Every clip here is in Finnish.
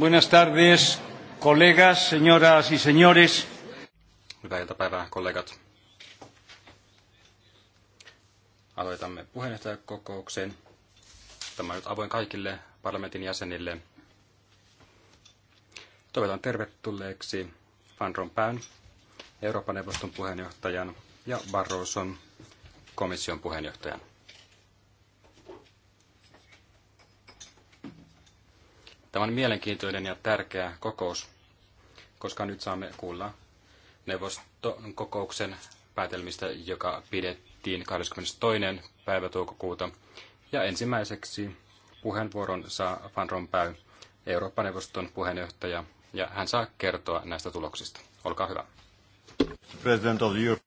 Buenas tardes, señoras y señores. Hyvää iltapäivää, kollegat. Aloitamme puheenjohtajakokouksen. Tämä on nyt avoin kaikille parlamentin jäsenille. Toivotan tervetulleeksi Van Rompuyn, Euroopan neuvoston puheenjohtajan ja Barroson komission puheenjohtajan. Tämä on mielenkiintoinen ja tärkeä kokous, koska nyt saamme kuulla neuvoston kokouksen päätelmistä, joka pidettiin 22. päivä toukokuuta. Ja ensimmäiseksi puheenvuoron saa Van Rompuy, Eurooppa-neuvoston puheenjohtaja, ja hän saa kertoa näistä tuloksista. Olkaa hyvä. President of Europe.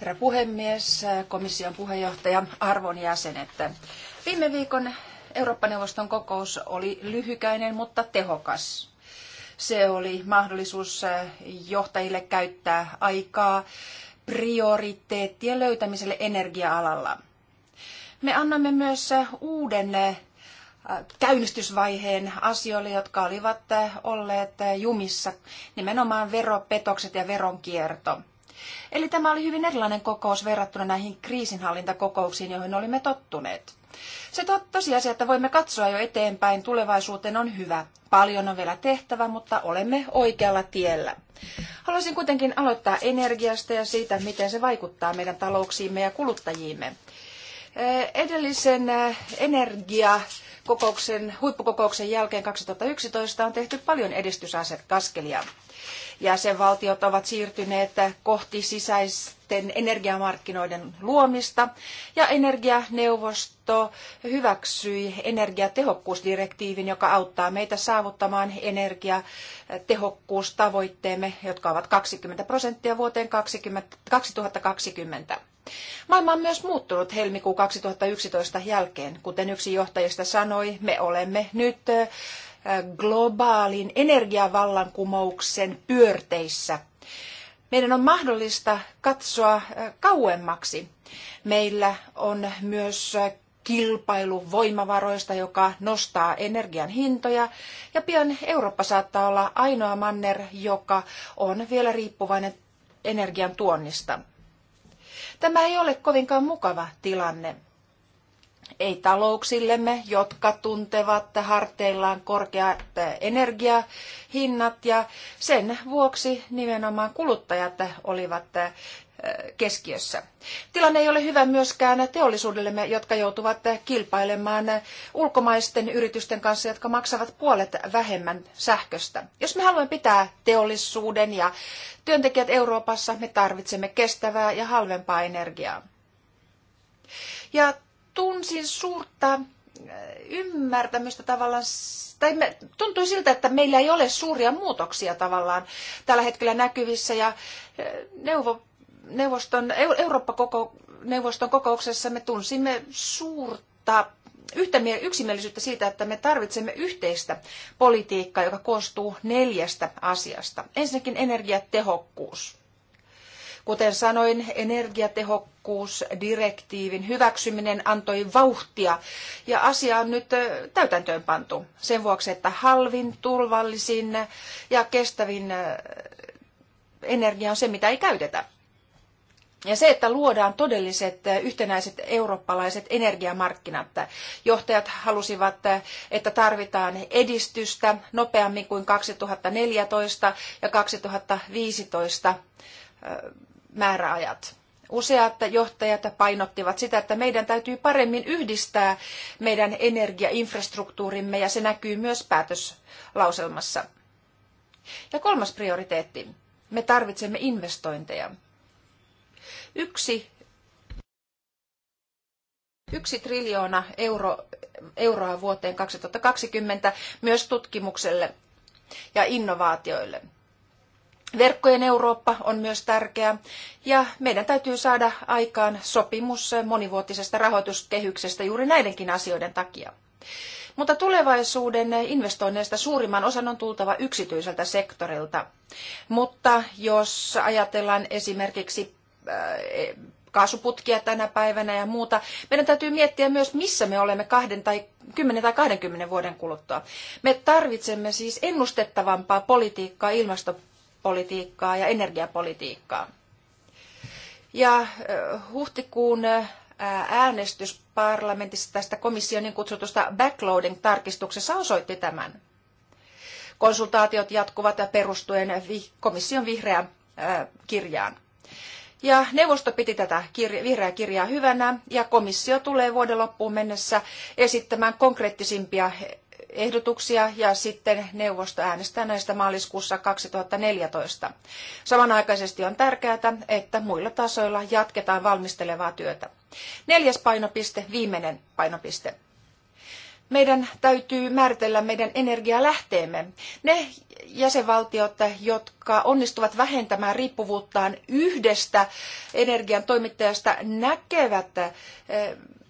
Herra puhemies, komission puheenjohtaja, arvon jäsenet. Viime viikon Eurooppa-neuvoston kokous oli lyhykäinen, mutta tehokas. Se oli mahdollisuus äh, johtajille käyttää aikaa prioriteettien löytämiselle energia-alalla. Me annamme myös äh, uuden äh, käynnistysvaiheen asioille, jotka olivat olleet jumissa, nimenomaan veropetokset ja veronkierto. Eli tämä oli hyvin erilainen kokous verrattuna näihin kriisinhallintakokouksiin, joihin olimme tottuneet. Se to, tosiasia, että voimme katsoa jo eteenpäin tulevaisuuteen on hyvä. Paljon on vielä tehtävä, mutta olemme oikealla tiellä. Haluaisin kuitenkin aloittaa energiasta ja siitä, miten se vaikuttaa meidän talouksiimme ja kuluttajiimme. Eh, edellisen eh, energia kokouksen, huippukokouksen jälkeen 2011 on tehty paljon edistysaskelia. Jäsenvaltiot ovat siirtyneet kohti sisäisten energiamarkkinoiden luomista ja energianeuvosto hyväksyi energiatehokkuusdirektiivin, joka auttaa meitä saavuttamaan energiatehokkuustavoitteemme, jotka ovat 20 prosenttia vuoteen 2020. Maailma on myös muuttunut helmikuun 2011 jälkeen. Kuten yksi johtajista sanoi, me olemme nyt globaalin energiavallankumouksen pyörteissä. Meidän on mahdollista katsoa kauemmaksi. Meillä on myös kilpailu voimavaroista, joka nostaa energian hintoja. Ja pian Eurooppa saattaa olla ainoa manner, joka on vielä riippuvainen energian tuonnista. Tämä ei ole kovinkaan mukava tilanne ei talouksillemme, jotka tuntevat harteillaan korkeat energiahinnat ja sen vuoksi nimenomaan kuluttajat olivat eh, keskiössä. Tilanne ei ole hyvä myöskään teollisuudellemme, jotka joutuvat kilpailemaan ulkomaisten yritysten kanssa, jotka maksavat puolet vähemmän sähköstä. Jos me haluamme pitää teollisuuden ja työntekijät Euroopassa, me tarvitsemme kestävää ja halvempaa energiaa. Ja tunsin suurta äh, ymmärtämystä tavallaan, tai tuntui siltä, että meillä ei ole suuria muutoksia tavallaan tällä hetkellä näkyvissä, ja äh, neuvo, neuvoston, Eurooppa-neuvoston kokouksessa me tunsimme suurta yhtämiel, yksimielisyyttä siitä, että me tarvitsemme yhteistä politiikkaa, joka koostuu neljästä asiasta. Ensinnäkin energiatehokkuus. Kuten sanoin, energiatehokkuusdirektiivin hyväksyminen antoi vauhtia ja asia on nyt täytäntöön sen vuoksi, että halvin, turvallisin ja kestävin energia on se, mitä ei käytetä. Ja se, että luodaan todelliset yhtenäiset eurooppalaiset energiamarkkinat. Johtajat halusivat, että tarvitaan edistystä nopeammin kuin 2014 ja 2015 määräajat. Useat johtajat painottivat sitä, että meidän täytyy paremmin yhdistää meidän energiainfrastruktuurimme ja se näkyy myös päätöslauselmassa. Ja kolmas prioriteetti. Me tarvitsemme investointeja. Yksi, yksi triljoona euro, euroa vuoteen 2020 myös tutkimukselle ja innovaatioille. Verkkojen Eurooppa on myös tärkeä ja meidän täytyy saada aikaan sopimus monivuotisesta rahoituskehyksestä juuri näidenkin asioiden takia. Mutta tulevaisuuden investoinneista suurimman osan on tultava yksityiseltä sektorilta. Mutta jos ajatellaan esimerkiksi äh, kaasuputkia tänä päivänä ja muuta. Meidän täytyy miettiä myös, missä me olemme kahden tai 10 tai 20 vuoden kuluttua. Me tarvitsemme siis ennustettavampaa politiikkaa ilmasto politiikkaa ja energiapolitiikkaa. Ja huhtikuun äänestys parlamentissa tästä komission niin kutsutusta backloading-tarkistuksessa osoitti tämän. Konsultaatiot jatkuvat ja perustuen komission vihreään kirjaan. Ja neuvosto piti tätä kirja, vihreää kirjaa hyvänä ja komissio tulee vuoden loppuun mennessä esittämään konkreettisimpia ehdotuksia ja sitten neuvosto äänestää näistä maaliskuussa 2014. Samanaikaisesti on tärkeää, että muilla tasoilla jatketaan valmistelevaa työtä. Neljäs painopiste, viimeinen painopiste. Meidän täytyy määritellä meidän energialähteemme. Ne jäsenvaltiot, jotka onnistuvat vähentämään riippuvuuttaan yhdestä energian toimittajasta, näkevät eh,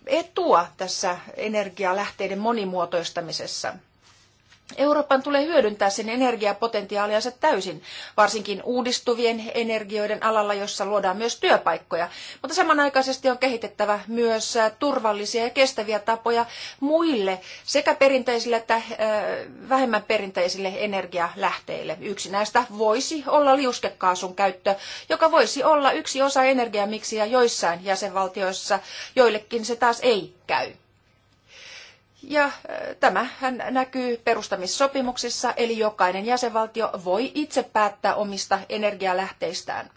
etua tässä energialähteiden monimuotoistamisessa. Euroopan tulee hyödyntää sen energiapotentiaaliansa täysin, varsinkin uudistuvien energioiden alalla, jossa luodaan myös työpaikkoja. Mutta samanaikaisesti on kehitettävä myös äh, turvallisia ja kestäviä tapoja muille sekä perinteisille että äh, vähemmän perinteisille energialähteille. Yksi näistä voisi olla liuskekaasun käyttö, joka voisi olla yksi osa energiamiksiä joissain jäsenvaltioissa, joillekin se taas ei käy. Ja äh, tämähän näkyy perustamissopimuksissa, eli jokainen jäsenvaltio voi itse päättää omista energialähteistään.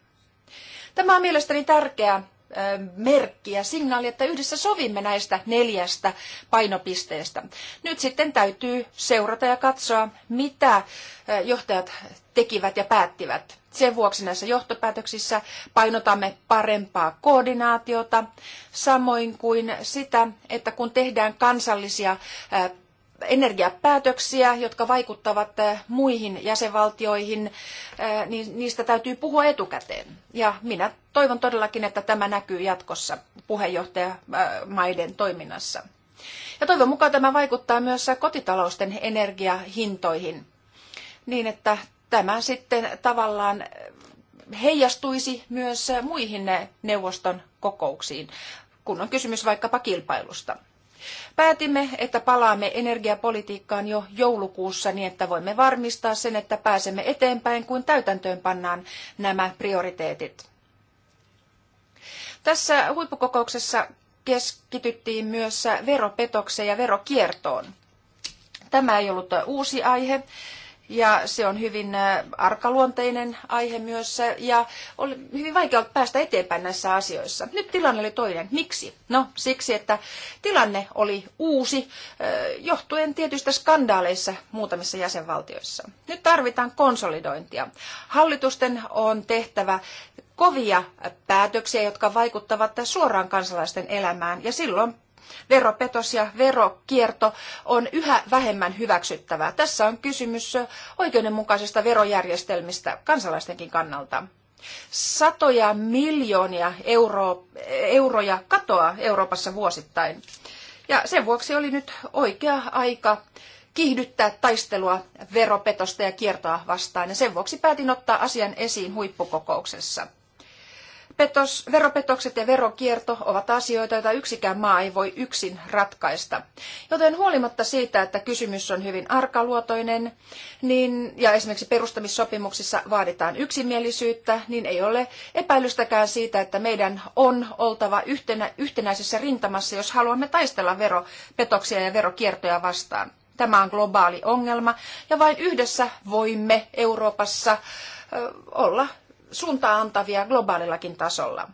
Tämä on mielestäni tärkeää merkkiä, signaali, että yhdessä sovimme näistä neljästä painopisteestä. Nyt sitten täytyy seurata ja katsoa, mitä johtajat tekivät ja päättivät. Sen vuoksi näissä johtopäätöksissä painotamme parempaa koordinaatiota, samoin kuin sitä, että kun tehdään kansallisia energiapäätöksiä, jotka vaikuttavat eh, muihin jäsenvaltioihin, niin niistä täytyy puhua etukäteen. Ja minä toivon todellakin, että tämä näkyy jatkossa puheenjohtajamaiden toiminnassa. Ja toivon mukaan tämä vaikuttaa myös kotitalousten energiahintoihin, niin että tämä sitten tavallaan heijastuisi myös muihin neuvoston kokouksiin, kun on kysymys vaikkapa kilpailusta. Päätimme, että palaamme energiapolitiikkaan jo joulukuussa niin, että voimme varmistaa sen, että pääsemme eteenpäin, kun täytäntöön pannaan nämä prioriteetit. Tässä huippukokouksessa keskityttiin myös veropetokseen ja verokiertoon. Tämä ei ollut uusi aihe ja se on hyvin äh, arkaluonteinen aihe myös äh, ja oli hyvin vaikea päästä eteenpäin näissä asioissa. Nyt tilanne oli toinen. Miksi? No siksi, että tilanne oli uusi äh, johtuen tietyistä skandaaleissa muutamissa jäsenvaltioissa. Nyt tarvitaan konsolidointia. Hallitusten on tehtävä kovia päätöksiä, jotka vaikuttavat suoraan kansalaisten elämään ja silloin veropetos ja verokierto on yhä vähemmän hyväksyttävää. Tässä on kysymys oikeudenmukaisesta verojärjestelmistä kansalaistenkin kannalta. Satoja miljoonia euro, euroja katoaa Euroopassa vuosittain. Ja sen vuoksi oli nyt oikea aika kiihdyttää taistelua veropetosta ja kiertoa vastaan, ja sen vuoksi päätin ottaa asian esiin huippukokouksessa. Petos, veropetokset ja verokierto ovat asioita, joita yksikään maa ei voi yksin ratkaista. Joten huolimatta siitä, että kysymys on hyvin arkaluotoinen, niin, ja esimerkiksi perustamissopimuksissa vaaditaan yksimielisyyttä, niin ei ole epäilystäkään siitä, että meidän on oltava yhtenä, yhtenäisessä rintamassa, jos haluamme taistella veropetoksia ja verokiertoja vastaan. Tämä on globaali ongelma, ja vain yhdessä voimme Euroopassa olla suuntaa antavia globaalillakin tasolla.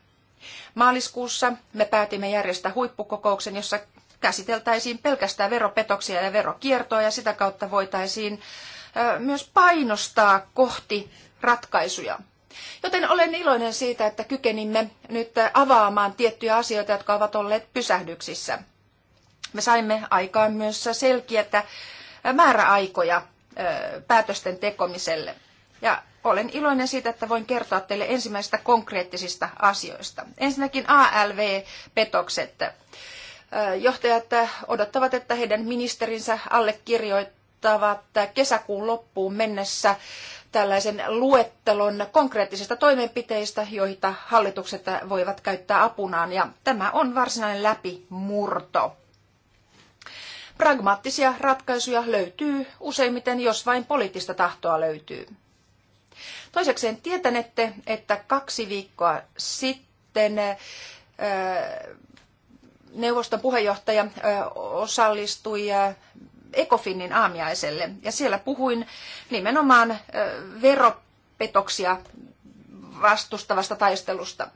Maaliskuussa me päätimme järjestää huippukokouksen, jossa käsiteltäisiin pelkästään veropetoksia ja verokiertoa ja sitä kautta voitaisiin myös painostaa kohti ratkaisuja. Joten olen iloinen siitä, että kykenimme nyt avaamaan tiettyjä asioita, jotka ovat olleet pysähdyksissä. Me saimme aikaan myös selkiätä määräaikoja päätösten tekomiselle. Ja olen iloinen siitä, että voin kertoa teille ensimmäisistä konkreettisista asioista. Ensinnäkin ALV-petokset. Johtajat odottavat, että heidän ministerinsä allekirjoittavat kesäkuun loppuun mennessä tällaisen luettelon konkreettisista toimenpiteistä, joita hallitukset voivat käyttää apunaan. Ja tämä on varsinainen läpimurto. Pragmaattisia ratkaisuja löytyy useimmiten, jos vain poliittista tahtoa löytyy. Toisekseen tietänette, että kaksi viikkoa sitten neuvoston puheenjohtaja osallistui Ecofinin aamiaiselle ja siellä puhuin nimenomaan veropetoksia vastustavasta taistelusta.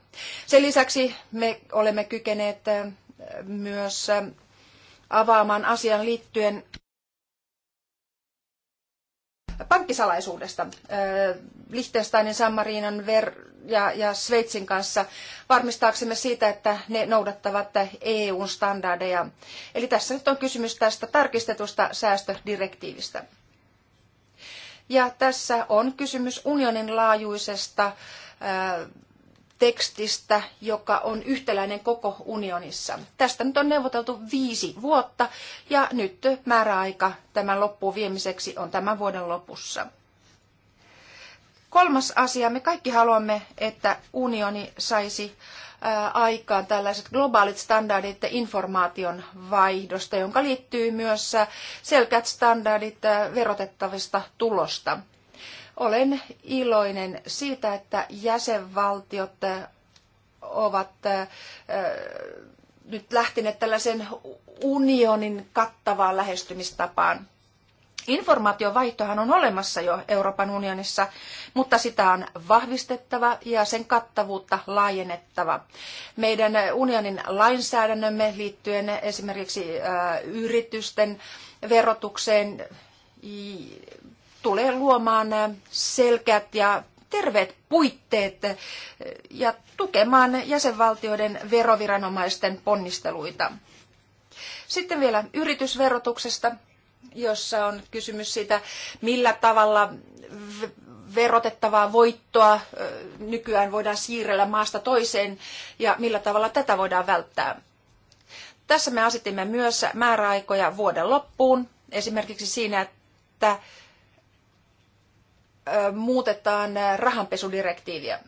Sen lisäksi me olemme kykeneet myös avaamaan asian liittyen pankkisalaisuudesta Liechtensteinin, San Marinon ja, ja Sveitsin kanssa varmistaaksemme siitä, että ne noudattavat EU-standardeja. Eli tässä nyt on kysymys tästä tarkistetusta säästödirektiivistä. Ja tässä on kysymys unionin laajuisesta tekstistä, joka on yhtäläinen koko unionissa. Tästä nyt on neuvoteltu viisi vuotta ja nyt määräaika tämän loppuun viemiseksi on tämän vuoden lopussa. Kolmas asia, me kaikki haluamme, että unioni saisi aikaan tällaiset globaalit standardit informaation vaihdosta, jonka liittyy myös selkeät standardit verotettavista tulosta. Olen iloinen siitä, että jäsenvaltiot äh, ovat äh, nyt lähteneet tällaisen unionin kattavaan lähestymistapaan. Informaatiovaihtohan on olemassa jo Euroopan unionissa, mutta sitä on vahvistettava ja sen kattavuutta laajennettava. Meidän unionin lainsäädännömme liittyen esimerkiksi äh, yritysten verotukseen tulee luomaan selkeät ja terveet puitteet ja tukemaan jäsenvaltioiden veroviranomaisten ponnisteluita. Sitten vielä yritysverotuksesta, jossa on kysymys siitä, millä tavalla verotettavaa voittoa nykyään voidaan siirrellä maasta toiseen ja millä tavalla tätä voidaan välttää. Tässä me asetimme myös määräaikoja vuoden loppuun, esimerkiksi siinä, että muutetaan rahanpesudirektiiviä.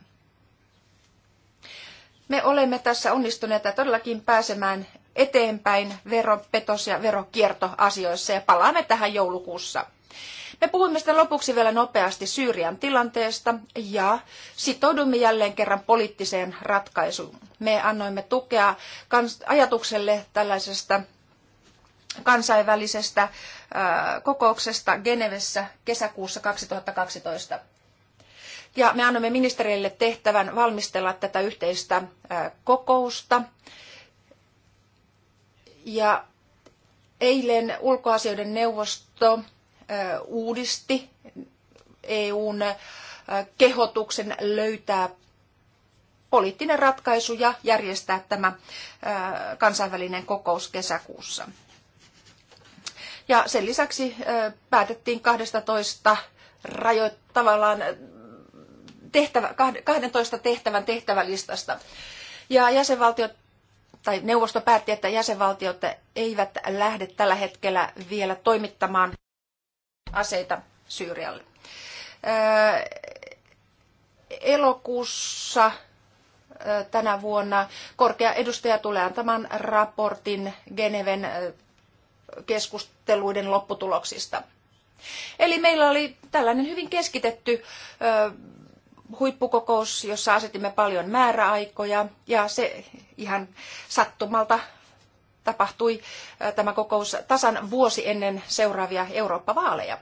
Me olemme tässä onnistuneet todellakin pääsemään eteenpäin veropetos- ja verokiertoasioissa ja palaamme tähän joulukuussa. Me puhumme sitten lopuksi vielä nopeasti Syyrian tilanteesta ja sitoudumme jälleen kerran poliittiseen ratkaisuun. Me annoimme tukea ajatukselle tällaisesta kansainvälisestä kokouksesta Genevessä kesäkuussa 2012. Ja me annamme ministerille tehtävän valmistella tätä yhteistä kokousta. Ja eilen ulkoasioiden neuvosto uudisti EUn kehotuksen löytää poliittinen ratkaisu ja järjestää tämä kansainvälinen kokous kesäkuussa. Ja sen lisäksi päätettiin 12 rajoit, tavallaan tehtävä, 12 tehtävän tehtävälistasta. Ja jäsenvaltiot tai neuvosto päätti, että jäsenvaltiot eivät lähde tällä hetkellä vielä toimittamaan aseita Syyrialle. Elokuussa tänä vuonna korkea edustaja tulee antamaan raportin Geneven keskusteluiden lopputuloksista. Eli meillä oli tällainen hyvin keskitetty huippukokous, jossa asetimme paljon määräaikoja ja se ihan sattumalta tapahtui tämä kokous tasan vuosi ennen seuraavia Eurooppa-vaaleja.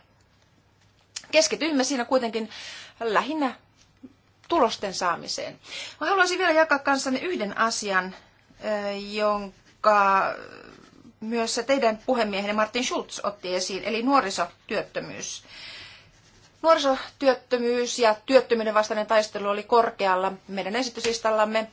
Keskityimme siinä kuitenkin lähinnä tulosten saamiseen. Mä haluaisin vielä jakaa kanssanne yhden asian, jonka myös teidän puhemiehenne Martin Schulz otti esiin, eli nuorisotyöttömyys. Nuorisotyöttömyys ja työttömyyden vastainen taistelu oli korkealla meidän esityslistallamme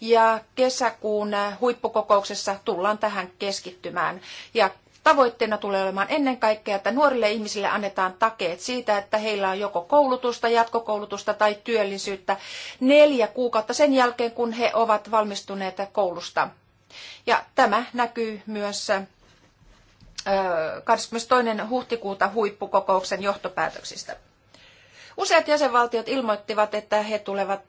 ja kesäkuun huippukokouksessa tullaan tähän keskittymään. Ja Tavoitteena tulee olemaan ennen kaikkea, että nuorille ihmisille annetaan takeet siitä, että heillä on joko koulutusta, jatkokoulutusta tai työllisyyttä neljä kuukautta sen jälkeen, kun he ovat valmistuneet koulusta. Ja tämä näkyy myös 22. huhtikuuta huippukokouksen johtopäätöksistä. Useat jäsenvaltiot ilmoittivat, että he tulevat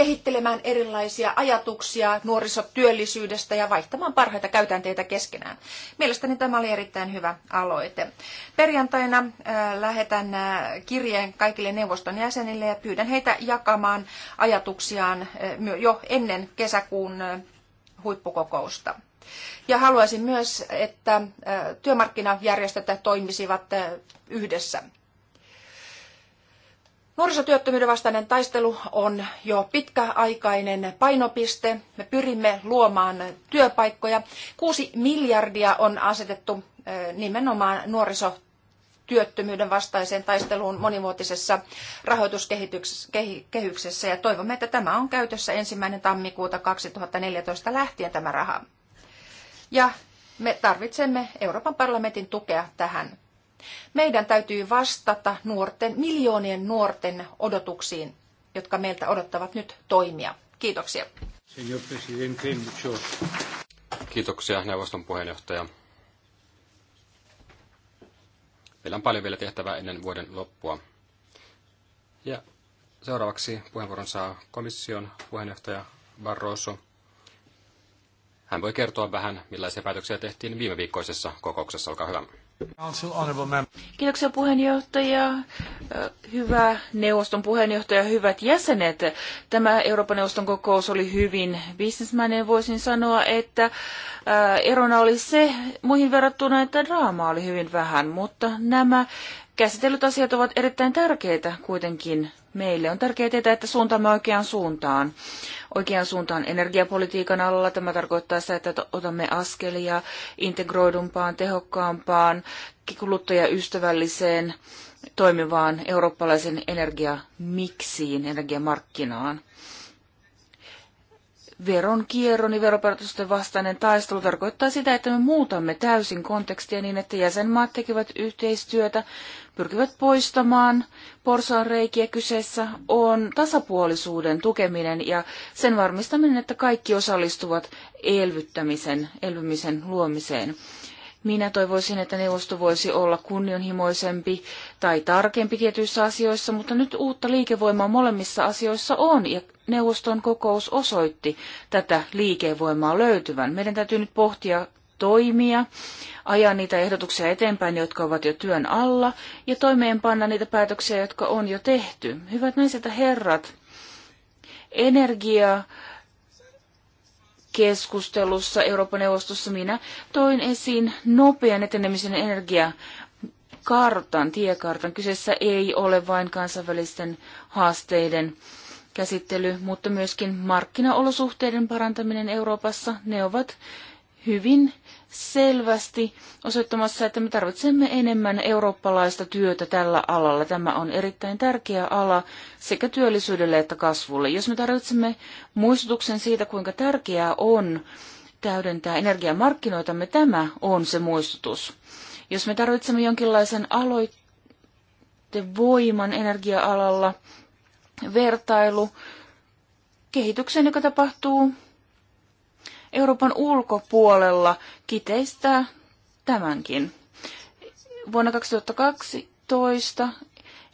kehittelemään erilaisia ajatuksia nuorisotyöllisyydestä ja vaihtamaan parhaita käytänteitä keskenään. Mielestäni tämä oli erittäin hyvä aloite. Perjantaina äh, lähetän äh, kirjeen kaikille neuvoston jäsenille ja pyydän heitä jakamaan ajatuksiaan äh, jo ennen kesäkuun huippukokousta. Ja haluaisin myös, että työmarkkinajärjestöt toimisivat yhdessä. Nuorisotyöttömyyden vastainen taistelu on jo pitkäaikainen painopiste. Me pyrimme luomaan työpaikkoja. Kuusi miljardia on asetettu eh, nimenomaan nuorisotyöttömyyden vastaiseen taisteluun monivuotisessa rahoituskehyksessä ja toivomme, että tämä on käytössä ensimmäinen tammikuuta 2014 lähtien tämä raha. Ja me tarvitsemme Euroopan parlamentin tukea tähän meidän täytyy vastata nuorten, miljoonien nuorten odotuksiin, jotka meiltä odottavat nyt toimia. Kiitoksia. Kiitoksia neuvoston puheenjohtaja. Meillä on paljon vielä tehtävää ennen vuoden loppua. Ja seuraavaksi puheenvuoron saa komission puheenjohtaja Barroso. Hän voi kertoa vähän, millaisia päätöksiä tehtiin viime viikkoisessa kokouksessa. Olkaa hyvä. Kiitoksia puheenjohtaja. Hyvä neuvoston puheenjohtaja, hyvät jäsenet. Tämä Euroopan neuvoston kokous oli hyvin bisnesmäinen. Voisin sanoa, että erona oli se muihin verrattuna, että draamaa oli hyvin vähän, mutta nämä käsitellyt asiat ovat erittäin tärkeitä kuitenkin meille. On tärkeää tietää, että suuntaamme oikeaan suuntaan. Oikeaan suuntaan energiapolitiikan alalla tämä tarkoittaa sitä, että otamme askelia integroidumpaan, tehokkaampaan, kuluttajaystävälliseen, toimivaan eurooppalaisen energiamiksiin, energiamarkkinaan veron kierron ja veropäätösten vastainen taistelu tarkoittaa sitä, että me muutamme täysin kontekstia niin, että jäsenmaat tekevät yhteistyötä pyrkivät poistamaan porsaanreikiä. Kyseessä on tasapuolisuuden tukeminen ja sen varmistaminen, että kaikki osallistuvat elvyttämisen, elvymisen luomiseen. Minä toivoisin, että neuvosto voisi olla kunnianhimoisempi tai tarkempi tietyissä asioissa, mutta nyt uutta liikevoimaa molemmissa asioissa on ja neuvoston kokous osoitti tätä liikevoimaa löytyvän. Meidän täytyy nyt pohtia toimia, ajaa niitä ehdotuksia eteenpäin, jotka ovat jo työn alla, ja toimeenpanna niitä päätöksiä, jotka on jo tehty. Hyvät naiset ja herrat, energia keskustelussa Euroopan neuvostossa minä toin esiin nopean etenemisen energia kartan, tiekartan. Kyseessä ei ole vain kansainvälisten haasteiden käsittely, mutta myöskin markkinaolosuhteiden parantaminen Euroopassa. Ne ovat hyvin selvästi osoittamassa, että me tarvitsemme enemmän eurooppalaista työtä tällä alalla. Tämä on erittäin tärkeä ala sekä työllisyydelle että kasvulle. Jos me tarvitsemme muistutuksen siitä, kuinka tärkeää on täydentää energiamarkkinoitamme, tämä on se muistutus. Jos me tarvitsemme jonkinlaisen aloitevoiman energia-alalla, vertailu, kehityksen, joka tapahtuu Euroopan ulkopuolella kiteistää tämänkin. Vuonna 2012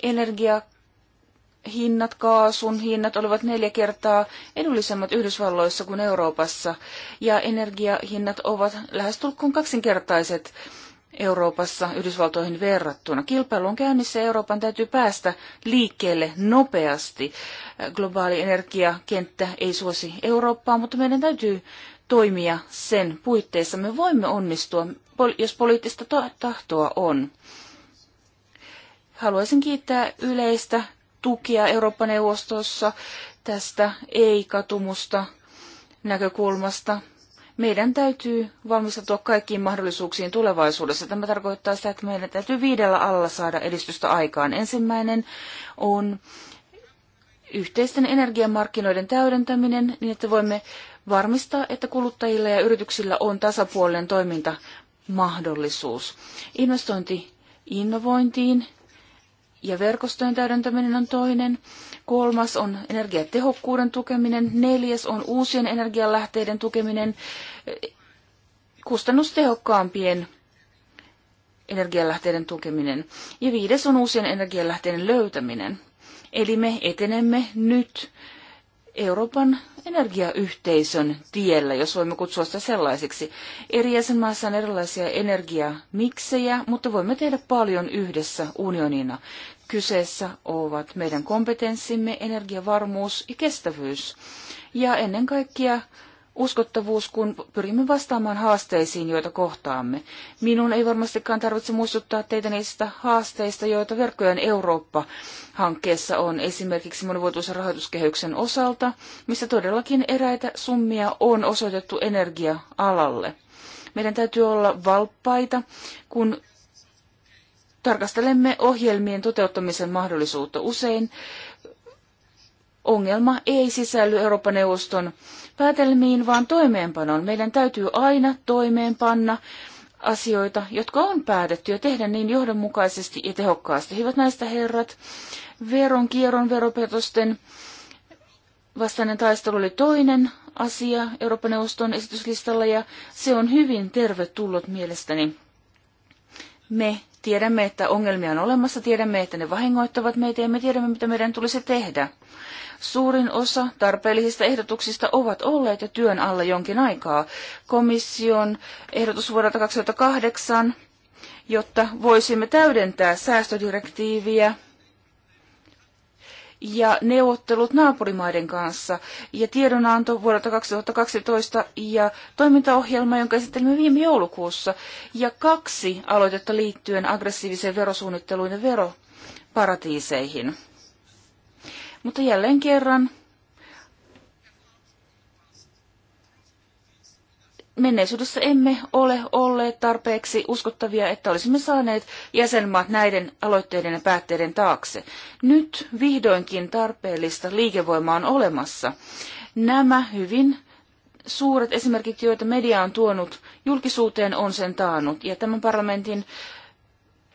energiahinnat kaasun hinnat olivat neljä kertaa edullisemmat Yhdysvalloissa kuin Euroopassa, ja energiahinnat ovat lähestulkoon kaksinkertaiset Euroopassa Yhdysvaltoihin verrattuna. Kilpailu on käynnissä Euroopan täytyy päästä liikkeelle nopeasti. Globaali energiakenttä ei suosi Eurooppaa, mutta meidän täytyy toimia sen puitteissa. Me voimme onnistua, jos poliittista tahtoa on. Haluaisin kiittää yleistä tukea Eurooppa-neuvostossa tästä ei-katumusta näkökulmasta. Meidän täytyy valmistautua kaikkiin mahdollisuuksiin tulevaisuudessa. Tämä tarkoittaa sitä, että meidän täytyy viidellä alla saada edistystä aikaan. Ensimmäinen on yhteisten energiamarkkinoiden täydentäminen niin, että voimme varmistaa, että kuluttajilla ja yrityksillä on tasapuolinen toimintamahdollisuus. Investointi innovointiin ja verkostojen täydentäminen on toinen. Kolmas on energiatehokkuuden tukeminen. Neljäs on uusien energialähteiden tukeminen kustannustehokkaampien energialähteiden tukeminen. Ja viides on uusien energialähteiden löytäminen. Eli me etenemme nyt Euroopan energiayhteisön tiellä, jos voimme kutsua sitä sellaiseksi. Eri jäsenmaissa on erilaisia energiamiksejä, mutta voimme tehdä paljon yhdessä unionina. Kyseessä ovat meidän kompetenssimme, energiavarmuus ja kestävyys. Ja ennen kaikkea uskottavuus, kun pyrimme vastaamaan haasteisiin, joita kohtaamme. Minun ei varmastikaan tarvitse muistuttaa teitä niistä haasteista, joita Verkkojen Eurooppa-hankkeessa on esimerkiksi monivuotuisen rahoituskehyksen osalta, missä todellakin eräitä summia on osoitettu energia-alalle. Meidän täytyy olla valppaita, kun tarkastelemme ohjelmien toteuttamisen mahdollisuutta usein ongelma ei sisälly Euroopan neuvoston päätelmiin, vaan toimeenpanoon. Meidän täytyy aina toimeenpanna asioita, jotka on päätetty ja tehdä niin johdonmukaisesti ja tehokkaasti. Hyvät näistä herrat, veronkierron veropetosten vastainen taistelu oli toinen asia Euroopan neuvoston esityslistalla ja se on hyvin tervetullut mielestäni. Me tiedämme, että ongelmia on olemassa, tiedämme, että ne vahingoittavat meitä ja me tiedämme, mitä meidän tulisi tehdä. Suurin osa tarpeellisista ehdotuksista ovat olleet jo työn alla jonkin aikaa. Komission ehdotus vuodelta 2008, jotta voisimme täydentää säästödirektiiviä ja neuvottelut naapurimaiden kanssa ja tiedonanto vuodelta 2012 ja toimintaohjelma, jonka esittelimme viime joulukuussa ja kaksi aloitetta liittyen aggressiiviseen verosuunnitteluun ja veroparatiiseihin. Mutta jälleen kerran menneisyydessä emme ole olleet tarpeeksi uskottavia, että olisimme saaneet jäsenmaat näiden aloitteiden ja päätteiden taakse. Nyt vihdoinkin tarpeellista liikevoimaa on olemassa. Nämä hyvin suuret esimerkit, joita media on tuonut julkisuuteen, on sen taannut. Ja tämän parlamentin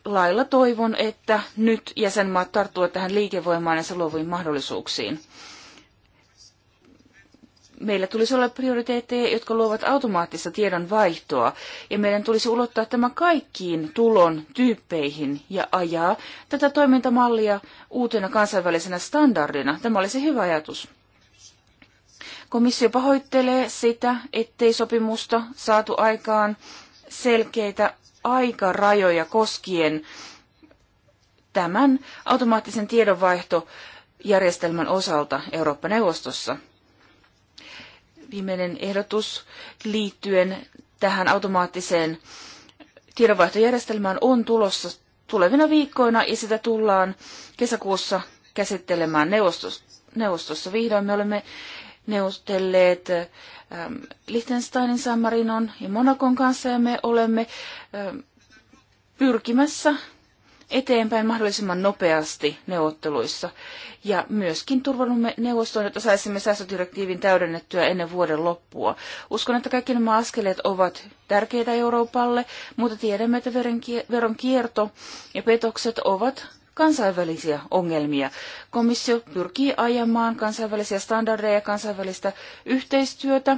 lailla toivon, että nyt jäsenmaat tarttuvat tähän liikevoimaan ja luoviin mahdollisuuksiin. Meillä tulisi olla prioriteetteja, jotka luovat automaattista tiedon vaihtoa, ja meidän tulisi ulottaa tämä kaikkiin tulon tyyppeihin ja ajaa tätä toimintamallia uutena kansainvälisenä standardina. Tämä olisi hyvä ajatus. Komissio pahoittelee sitä, ettei sopimusta saatu aikaan selkeitä aikarajoja koskien tämän automaattisen tiedonvaihtojärjestelmän osalta Eurooppa-neuvostossa. Viimeinen ehdotus liittyen tähän automaattiseen tiedonvaihtojärjestelmään on tulossa tulevina viikkoina ja sitä tullaan kesäkuussa käsittelemään neuvostossa. neuvostossa. Vihdoin me olemme neuvostelleet Ähm, Liechtensteinin, San Marinon ja Monakon kanssa ja me olemme ähm, pyrkimässä eteenpäin mahdollisimman nopeasti neuvotteluissa. Ja myöskin turvallumme neuvostoon, jotta saisimme säästödirektiivin täydennettyä ennen vuoden loppua. Uskon, että kaikki nämä askeleet ovat tärkeitä Euroopalle, mutta tiedämme, että veronkierto ja petokset ovat kansainvälisiä ongelmia. Komissio pyrkii ajamaan kansainvälisiä standardeja ja kansainvälistä yhteistyötä.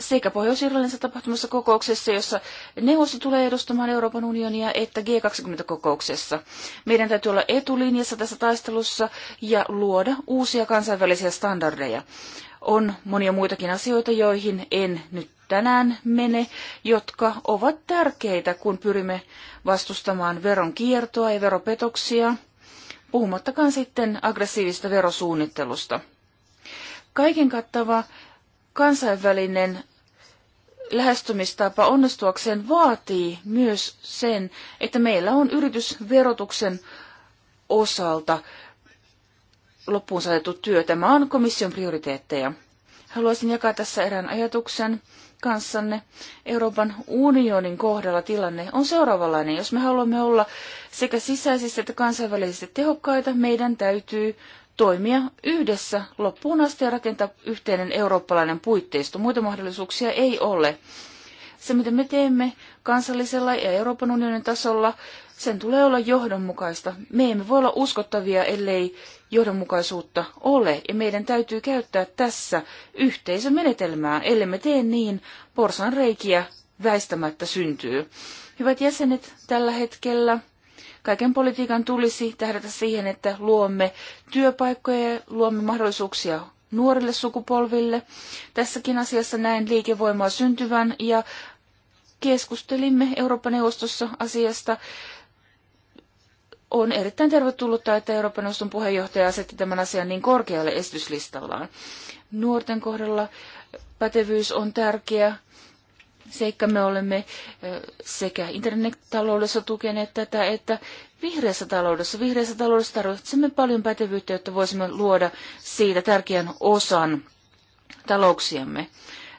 sekä Pohjois-Irlannissa tapahtumassa kokouksessa, jossa neuvosto tulee edustamaan Euroopan unionia, että G20-kokouksessa. Meidän täytyy olla etulinjassa tässä taistelussa ja luoda uusia kansainvälisiä standardeja. On monia muitakin asioita, joihin en nyt tänään mene, jotka ovat tärkeitä, kun pyrimme vastustamaan veron kiertoa ja veropetoksia, puhumattakaan sitten aggressiivista verosuunnittelusta. Kaiken kattava kansainvälinen lähestymistapa onnistuakseen vaatii myös sen, että meillä on yritysverotuksen osalta loppuun saatettu työ. Tämä on komission prioriteetteja. Haluaisin jakaa tässä erään ajatuksen kanssanne. Euroopan unionin kohdalla tilanne on seuraavanlainen. Jos me haluamme olla sekä sisäisesti että kansainvälisesti tehokkaita, meidän täytyy toimia yhdessä loppuun asti ja rakentaa yhteinen eurooppalainen puitteisto. Muita mahdollisuuksia ei ole. Se, mitä me teemme kansallisella ja Euroopan unionin tasolla, sen tulee olla johdonmukaista. Me emme voi olla uskottavia, ellei johdonmukaisuutta ole, ja meidän täytyy käyttää tässä yhteisömenetelmää. Ellemme tee niin, porsan reikiä väistämättä syntyy. Hyvät jäsenet, tällä hetkellä kaiken politiikan tulisi tähdätä siihen, että luomme työpaikkoja ja luomme mahdollisuuksia nuorille sukupolville. Tässäkin asiassa näen liikevoimaa syntyvän ja keskustelimme Eurooppa-neuvostossa asiasta on erittäin tervetullutta, että Euroopan neuvoston puheenjohtaja asetti tämän asian niin korkealle esityslistallaan. Nuorten kohdalla pätevyys on tärkeä seikka. Me olemme eh, sekä internettaloudessa tukeneet tätä, että vihreässä taloudessa. Vihreässä taloudessa tarvitsemme paljon pätevyyttä, jotta voisimme luoda siitä tärkeän osan talouksiamme.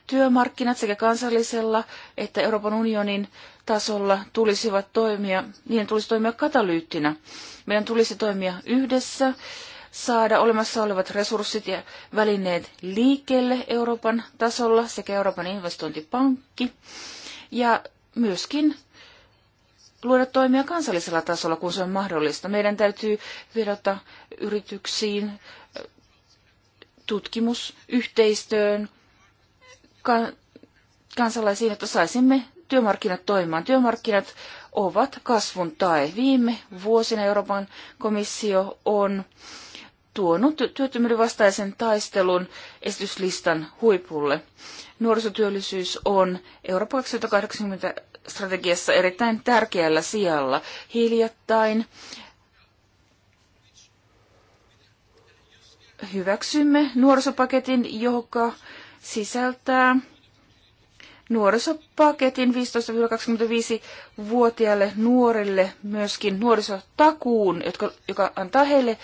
Työmarkkinat sekä kansallisella että Euroopan unionin tasolla tulisivat toimia, niiden tulisi toimia katalyyttinä. Meidän tulisi toimia yhdessä, saada olemassa olevat resurssit ja välineet liikkeelle Euroopan tasolla sekä Euroopan investointipankki ja myöskin luoda toimia kansallisella tasolla, kun se on mahdollista. Meidän täytyy vedota yrityksiin, tutkimusyhteistyöhön, kansalaisiin, että saisimme työmarkkinat toimimaan. Työmarkkinat ovat kasvun tae. Viime vuosina Euroopan komissio on tuonut työttömyyden vastaisen taistelun esityslistan huipulle. Nuorisotyöllisyys on Euroopan 2080 strategiassa erittäin tärkeällä sijalla. Hiljattain hyväksymme nuorisopaketin, joka sisältää nuorisopaketin 15-25-vuotiaille nuorille myöskin nuorisotakuun, jotka, joka antaa heille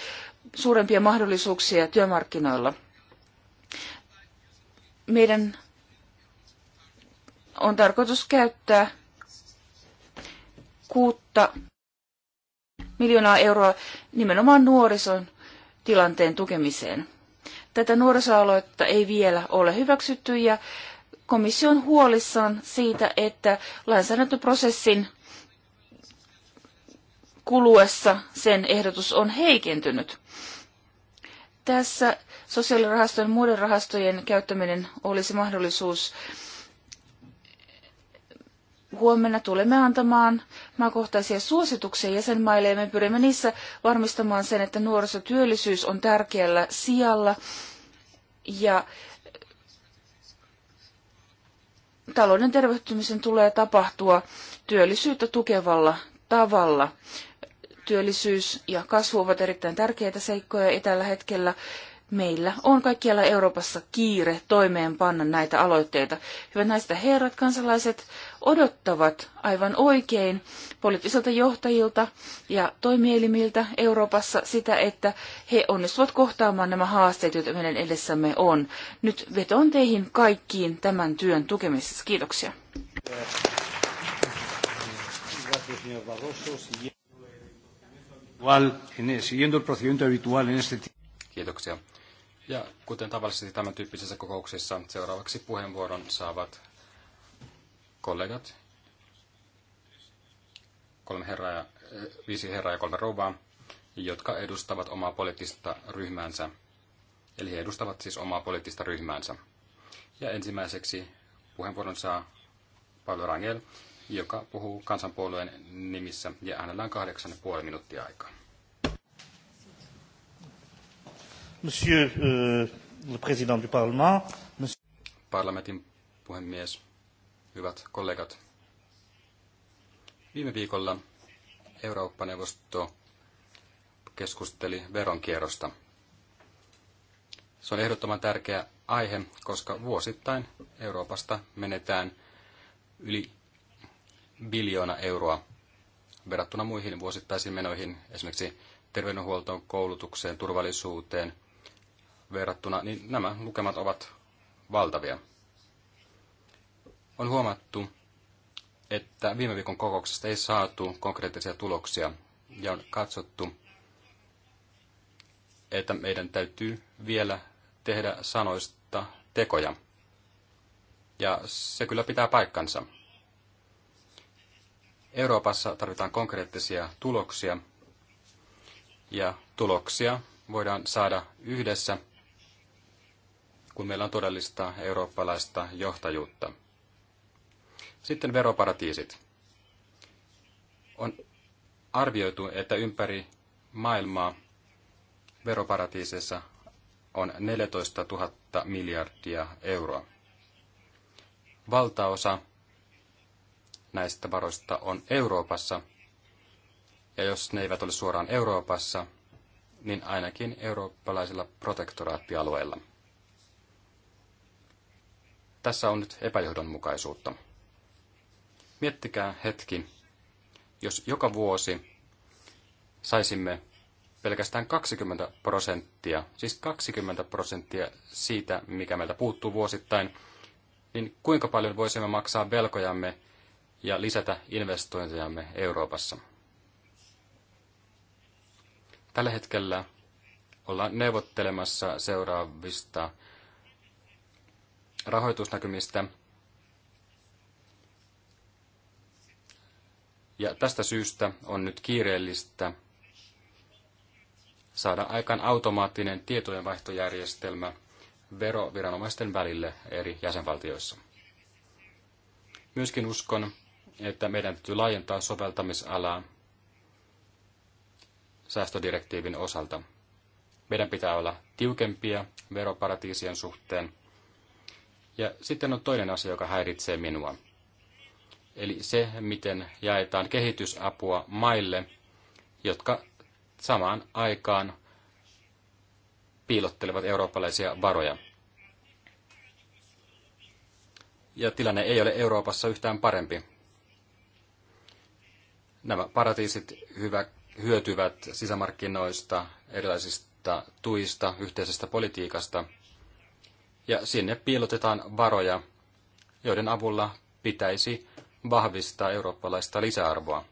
suurempia mahdollisuuksia työmarkkinoilla. Meidän on tarkoitus käyttää kuutta miljoonaa euroa nimenomaan nuorison tilanteen tukemiseen. Tätä nuorisoaloitta ei vielä ole hyväksytty ja komissio on huolissaan siitä, että lainsäädäntöprosessin kuluessa sen ehdotus on heikentynyt. Tässä sosiaalirahastojen ja muiden rahastojen käyttäminen olisi mahdollisuus. Huomenna tulemme antamaan maakohtaisia suosituksia jäsenmaille ja me pyrimme niissä varmistamaan sen, että nuorisotyöllisyys on tärkeällä sijalla ja talouden tervehtymisen tulee tapahtua työllisyyttä tukevalla tavalla. Työllisyys ja kasvu ovat erittäin tärkeitä seikkoja ja tällä hetkellä meillä on kaikkialla Euroopassa kiire toimeenpanna näitä aloitteita. Hyvät naiset ja herrat, kansalaiset odottavat aivan oikein poliittisilta johtajilta ja toimielimiltä Euroopassa sitä, että he onnistuvat kohtaamaan nämä haasteet, joita meidän edessämme on. Nyt vetoan teihin kaikkiin tämän työn tukemisessa. Kiitoksia. Eh, Kiitoksia. Ja kuten tavallisesti tämän tyyppisissä kokouksissa, seuraavaksi puheenvuoron saavat kollegat, kolme herraa ja, eh, viisi herraa ja kolme rouvaa, jotka edustavat omaa poliittista ryhmäänsä. Eli he edustavat siis omaa poliittista ryhmäänsä. Ja ensimmäiseksi puheenvuoron saa Paolo Rangel, joka puhuu kansanpuolueen nimissä ja hänellä on kahdeksan puoli minuuttia aikaa. Monsieur euh, le président du Parlement, monsieur... Parlamentin puhemies, hyvät kollegat. Viime viikolla Eurooppa-neuvosto keskusteli veronkierrosta. Se on ehdottoman tärkeä aihe, koska vuosittain Euroopasta menetään yli biljoona euroa verrattuna muihin vuosittaisiin menoihin, esimerkiksi terveydenhuoltoon, koulutukseen, turvallisuuteen verrattuna, niin nämä lukemat ovat valtavia. On huomattu, että viime viikon kokouksesta ei saatu konkreettisia tuloksia ja on katsottu, että meidän täytyy vielä tehdä sanoista tekoja. Ja se kyllä pitää paikkansa. Euroopassa tarvitaan konkreettisia tuloksia ja tuloksia voidaan saada yhdessä, kun meillä on todellista eurooppalaista johtajuutta. Sitten veroparatiisit. On arvioitu, että ympäri maailmaa veroparatiiseissa on 14 000 miljardia euroa. Valtaosa näistä varoista on Euroopassa, ja jos ne eivät ole suoraan Euroopassa, niin ainakin eurooppalaisilla protektoraattialueilla. Tässä on nyt epäjohdonmukaisuutta. Miettikää hetki, jos joka vuosi saisimme pelkästään 20 prosenttia, siis 20 prosenttia siitä, mikä meiltä puuttuu vuosittain, niin kuinka paljon voisimme maksaa velkojamme ja lisätä investointejamme Euroopassa? Tällä hetkellä ollaan neuvottelemassa seuraavista rahoitusnäkymistä, Ja tästä syystä on nyt kiireellistä saada aikaan automaattinen tietojenvaihtojärjestelmä veroviranomaisten välille eri jäsenvaltioissa. Myöskin uskon, että meidän täytyy laajentaa soveltamisalaa säästödirektiivin osalta. Meidän pitää olla tiukempia veroparatiisien suhteen. Ja sitten on toinen asia, joka häiritsee minua – Eli se, miten jaetaan kehitysapua maille, jotka samaan aikaan piilottelevat eurooppalaisia varoja. Ja tilanne ei ole Euroopassa yhtään parempi. Nämä paratiisit hyvä, hyötyvät sisämarkkinoista, erilaisista tuista, yhteisestä politiikasta. Ja sinne piilotetaan varoja, joiden avulla pitäisi vahvistaa eurooppalaista lisäarvoa.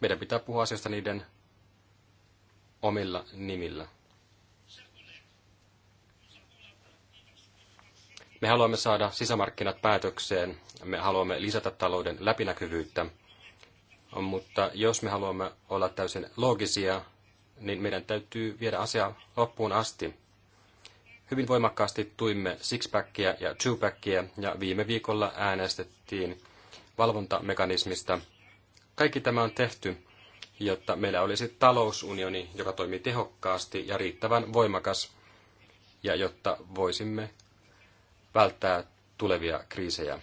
Meidän pitää puhua asioista niiden omilla nimillä. Me haluamme saada sisämarkkinat päätökseen, me haluamme lisätä talouden läpinäkyvyyttä, mutta jos me haluamme olla täysin loogisia, niin meidän täytyy viedä asia loppuun asti hyvin voimakkaasti tuimme sixpackia ja twopackia ja viime viikolla äänestettiin valvontamekanismista. Kaikki tämä on tehty, jotta meillä olisi talousunioni, joka toimii tehokkaasti ja riittävän voimakas, ja jotta voisimme välttää tulevia kriisejä.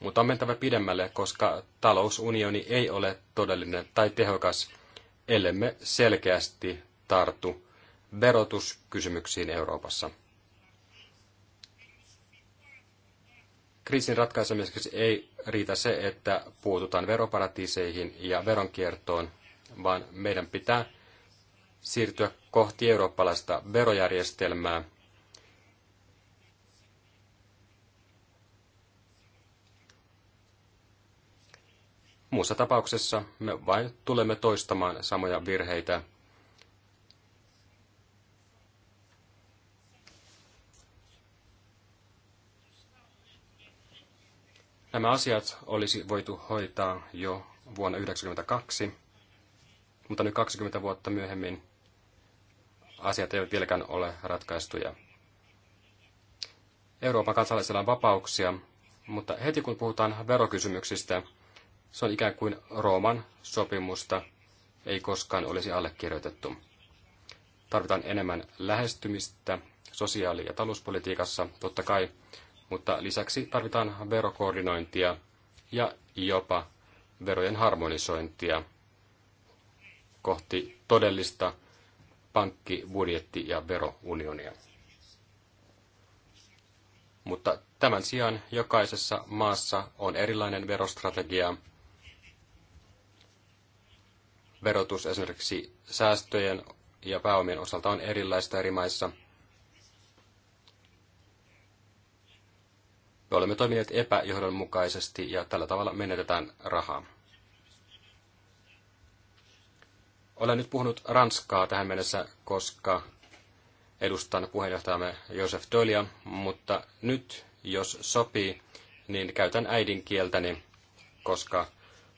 Mutta on mentävä pidemmälle, koska talousunioni ei ole todellinen tai tehokas, ellemme selkeästi tartu verotuskysymyksiin Euroopassa. kriisin ratkaisemiseksi ei riitä se, että puututaan veroparatiiseihin ja veronkiertoon, vaan meidän pitää siirtyä kohti eurooppalaista verojärjestelmää. Muussa tapauksessa me vain tulemme toistamaan samoja virheitä Nämä asiat olisi voitu hoitaa jo vuonna 1992, mutta nyt 20 vuotta myöhemmin asiat eivät vieläkään ole ratkaistuja. Euroopan kansalaisilla on vapauksia, mutta heti kun puhutaan verokysymyksistä, se on ikään kuin Rooman sopimusta ei koskaan olisi allekirjoitettu. Tarvitaan enemmän lähestymistä sosiaali- ja talouspolitiikassa, totta kai, mutta lisäksi tarvitaan verokoordinointia ja jopa verojen harmonisointia kohti todellista pankki-, budjetti- ja verounionia. Mutta tämän sijaan jokaisessa maassa on erilainen verostrategia. Verotus esimerkiksi säästöjen ja pääomien osalta on erilaista eri maissa – Me olemme toimineet epäjohdonmukaisesti ja tällä tavalla menetetään rahaa. Olen nyt puhunut Ranskaa tähän mennessä, koska edustan puheenjohtajamme Josef Dolia, mutta nyt, jos sopii, niin käytän äidinkieltäni, koska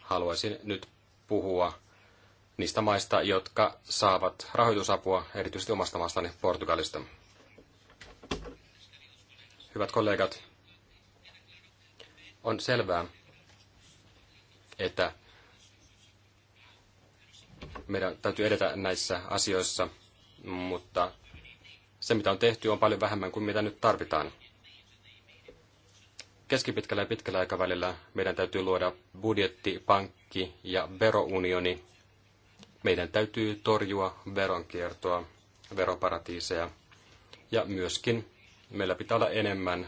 haluaisin nyt puhua niistä maista, jotka saavat rahoitusapua, erityisesti omasta maastani Portugalista. Hyvät kollegat, on selvää, että meidän täytyy edetä näissä asioissa, mutta se mitä on tehty on paljon vähemmän kuin mitä nyt tarvitaan. Keskipitkällä ja pitkällä aikavälillä meidän täytyy luoda budjetti, pankki ja verounioni. Meidän täytyy torjua veronkiertoa, veroparatiiseja ja myöskin meillä pitää olla enemmän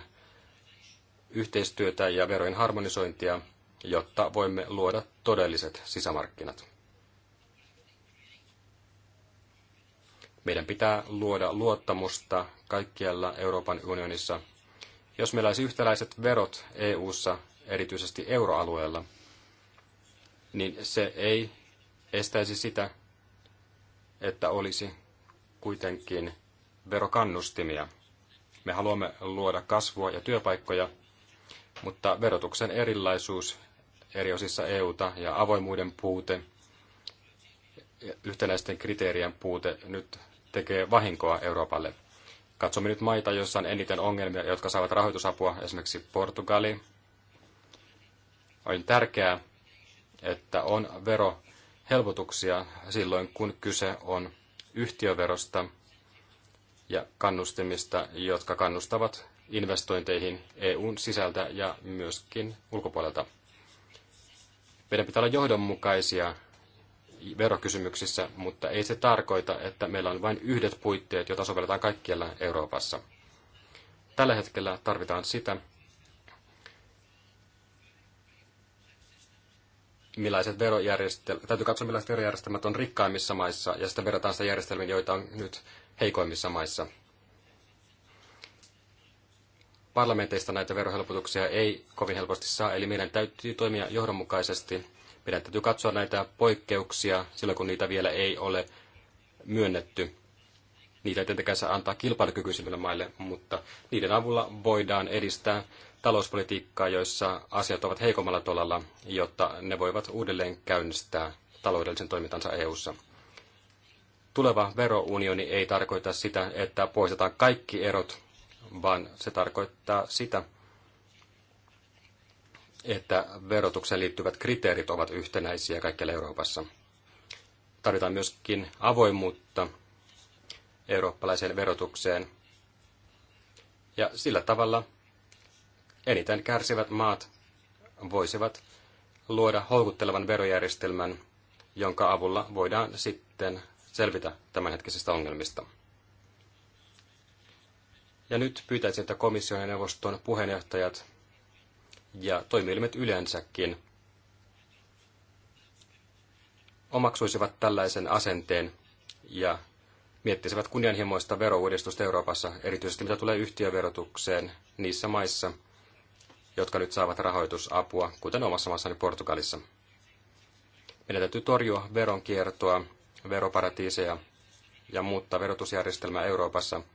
yhteistyötä ja verojen harmonisointia, jotta voimme luoda todelliset sisämarkkinat. Meidän pitää luoda luottamusta kaikkialla Euroopan unionissa. Jos meillä olisi yhtäläiset verot EU:ssa, erityisesti euroalueella, niin se ei estäisi sitä, että olisi kuitenkin verokannustimia. Me haluamme luoda kasvua ja työpaikkoja, mutta verotuksen erilaisuus eri osissa EUta ja avoimuuden puute, yhtenäisten kriteerien puute nyt tekee vahinkoa Euroopalle. Katsomme nyt maita, joissa on eniten ongelmia, jotka saavat rahoitusapua, esimerkiksi Portugali. On tärkeää, että on verohelpotuksia silloin, kun kyse on yhtiöverosta ja kannustimista, jotka kannustavat investointeihin EUn sisältä ja myöskin ulkopuolelta. Meidän pitää olla johdonmukaisia verokysymyksissä, mutta ei se tarkoita, että meillä on vain yhdet puitteet, joita sovelletaan kaikkialla Euroopassa. Tällä hetkellä tarvitaan sitä, millaiset verojärjestelmät, täytyy katsoa millaiset verojärjestelmät on rikkaimmissa maissa ja sitten verrataan sitä järjestelmiä, joita on nyt heikoimmissa maissa parlamenteista näitä verohelpotuksia ei kovin helposti saa, eli meidän täytyy toimia johdonmukaisesti. Meidän täytyy katsoa näitä poikkeuksia silloin, kun niitä vielä ei ole myönnetty. Niitä ei tietenkään saa antaa kilpailukykyisimmille maille, mutta niiden avulla voidaan edistää talouspolitiikkaa, joissa asiat ovat heikommalla tolalla, jotta ne voivat uudelleen käynnistää taloudellisen toimintansa EU:ssa. Tuleva verounioni ei tarkoita sitä, että poistetaan kaikki erot vaan se tarkoittaa sitä, että verotukseen liittyvät kriteerit ovat yhtenäisiä kaikkialla Euroopassa. Tarvitaan myöskin avoimuutta eurooppalaiseen verotukseen. Ja sillä tavalla eniten kärsivät maat voisivat luoda houkuttelevan verojärjestelmän, jonka avulla voidaan sitten selvitä tämänhetkisistä ongelmista. Ja nyt pyytäisin, että komission ja neuvoston puheenjohtajat ja toimielimet yleensäkin omaksuisivat tällaisen asenteen ja miettisivät kunnianhimoista verouudistusta Euroopassa, erityisesti mitä tulee yhtiöverotukseen niissä maissa, jotka nyt saavat rahoitusapua, kuten omassa maassani Portugalissa. Meidän täytyy torjua veronkiertoa, veroparatiiseja ja muuttaa verotusjärjestelmää Euroopassa –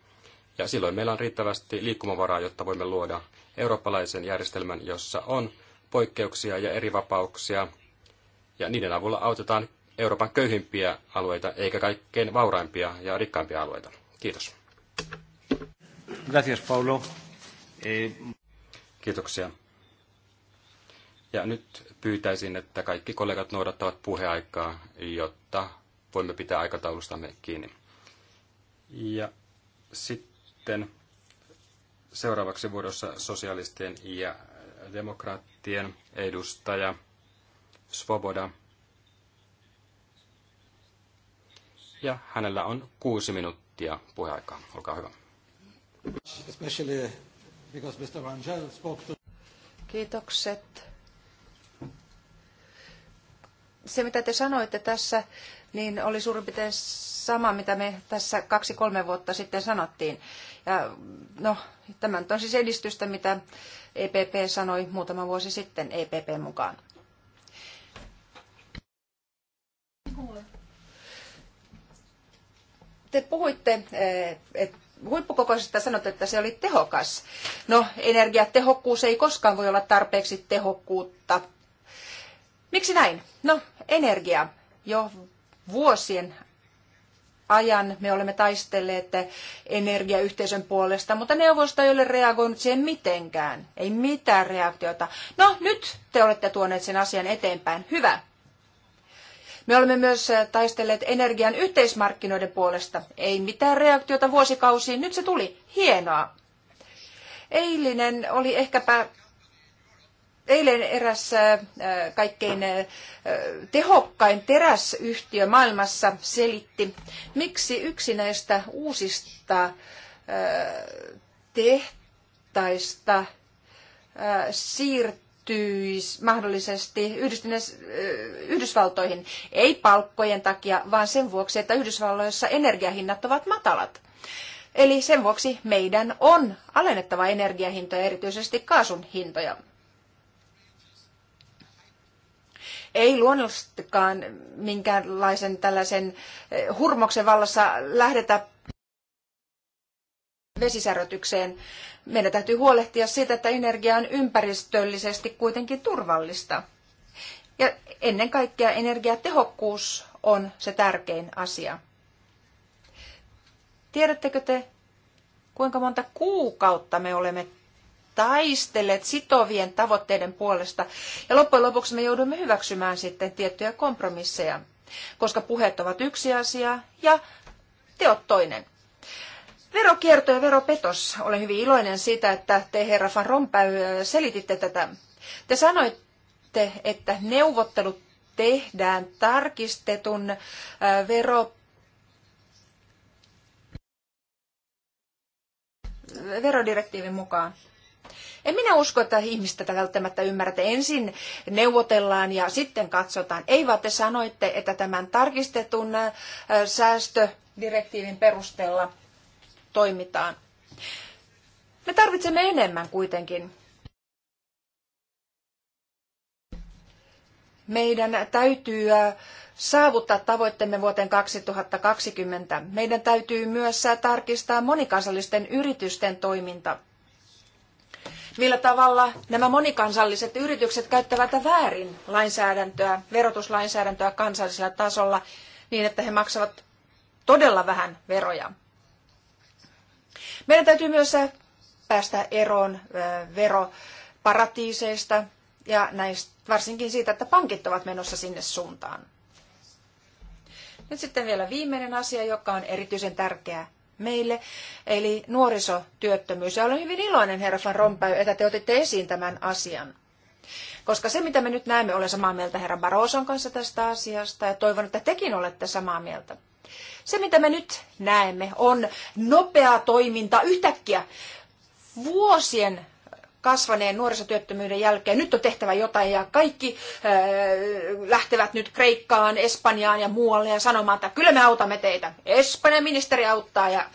ja silloin meillä on riittävästi liikkumavaraa, jotta voimme luoda eurooppalaisen järjestelmän, jossa on poikkeuksia ja eri vapauksia. Ja niiden avulla autetaan Euroopan köyhimpiä alueita, eikä kaikkein vauraimpia ja rikkaimpia alueita. Kiitos. Gracias, Paulo. Eh, Kiitoksia. Ja nyt pyytäisin, että kaikki kollegat noudattavat puheaikaa, jotta voimme pitää aikataulustamme kiinni. Ja sitten sitten seuraavaksi vuorossa sosialistien ja demokraattien edustaja Svoboda. Ja hänellä on kuusi minuuttia puheaikaa. Olkaa hyvä. Kiitokset. Se, mitä te sanoitte tässä niin oli suurin piirtein sama, mitä me tässä kaksi-kolme vuotta sitten sanottiin. Ja, no, tämä on siis edistystä, mitä EPP sanoi muutama vuosi sitten EPP mukaan. Te puhuitte, eh, että huippukokoisesta sanotte, että se oli tehokas. No, energiatehokkuus ei koskaan voi olla tarpeeksi tehokkuutta. Miksi näin? No, energia jo vuosien ajan me olemme taistelleet energiayhteisön puolesta, mutta neuvosto ei ole reagoinut siihen mitenkään. Ei mitään reaktiota. No, nyt te olette tuoneet sen asian eteenpäin. Hyvä. Me olemme myös eh, taistelleet energian yhteismarkkinoiden puolesta. Ei mitään reaktiota vuosikausiin. Nyt se tuli. Hienoa. Eilinen oli ehkäpä Eilen eräs äh, kaikkein äh, tehokkain teräsyhtiö maailmassa selitti, miksi yksi näistä uusista äh, tehtaista siirtyisi mahdollisesti Yhdysvaltoihin, ei palkkojen takia, vaan sen vuoksi, että Yhdysvalloissa energiahinnat ovat matalat. Eli sen vuoksi meidän on alennettava energiahintoja, erityisesti kaasun hintoja. ei luonnollisestikaan minkäänlaisen tällaisen eh, hurmoksen vallassa lähdetä vesisärötykseen. Meidän täytyy huolehtia siitä, että energia on ympäristöllisesti kuitenkin turvallista. Ja ennen kaikkea energiatehokkuus on se tärkein asia. Tiedättekö te, kuinka monta kuukautta me olemme taistelleet sitovien tavoitteiden puolesta. Ja loppujen lopuksi me joudumme hyväksymään sitten tiettyjä kompromisseja, koska puheet ovat yksi asia ja teot toinen. Verokierto ja veropetos. Olen hyvin iloinen siitä, että te, herra Van Rompuy selititte tätä. Te sanoitte, että neuvottelut tehdään tarkistetun vero verodirektiivin mukaan. En minä usko, että ihmistä välttämättä ymmärrätte. Ensin neuvotellaan ja sitten katsotaan. Ei vaan te sanoitte, että tämän tarkistetun äh, säästödirektiivin perusteella toimitaan. Me tarvitsemme enemmän kuitenkin. Meidän täytyy äh, saavuttaa tavoitteemme vuoteen 2020. Meidän täytyy myös äh, tarkistaa monikansallisten yritysten toiminta millä tavalla nämä monikansalliset yritykset käyttävät väärin lainsäädäntöä, verotuslainsäädäntöä kansallisella tasolla niin, että he maksavat todella vähän veroja. Meidän täytyy myös päästä eroon veroparatiiseista ja näistä, varsinkin siitä, että pankit ovat menossa sinne suuntaan. Nyt sitten vielä viimeinen asia, joka on erityisen tärkeä meille, eli nuorisotyöttömyys. Ja olen hyvin iloinen, herra Van Rompuy, että te otitte esiin tämän asian. Koska se, mitä me nyt näemme, olen samaa mieltä herra Baroson kanssa tästä asiasta ja toivon, että tekin olette samaa mieltä. Se, mitä me nyt näemme, on nopea toiminta yhtäkkiä vuosien kasvaneen nuorisotyöttömyyden jälkeen. Nyt on tehtävä jotain ja kaikki lähtevät nyt Kreikkaan, Espanjaan ja muualle ja sanomaan, että kyllä me autamme teitä. Espanjan ministeri auttaa ja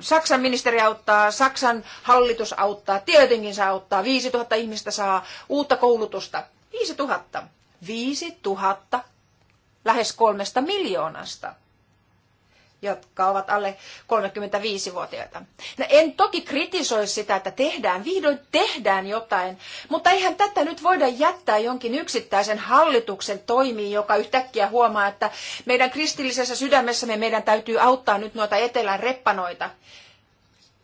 Saksan ministeri auttaa, Saksan hallitus auttaa, tietenkin se auttaa. 5000 ihmistä saa uutta koulutusta. 5000. 5000 lähes kolmesta miljoonasta jotka ovat alle 35-vuotiaita. No en toki kritisoi sitä, että tehdään, vihdoin tehdään jotain, mutta eihän tätä nyt voida jättää jonkin yksittäisen hallituksen toimiin, joka yhtäkkiä huomaa, että meidän kristillisessä sydämessämme meidän täytyy auttaa nyt noita etelän reppanoita.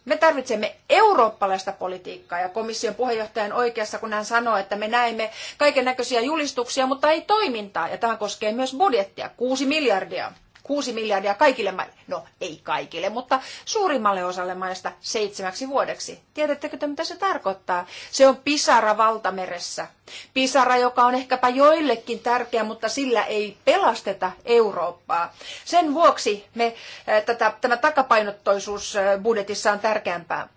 Me tarvitsemme eurooppalaista politiikkaa ja komission puheenjohtajan oikeassa, kun hän sanoo, että me näemme kaiken näköisiä julistuksia, mutta ei toimintaa. Ja tämä koskee myös budjettia, kuusi miljardia kuusi miljardia kaikille maille. No, ei kaikille, mutta suurimmalle osalle maista seitsemäksi vuodeksi. Tiedättekö te, mitä se tarkoittaa? Se on pisara valtameressä. Pisara, joka on ehkäpä joillekin tärkeä, mutta sillä ei pelasteta Eurooppaa. Sen vuoksi me, eh, tätä, tämä takapainottoisuus eh, budjetissa on tärkeämpää.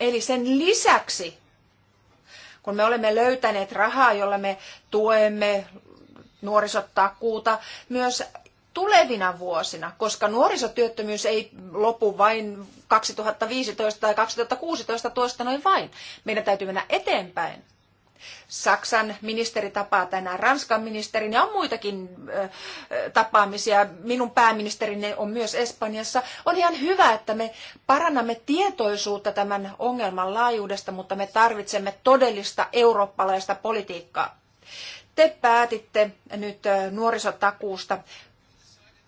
Eli sen lisäksi, kun me olemme löytäneet rahaa, jolla me tuemme kuuta, myös tulevina vuosina, koska nuorisotyöttömyys ei lopu vain 2015 tai 2016 tuosta noin vain. Meidän täytyy mennä eteenpäin. Saksan ministeri tapaa tänään Ranskan ministerin ja on muitakin tapaamisia. Minun pääministerini on myös Espanjassa. On ihan hyvä, että me parannamme tietoisuutta tämän ongelman laajuudesta, mutta me tarvitsemme todellista eurooppalaista politiikkaa. Te päätitte nyt nuorisotakuusta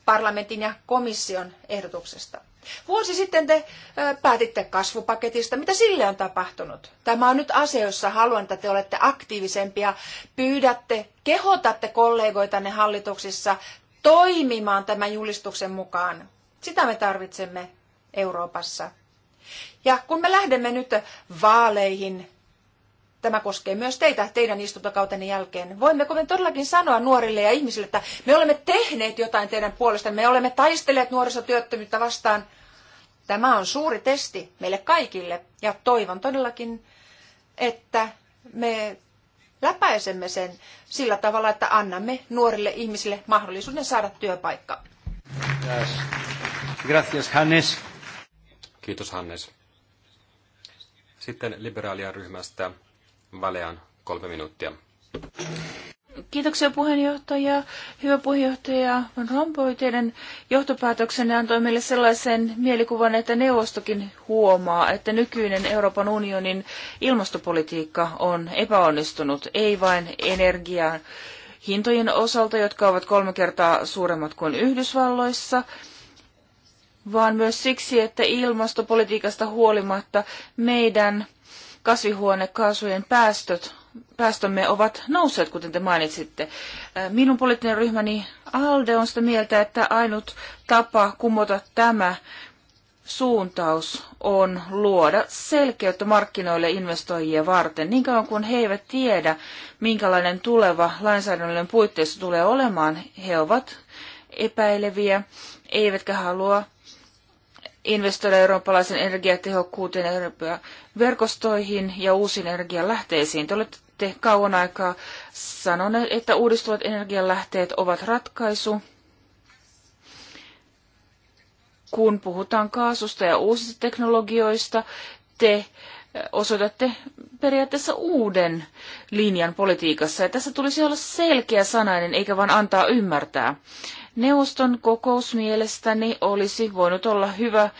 parlamentin ja komission ehdotuksesta. Vuosi sitten te päätitte kasvupaketista. Mitä sille on tapahtunut? Tämä on nyt asia, jossa haluan, että te olette aktiivisempia. Pyydätte, kehotatte kollegoitanne hallituksissa toimimaan tämän julistuksen mukaan. Sitä me tarvitsemme Euroopassa. Ja kun me lähdemme nyt vaaleihin, tämä koskee myös teitä teidän istuntokautenne jälkeen. Voimmeko me todellakin sanoa nuorille ja ihmisille, että me olemme tehneet jotain teidän puolestanne, me olemme taistelleet nuorisotyöttömyyttä vastaan. Tämä on suuri testi meille kaikille ja toivon todellakin, että me läpäisemme sen sillä tavalla, että annamme nuorille ihmisille mahdollisuuden saada työpaikka. Gracias, Hannes. Kiitos, Hannes. Sitten liberaalien ryhmästä Valean kolme minuuttia. Kiitoksia puheenjohtaja. Hyvä puheenjohtaja Van Rompuy, teidän johtopäätöksenne antoi meille sellaisen mielikuvan, että neuvostokin huomaa, että nykyinen Euroopan unionin ilmastopolitiikka on epäonnistunut, ei vain energian hintojen osalta, jotka ovat kolme kertaa suuremmat kuin Yhdysvalloissa, vaan myös siksi, että ilmastopolitiikasta huolimatta meidän kasvihuonekaasujen päästöt, päästömme ovat nousseet, kuten te mainitsitte. Minun poliittinen ryhmäni ALDE on sitä mieltä, että ainut tapa kumota tämä suuntaus on luoda selkeyttä markkinoille investoijia varten, niin kauan kuin he eivät tiedä, minkälainen tuleva lainsäädännöllinen puitteissa tulee olemaan, he ovat epäileviä, eivätkä halua investoida eurooppalaisen energiatehokkuuteen, ja verkostoihin ja uusiin energialähteisiin. Te olette kauan aikaa sanoneet, että uudistuvat energialähteet ovat ratkaisu, kun puhutaan kaasusta ja uusista teknologioista. Te eh, osoitatte periaatteessa uuden linjan politiikassa. Ja tässä tulisi olla selkeä sanainen, eikä vain antaa ymmärtää. Neuvoston kokous mielestäni olisi voinut olla hyvä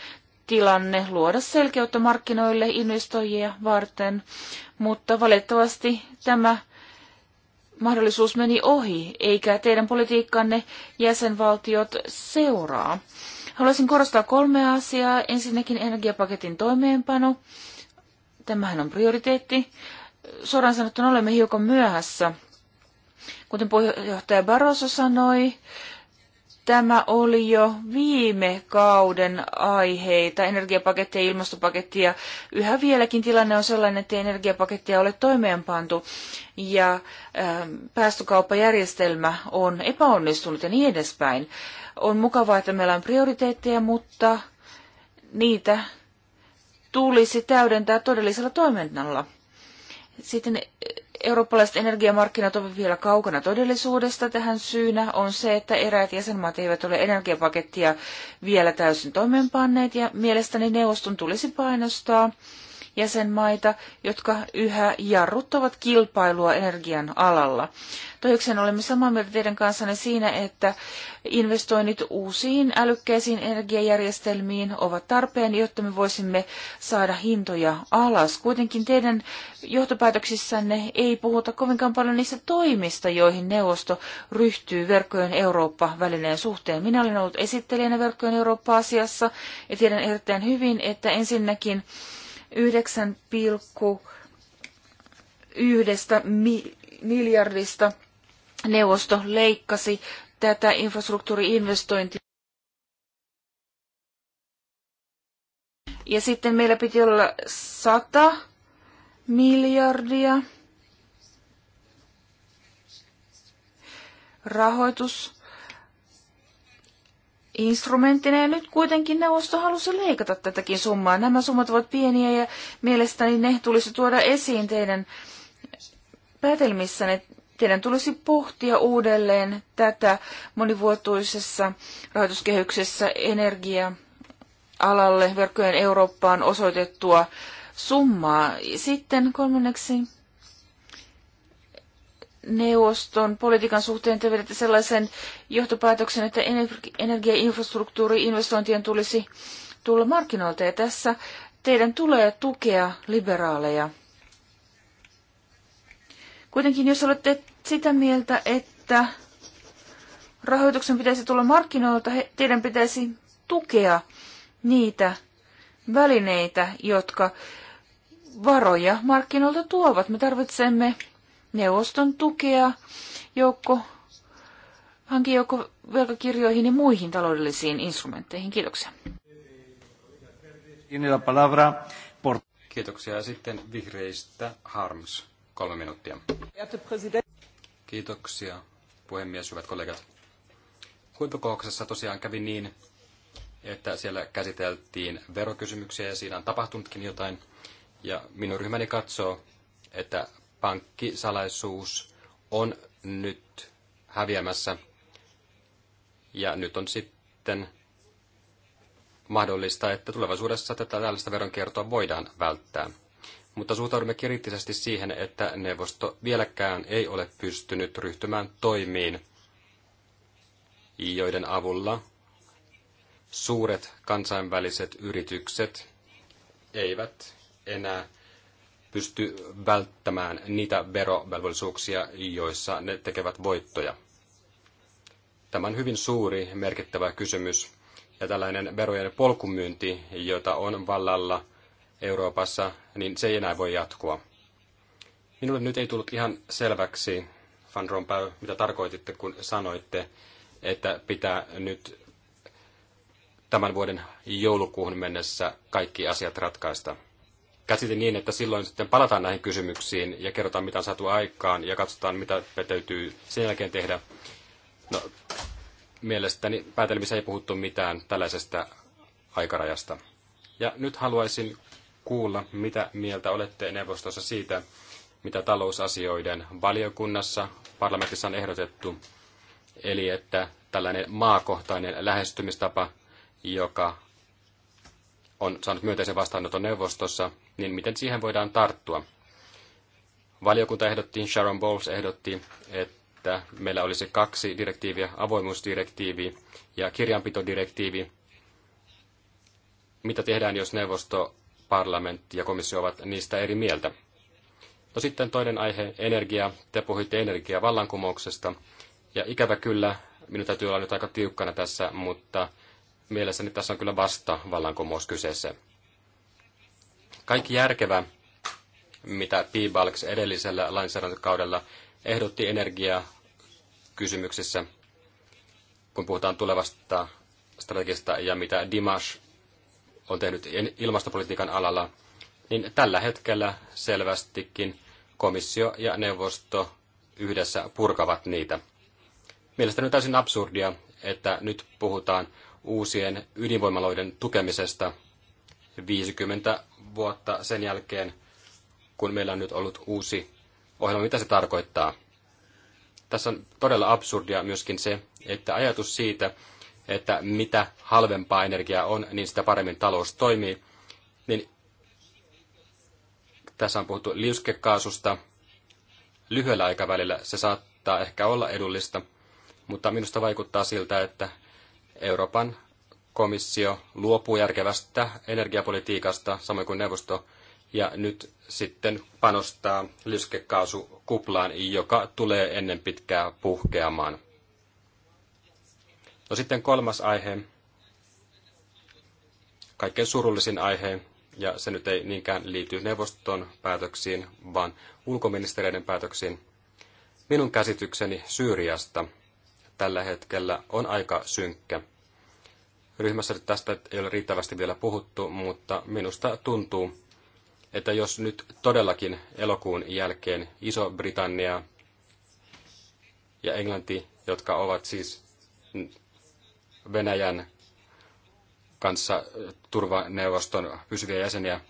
tilanne luoda selkeyttä markkinoille investoijia varten, mutta valitettavasti tämä mahdollisuus meni ohi, eikä teidän politiikkanne jäsenvaltiot seuraa. Haluaisin korostaa kolmea asiaa. Ensinnäkin energiapaketin toimeenpano. Tämähän on prioriteetti. Suoraan sanottuna olemme hiukan myöhässä. Kuten puheenjohtaja Barroso sanoi, Tämä oli jo viime kauden aiheita, energiapaketti ja ilmastopaketti, ja yhä vieläkin tilanne on sellainen, että energiapakettia ole toimeenpantu, ja äh, päästökauppajärjestelmä on epäonnistunut ja niin edespäin. On mukavaa, että meillä on prioriteetteja, mutta niitä tulisi täydentää todellisella toiminnalla. Sitten Eurooppalaiset energiamarkkinat ovat vielä kaukana todellisuudesta. Tähän syynä on se, että eräät jäsenmaat eivät ole energiapakettia vielä täysin toimeenpanneet ja mielestäni neuvoston tulisi painostaa jäsenmaita, jotka yhä jarruttavat kilpailua energian alalla. Toikseen olemme samaa mieltä teidän kanssanne siinä, että investoinnit uusiin älykkäisiin energiajärjestelmiin ovat tarpeen, jotta me voisimme saada hintoja alas. Kuitenkin teidän johtopäätöksissänne ei puhuta kovinkaan paljon niistä toimista, joihin neuvosto ryhtyy verkkojen Eurooppa-välineen suhteen. Minä olen ollut esittelijänä verkkojen Eurooppa-asiassa ja tiedän erittäin hyvin, että ensinnäkin 9,1 miljardista neuvosto leikkasi tätä infrastruktuuriinvestointia. Ja sitten meillä piti olla 100 miljardia rahoitus instrumenttina ja nyt kuitenkin neuvosto halusi leikata tätäkin summaa. Nämä summat ovat pieniä ja mielestäni ne tulisi tuoda esiin teidän päätelmissänne. Teidän tulisi pohtia uudelleen tätä monivuotuisessa rahoituskehyksessä energia-alalle verkkojen Eurooppaan osoitettua summaa. Sitten kolmanneksi neuvoston politiikan suhteen te vedätte sellaisen johtopäätöksen, että energiainfrastruktuuri-investointien tulisi tulla markkinoilta. Ja tässä teidän tulee tukea liberaaleja. Kuitenkin jos olette sitä mieltä, että rahoituksen pitäisi tulla markkinoilta, teidän pitäisi tukea niitä välineitä, jotka varoja markkinoilta tuovat. Me tarvitsemme neuvoston tukea joukko joukko velkakirjoihin ja muihin taloudellisiin instrumentteihin. Kiitoksia. Kiitoksia. ja Sitten vihreistä Harms. Kolme minuuttia. Kiitoksia, puhemies, hyvät kollegat. Huippukokouksessa tosiaan kävi niin, että siellä käsiteltiin verokysymyksiä ja siinä on tapahtunutkin jotain. Ja minun ryhmäni katsoo, että pankkisalaisuus on nyt häviämässä ja nyt on sitten mahdollista, että tulevaisuudessa tätä tällaista veronkiertoa voidaan välttää. Mutta suhtaudumme kriittisesti siihen, että neuvosto vieläkään ei ole pystynyt ryhtymään toimiin, joiden avulla suuret kansainväliset yritykset eivät enää pysty välttämään niitä verovelvollisuuksia, joissa ne tekevät voittoja. Tämä on hyvin suuri merkittävä kysymys, ja tällainen verojen polkumyynti, jota on vallalla Euroopassa, niin se ei enää voi jatkua. Minulle nyt ei tullut ihan selväksi, Van Rompuy, mitä tarkoititte, kun sanoitte, että pitää nyt tämän vuoden joulukuuhun mennessä kaikki asiat ratkaista käsitin niin, että silloin sitten palataan näihin kysymyksiin ja kerrotaan, mitä on saatu aikaan ja katsotaan, mitä täytyy sen jälkeen tehdä. No, mielestäni päätelmissä ei puhuttu mitään tällaisesta aikarajasta. Ja nyt haluaisin kuulla, mitä mieltä olette neuvostossa siitä, mitä talousasioiden valiokunnassa parlamentissa on ehdotettu, eli että tällainen maakohtainen lähestymistapa, joka on saanut myönteisen vastaanoton neuvostossa, niin miten siihen voidaan tarttua? Valiokunta ehdotti, Sharon Bowles ehdotti, että meillä olisi kaksi direktiiviä, avoimuusdirektiivi ja kirjanpitodirektiivi. Mitä tehdään, jos neuvosto, parlamentti ja komissio ovat niistä eri mieltä? No sitten toinen aihe, energia. Te puhuitte energiavallankumouksesta. Ja ikävä kyllä, minun täytyy olla nyt aika tiukkana tässä, mutta mielessäni tässä on kyllä vasta vallankumous kyseessä. Kaikki järkevä, mitä P-Balks edellisellä lainsäädäntökaudella ehdotti kysymyksessä, kun puhutaan tulevasta strategista ja mitä Dimash on tehnyt ilmastopolitiikan alalla, niin tällä hetkellä selvästikin komissio ja neuvosto yhdessä purkavat niitä. Mielestäni on täysin absurdia, että nyt puhutaan uusien ydinvoimaloiden tukemisesta 50 vuotta sen jälkeen, kun meillä on nyt ollut uusi ohjelma, mitä se tarkoittaa. Tässä on todella absurdia myöskin se, että ajatus siitä, että mitä halvempaa energiaa on, niin sitä paremmin talous toimii, niin tässä on puhuttu liuskekaasusta. Lyhyellä aikavälillä se saattaa ehkä olla edullista, mutta minusta vaikuttaa siltä, että Euroopan komissio luopuu järkevästä energiapolitiikasta, samoin kuin neuvosto, ja nyt sitten panostaa liuskekaasukuplaan, joka tulee ennen pitkää puhkeamaan. No sitten kolmas aihe, kaikkein surullisin aihe, ja se nyt ei niinkään liity neuvoston päätöksiin, vaan ulkoministeriöiden päätöksiin. Minun käsitykseni Syyriasta – tällä hetkellä on aika synkkä. Ryhmässä tästä ei ole riittävästi vielä puhuttu, mutta minusta tuntuu, että jos nyt todellakin elokuun jälkeen Iso-Britannia ja Englanti, jotka ovat siis Venäjän kanssa turvaneuvoston pysyviä jäseniä,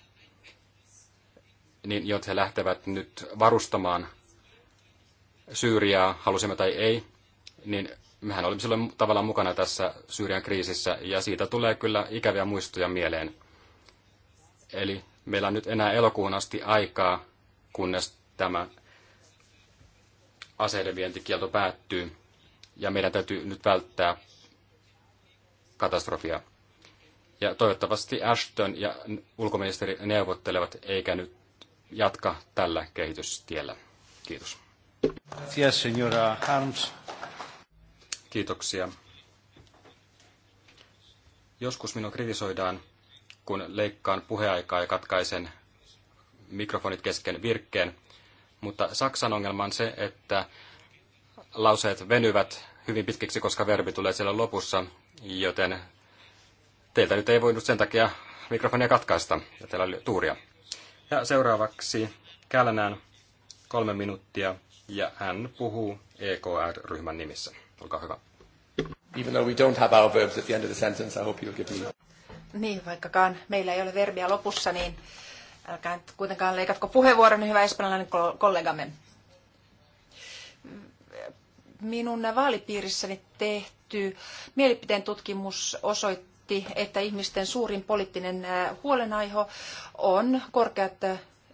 niin jot he lähtevät nyt varustamaan Syyriaa, halusimme tai ei, niin mehän olimme silloin tavallaan mukana tässä Syyrian kriisissä, ja siitä tulee kyllä ikäviä muistoja mieleen. Eli meillä on nyt enää elokuun asti aikaa, kunnes tämä aseiden vientikielto päättyy, ja meidän täytyy nyt välttää katastrofia. Ja toivottavasti Ashton ja ulkoministeri neuvottelevat, eikä nyt jatka tällä kehitystiellä. Kiitos. Kiitos, signora Harms. Kiitoksia. Joskus minua kritisoidaan, kun leikkaan puheaikaa ja katkaisen mikrofonit kesken virkkeen, mutta Saksan ongelma on se, että lauseet venyvät hyvin pitkiksi, koska verbi tulee siellä lopussa, joten teiltä nyt ei voinut sen takia mikrofonia katkaista, ja teillä oli tuuria. Ja seuraavaksi Kälänään kolme minuuttia, ja hän puhuu EKR-ryhmän nimissä. Olkaa hyvä. Even though we don't have our verbs at the end of the sentence, I hope you'll give me... Niin, vaikkakaan meillä ei ole verbiä lopussa, niin älkää kuitenkaan leikatko puheenvuoron, hyvä espanjalainen kollegamme. Minun vaalipiirissäni tehty mielipiteen tutkimus osoitti, että ihmisten suurin poliittinen huolenaihe on korkeat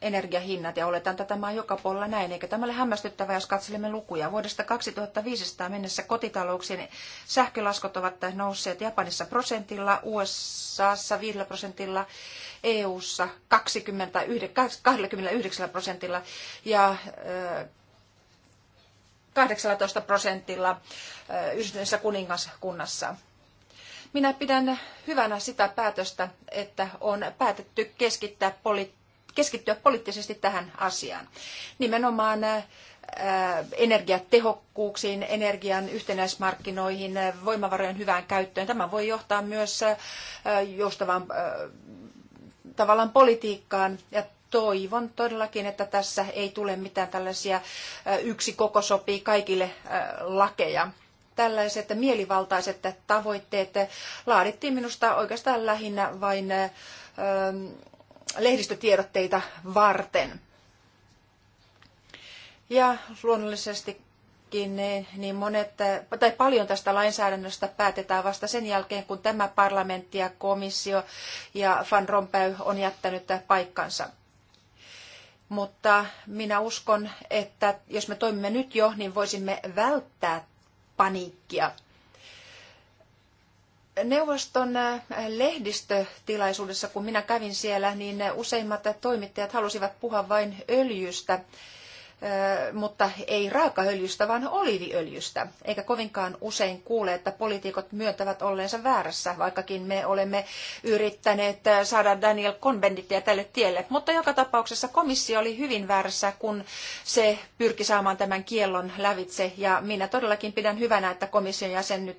energiahinnat, ja oletan, että tämä on joka puolella näin, eikä tämä ole hämmästyttävää, jos katselemme lukuja. Vuodesta 2500 mennessä kotitalouksien sähkölaskut ovat nousseet Japanissa prosentilla, USAssa 5 prosentilla, EUssa 29 prosentilla ja 18 prosentilla yhdistyneessä kuningaskunnassa. Minä pidän hyvänä sitä päätöstä, että on päätetty keskittää poliittisia keskittyä poliittisesti tähän asiaan. Nimenomaan äh, energiatehokkuuksiin, energian yhtenäismarkkinoihin, äh, voimavarojen hyvään käyttöön. Tämä voi johtaa myös äh, joustavaan tavallaan politiikkaan ja toivon todellakin, että tässä ei tule mitään tällaisia yksi koko sopii kaikille lakeja. Tällaiset mielivaltaiset tavoitteet laadittiin minusta oikeastaan lähinnä vain lehdistötiedotteita varten. Ja luonnollisesti niin, niin monet, tai paljon tästä lainsäädännöstä päätetään vasta sen jälkeen, kun tämä parlamentti ja komissio ja Van Rompuy on jättänyt paikkansa. Mutta minä uskon, että jos me toimimme nyt jo, niin voisimme välttää paniikkia Neuvoston äh, lehdistötilaisuudessa, kun minä kävin siellä, niin useimmat toimittajat halusivat puhua vain öljystä mutta ei raakaöljystä, vaan oliiviöljystä. Eikä kovinkaan usein kuule, että poliitikot myöntävät olleensa väärässä, vaikkakin me olemme yrittäneet saada Daniel Convenditia tälle tielle. Mutta joka tapauksessa komissio oli hyvin väärässä, kun se pyrki saamaan tämän kiellon lävitse. Ja minä todellakin pidän hyvänä, että komission jäsen nyt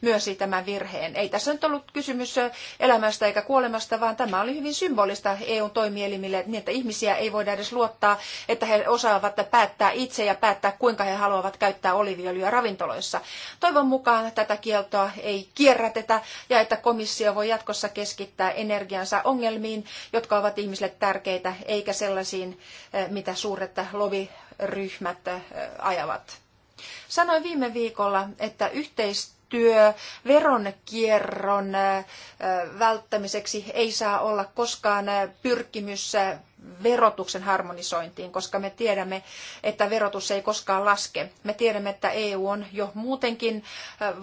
myönsi tämän virheen. Ei tässä nyt ollut kysymys elämästä eikä kuolemasta, vaan tämä oli hyvin symbolista EUn toimielimille, niin että ihmisiä ei voida edes luottaa, että he osaavat voivat päättää itse ja päättää, kuinka he haluavat käyttää oliviöljyä ravintoloissa. Toivon mukaan tätä kieltoa ei kierrätetä ja että komissio voi jatkossa keskittää energiansa ongelmiin, jotka ovat ihmisille tärkeitä, eikä sellaisiin, eh, mitä suuret lobbyryhmät eh, ajavat. Sanoin viime viikolla, että yhteistyö työ veronkierron välttämiseksi ei saa olla koskaan pyrkimys verotuksen harmonisointiin, koska me tiedämme, että verotus ei koskaan laske. Me tiedämme, että EU on jo muutenkin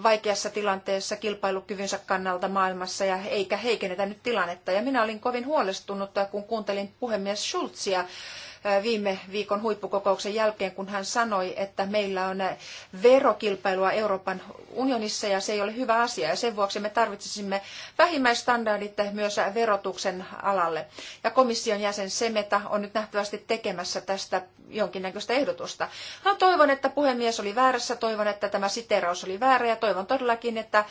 vaikeassa tilanteessa kilpailukyvynsä kannalta maailmassa ja eikä heikennetä nyt tilannetta. Ja minä olin kovin huolestunut, kun kuuntelin puhemies Schulzia, viime viikon huippukokouksen jälkeen, kun hän sanoi, että meillä on verokilpailua Euroopan unionissa ja se ei ole hyvä asia. Ja sen vuoksi me tarvitsisimme vähimmäistandardit myös verotuksen alalle. Ja komission jäsen Semeta on nyt nähtävästi tekemässä tästä jonkinnäköistä ehdotusta. No, toivon, että puhemies oli väärässä, toivon, että tämä siteraus oli väärä ja toivon todellakin, että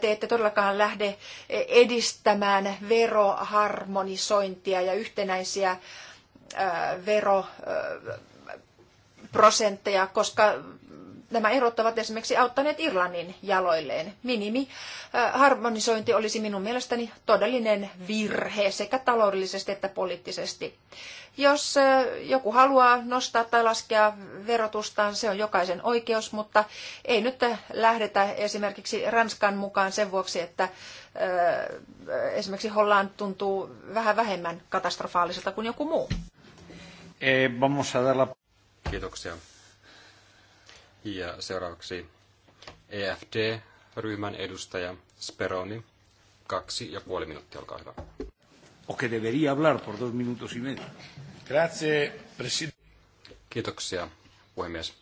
te ette todellakaan lähde edistämään veroharmonisointia ja yhtenäisiä veroprosentteja, koska nämä erot ovat esimerkiksi auttaneet Irlannin jaloilleen. Minimi harmonisointi olisi minun mielestäni todellinen virhe sekä taloudellisesti että poliittisesti. Jos joku haluaa nostaa tai laskea verotustaan, se on jokaisen oikeus, mutta ei nyt lähdetä esimerkiksi Ranskan mukaan sen vuoksi, että esimerkiksi Holland tuntuu vähän vähemmän katastrofaaliselta kuin joku muu. Eh, vamos a dar Kiitoksia. Ja seuraavaksi EFD-ryhmän edustaja Speroni. Kaksi ja puoli minuuttia, olkaa hyvä. O que debería hablar por dos minutos y medio. Grazie, presidente. Kiitoksia, puhemies.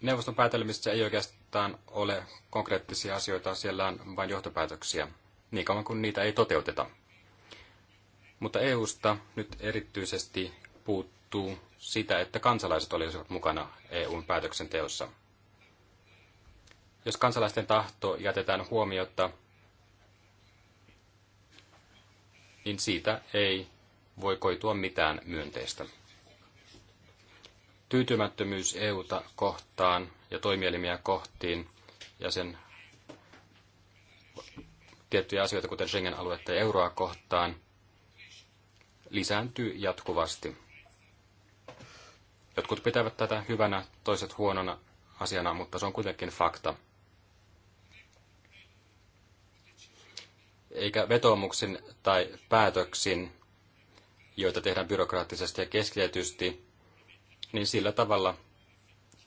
Neuvoston päätelmissä ei oikeastaan ole konkreettisia asioita, siellä on vain johtopäätöksiä niin kauan kuin niitä ei toteuteta. Mutta EUsta nyt erityisesti puuttuu sitä, että kansalaiset olisivat mukana EUn päätöksenteossa. Jos kansalaisten tahto jätetään huomiotta, niin siitä ei voi koitua mitään myönteistä. Tyytymättömyys EUta kohtaan ja toimielimiä kohtiin ja sen tiettyjä asioita, kuten Schengen-aluetta ja euroa kohtaan, lisääntyy jatkuvasti. Jotkut pitävät tätä hyvänä, toiset huonona asiana, mutta se on kuitenkin fakta. Eikä vetoomuksin tai päätöksin, joita tehdään byrokraattisesti ja keskitetysti, niin sillä tavalla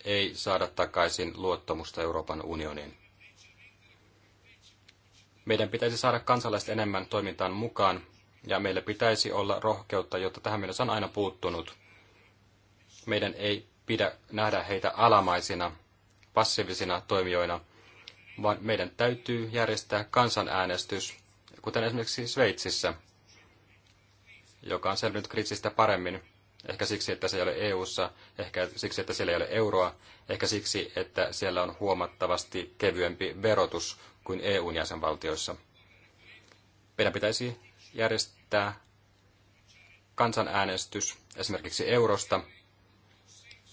ei saada takaisin luottamusta Euroopan unioniin. Meidän pitäisi saada kansalaiset enemmän toimintaan mukaan, ja meillä pitäisi olla rohkeutta, jotta tähän mennessä on aina puuttunut. Meidän ei pidä nähdä heitä alamaisina, passiivisina toimijoina, vaan meidän täytyy järjestää kansanäänestys, kuten esimerkiksi Sveitsissä, joka on selvinnyt kriisistä paremmin, ehkä siksi, että se ei ole EU:ssa, ehkä siksi, että siellä ei ole euroa, ehkä siksi, että siellä on huomattavasti kevyempi verotus kuin EUn jäsenvaltioissa. Meidän pitäisi järjestää kansanäänestys esimerkiksi eurosta,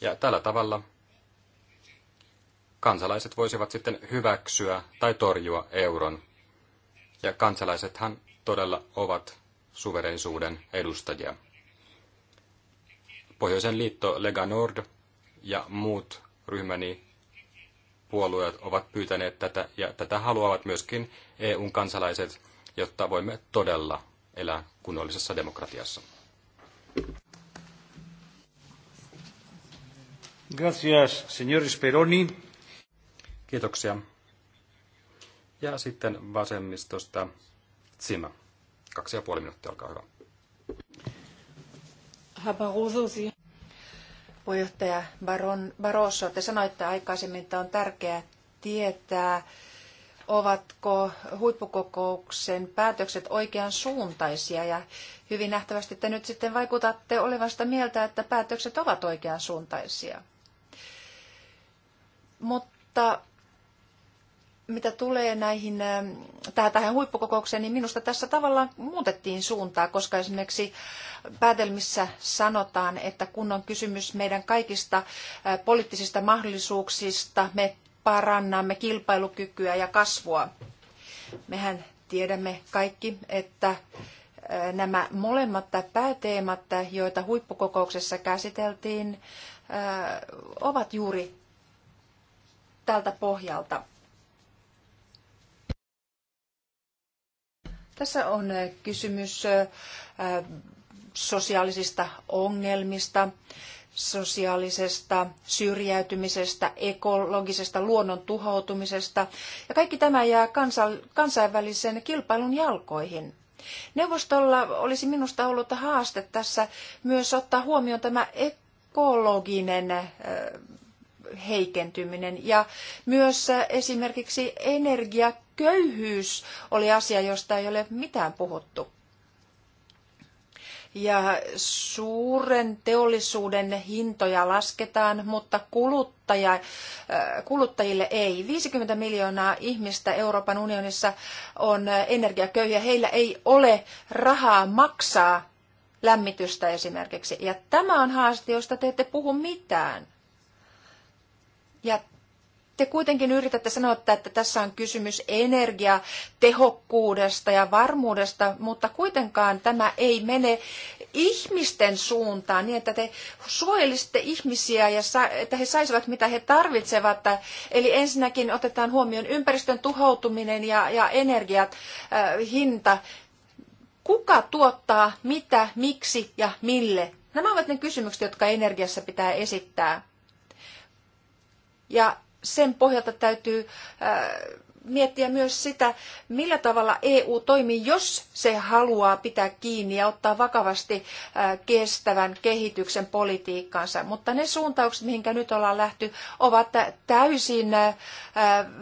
ja tällä tavalla kansalaiset voisivat sitten hyväksyä tai torjua euron. Ja kansalaisethan todella ovat suverenisuuden edustajia. Pohjoisen liitto Lega Nord ja muut ryhmäni puolueet ovat pyytäneet tätä, ja tätä haluavat myöskin EUn kansalaiset, jotta voimme todella elää kunnollisessa demokratiassa. Gracias, señor Speroni. Kiitoksia. Ja sitten vasemmistosta Tsima. Kaksi ja puoli minuuttia, olkaa hyvä. Puheenjohtaja Baron, Barroso, te sanoitte aikaisemmin, että on tärkeää tietää, ovatko huippukokouksen päätökset oikean suuntaisia ja hyvin nähtävästi te nyt sitten vaikutatte olevan sitä mieltä, että päätökset ovat oikean suuntaisia. Mutta mitä tulee näihin, tähän, tähän huippukokoukseen, niin minusta tässä tavallaan muutettiin suuntaa, koska esimerkiksi päätelmissä sanotaan, että kun on kysymys meidän kaikista poliittisista mahdollisuuksista, me parannamme kilpailukykyä ja kasvua. Mehän tiedämme kaikki, että nämä molemmat pääteemat, joita huippukokouksessa käsiteltiin, ovat juuri tältä pohjalta – Tässä on äh, kysymys äh, sosiaalisista ongelmista, sosiaalisesta syrjäytymisestä, ekologisesta luonnon tuhoutumisesta ja kaikki tämä jää kansainvälisen kilpailun jalkoihin. Neuvostolla olisi minusta ollut haaste tässä myös ottaa huomioon tämä ekologinen äh, heikentyminen ja myös esimerkiksi energia köyhyys oli asia, josta ei ole mitään puhuttu. Ja suuren teollisuuden hintoja lasketaan, mutta kuluttaja, äh, kuluttajille ei. 50 miljoonaa ihmistä Euroopan unionissa on energiaköyhiä. Heillä ei ole rahaa maksaa lämmitystä esimerkiksi. Ja tämä on haaste, josta te ette puhu mitään. Ja te kuitenkin yritätte sanoa, että tässä on kysymys energiatehokkuudesta ja varmuudesta, mutta kuitenkaan tämä ei mene ihmisten suuntaan niin, että te suojelisitte ihmisiä ja että he saisivat mitä he tarvitsevat. Eli ensinnäkin otetaan huomioon ympäristön tuhoutuminen ja, ja energiat, äh, hinta. Kuka tuottaa mitä, miksi ja mille? Nämä ovat ne kysymykset, jotka energiassa pitää esittää. Ja sen pohjalta täytyy äh, miettiä myös sitä, millä tavalla EU toimii, jos se haluaa pitää kiinni ja ottaa vakavasti äh, kestävän kehityksen politiikkansa. Mutta ne suuntaukset, mihinkä nyt ollaan lähty, ovat täysin äh,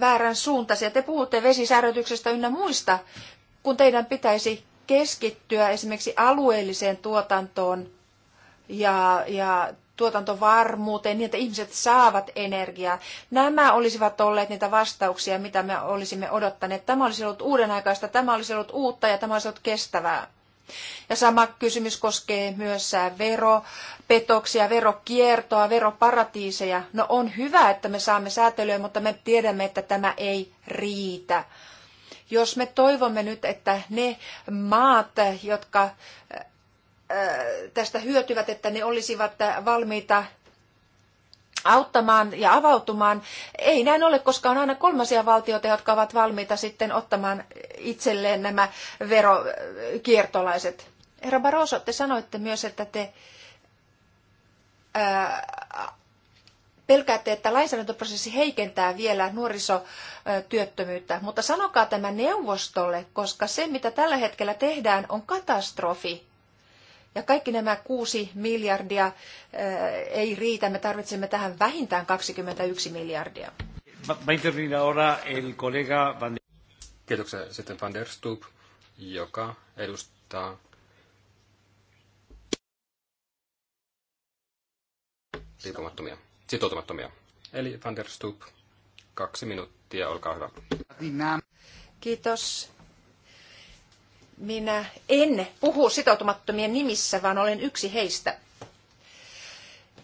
väärän suuntaisia. Te puhutte vesisärötyksestä ynnä muista, kun teidän pitäisi keskittyä esimerkiksi alueelliseen tuotantoon ja, ja tuotantovarmuuteen niin, että ihmiset saavat energiaa. Nämä olisivat olleet niitä vastauksia, mitä me olisimme odottaneet. Tämä olisi ollut uudenaikaista, tämä olisi ollut uutta ja tämä olisi ollut kestävää. Ja sama kysymys koskee myös veropetoksia, verokiertoa, veroparatiiseja. No on hyvä, että me saamme säätelyä, mutta me tiedämme, että tämä ei riitä. Jos me toivomme nyt, että ne maat, jotka tästä hyötyvät, että ne olisivat valmiita auttamaan ja avautumaan. Ei näin ole, koska on aina kolmasia valtioita, jotka ovat valmiita sitten ottamaan itselleen nämä verokiertolaiset. Herra Barroso, te sanoitte myös, että te ää, pelkäätte, että lainsäädäntöprosessi heikentää vielä nuorisotyöttömyyttä, mutta sanokaa tämä neuvostolle, koska se, mitä tällä hetkellä tehdään, on katastrofi ja kaikki nämä kuusi miljardia eh, ei riitä. Me tarvitsemme tähän vähintään 21 miljardia. Kiitoksia sitten Van der Stoop, joka edustaa riippumattomia, sitoutumattomia. Eli Van der Stoop, kaksi minuuttia, olkaa hyvä. Kiitos minä en puhu sitoutumattomien nimissä, vaan olen yksi heistä.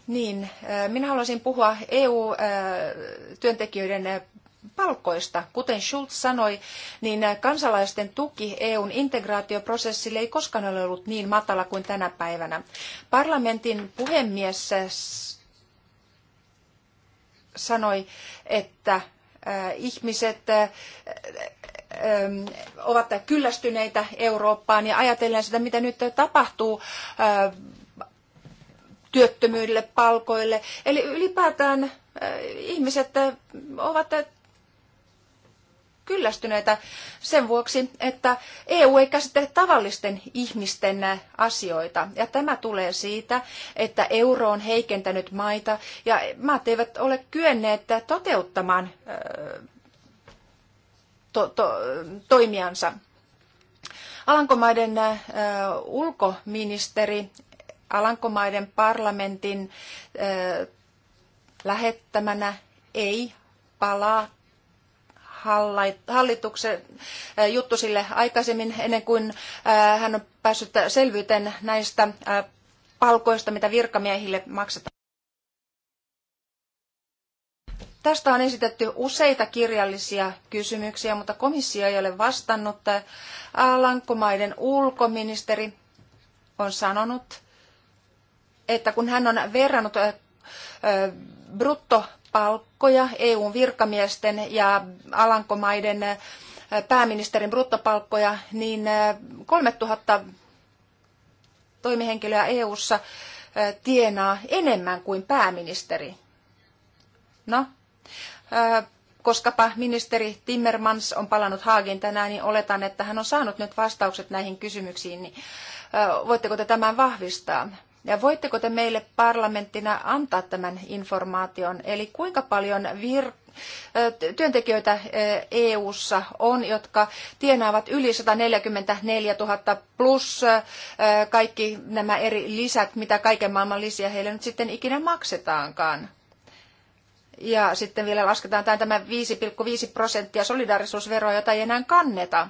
Niin, äh, minä haluaisin puhua EU-työntekijöiden äh, äh, palkoista. Kuten Schulz sanoi, niin kansalaisten tuki EUn integraatioprosessille ei koskaan ole ollut niin matala kuin tänä päivänä. Parlamentin puhemies sanoi, että ihmiset ovat kyllästyneitä Eurooppaan ja ajatellen sitä, mitä nyt tapahtuu työttömyydelle, palkoille. Eli ylipäätään ihmiset ovat kyllästyneitä sen vuoksi, että EU ei käsittele tavallisten ihmisten asioita. Ja tämä tulee siitä, että euro on heikentänyt maita ja maat eivät ole kyenneet toteuttamaan to, to, toimiansa. Alankomaiden ulkoministeri Alankomaiden parlamentin lähettämänä ei palaa hallituksen juttu sille aikaisemmin, ennen kuin hän on päässyt selvyyteen näistä palkoista, mitä virkamiehille maksetaan. Tästä on esitetty useita kirjallisia kysymyksiä, mutta komissio ei ole vastannut. Alankomaiden ulkoministeri on sanonut, että kun hän on verrannut brutto palkkoja EUn virkamiesten ja Alankomaiden äh, pääministerin bruttopalkkoja, niin 3000 äh, toimihenkilöä EUssa äh, tienaa enemmän kuin pääministeri. No, koskapa ministeri Timmermans on palannut Haagin tänään, niin oletan, että hän on saanut nyt vastaukset näihin kysymyksiin. Niin voitteko te tämän vahvistaa? Ja voitteko te meille parlamenttina antaa tämän informaation? Eli kuinka paljon vir- työntekijöitä EU:ssa on, jotka tienaavat yli 144 000 plus kaikki nämä eri lisät, mitä kaiken maailman lisiä heille nyt sitten ikinä maksetaankaan. Ja sitten vielä lasketaan tämä 5,5 prosenttia solidaarisuusveroa, jota ei enää kanneta.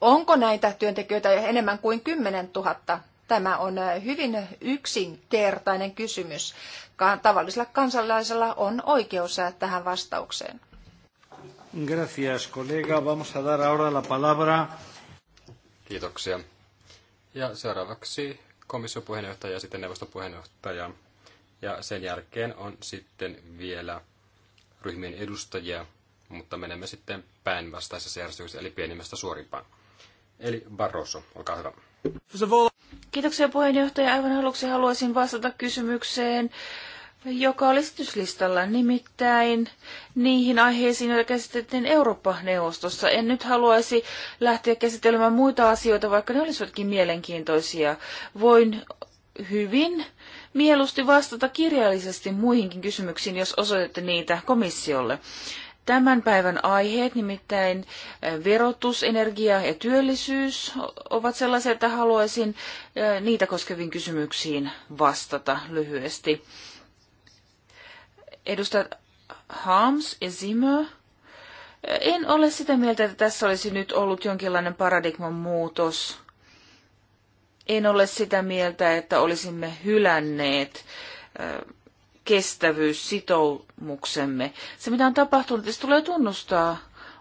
Onko näitä työntekijöitä enemmän kuin 10 000? Tämä on äh, hyvin yksinkertainen kysymys. Tavallisella kansalaisella on oikeus äh, tähän vastaukseen. Gracias, kollega. Vamos a dar ahora la palabra. Kiitoksia. Ja seuraavaksi komission puheenjohtaja ja sitten neuvoston puheenjohtaja. Ja sen jälkeen on sitten vielä ryhmien edustajia, mutta menemme sitten päinvastaisessa järjestyksessä, eli pienimmästä suorimpaan. Eli Barroso, olkaa hyvä. Kiitoksia puheenjohtaja. Aivan aluksi haluaisin vastata kysymykseen, joka oli esityslistalla, nimittäin niihin aiheisiin, joita käsiteltiin Eurooppa-neuvostossa. En nyt haluaisi lähteä käsittelemään muita asioita, vaikka ne olisivatkin mielenkiintoisia. Voin hyvin mieluusti vastata kirjallisesti muihinkin kysymyksiin, jos osoitatte niitä komissiolle tämän päivän aiheet, nimittäin eh, verotus, energia ja työllisyys, ovat sellaisia, että haluaisin eh, niitä koskeviin kysymyksiin vastata lyhyesti. Edustajat Harms ja Zimmer. Eh, en ole sitä mieltä, että tässä olisi nyt ollut jonkinlainen paradigman muutos. En ole sitä mieltä, että olisimme hylänneet kestävyyssitoumuksemme. Se, mitä on tapahtunut, se tulee tunnustaa,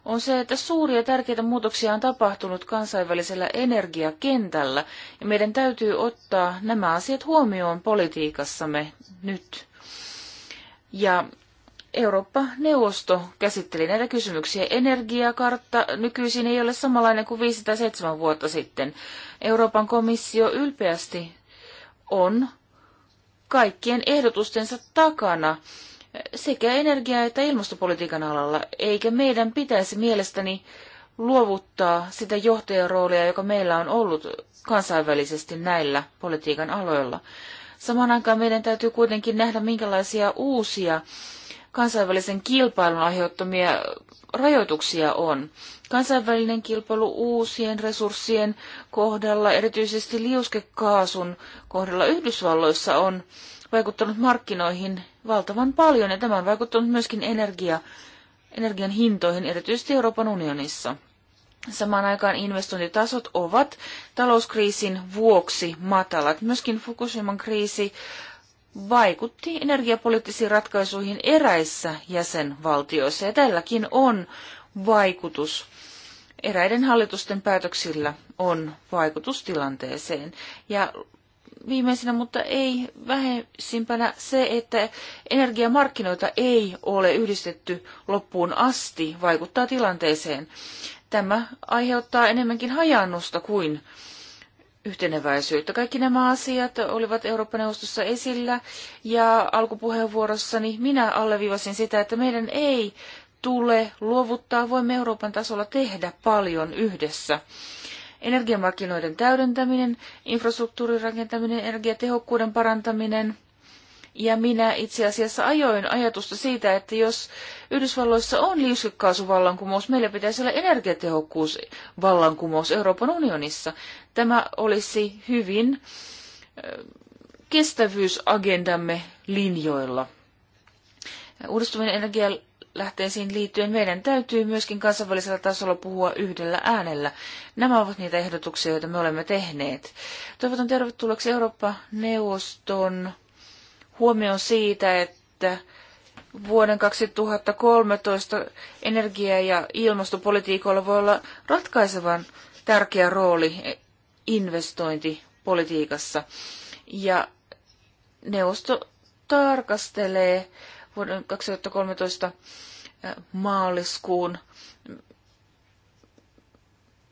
on se, että suuria tärkeitä muutoksia on tapahtunut kansainvälisellä energiakentällä, ja meidän täytyy ottaa nämä asiat huomioon politiikassamme nyt. Ja Eurooppa-neuvosto käsitteli näitä kysymyksiä. Energiakartta nykyisin ei ole samanlainen kuin viisi tai seitsemän vuotta sitten. Euroopan komissio ylpeästi on kaikkien ehdotustensa takana sekä energia- että ilmastopolitiikan alalla, eikä meidän pitäisi mielestäni luovuttaa sitä johtajaroolia, joka meillä on ollut kansainvälisesti näillä politiikan aloilla. Samaan aikaan meidän täytyy kuitenkin nähdä, minkälaisia uusia kansainvälisen kilpailun aiheuttamia rajoituksia on. Kansainvälinen kilpailu uusien resurssien kohdalla, erityisesti liuskekaasun kohdalla Yhdysvalloissa on vaikuttanut markkinoihin valtavan paljon ja tämä on vaikuttanut myöskin energia, energian hintoihin, erityisesti Euroopan unionissa. Samaan aikaan investointitasot ovat talouskriisin vuoksi matalat. Myöskin Fukushiman kriisi vaikutti energiapoliittisiin ratkaisuihin eräissä jäsenvaltioissa. Ja tälläkin on vaikutus. Eräiden hallitusten päätöksillä on vaikutus tilanteeseen. Ja viimeisenä, mutta ei vähäisimpänä se, että energiamarkkinoita ei ole yhdistetty loppuun asti, vaikuttaa tilanteeseen. Tämä aiheuttaa enemmänkin hajannusta kuin yhteneväisyyttä. Kaikki nämä asiat olivat Eurooppa-neuvostossa esillä ja alkupuheenvuorossani minä alleviivasin sitä, että meidän ei tule luovuttaa, voimme Euroopan tasolla tehdä paljon yhdessä. Energiamarkkinoiden täydentäminen, infrastruktuurin rakentaminen, energiatehokkuuden parantaminen – ja minä itse asiassa ajoin ajatusta siitä, että jos Yhdysvalloissa on liuskekaasuvallankumous, meillä pitäisi olla energiatehokkuusvallankumous Euroopan unionissa. Tämä olisi hyvin kestävyysagendamme linjoilla. Uudistuvien energialähteisiin liittyen meidän täytyy myöskin kansainvälisellä tasolla puhua yhdellä äänellä. Nämä ovat niitä ehdotuksia, joita me olemme tehneet. Toivotan tervetulleeksi Eurooppa-neuvoston huomion siitä, että vuoden 2013 energia- ja ilmastopolitiikalla voi olla ratkaisevan tärkeä rooli investointipolitiikassa. Ja neuvosto tarkastelee vuoden 2013 maaliskuun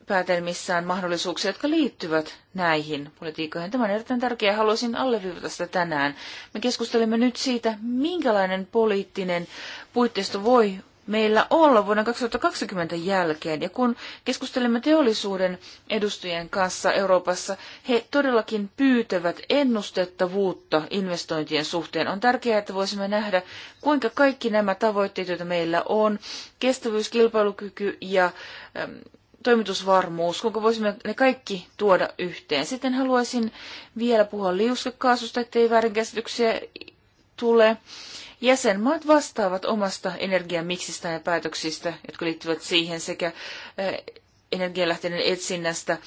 päätelmissään mahdollisuuksia, jotka liittyvät näihin politiikkoihin. Tämä on erittäin tärkeää. Haluaisin alleviivata sitä tänään. Me keskustelemme nyt siitä, minkälainen poliittinen puitteisto voi meillä olla vuoden 2020 jälkeen. Ja kun keskustelemme teollisuuden edustajien kanssa Euroopassa, he todellakin pyytävät ennustettavuutta investointien suhteen. On tärkeää, että voisimme nähdä, kuinka kaikki nämä tavoitteet, joita meillä on, kestävyys, kilpailukyky ja toimitusvarmuus, kuinka voisimme ne kaikki tuoda yhteen. Sitten haluaisin vielä puhua liuskekaasusta, ettei väärinkäsityksiä tule. Jäsenmaat vastaavat omasta energiamiksistä ja päätöksistä, jotka liittyvät siihen sekä eh, energialähteiden etsinnästä,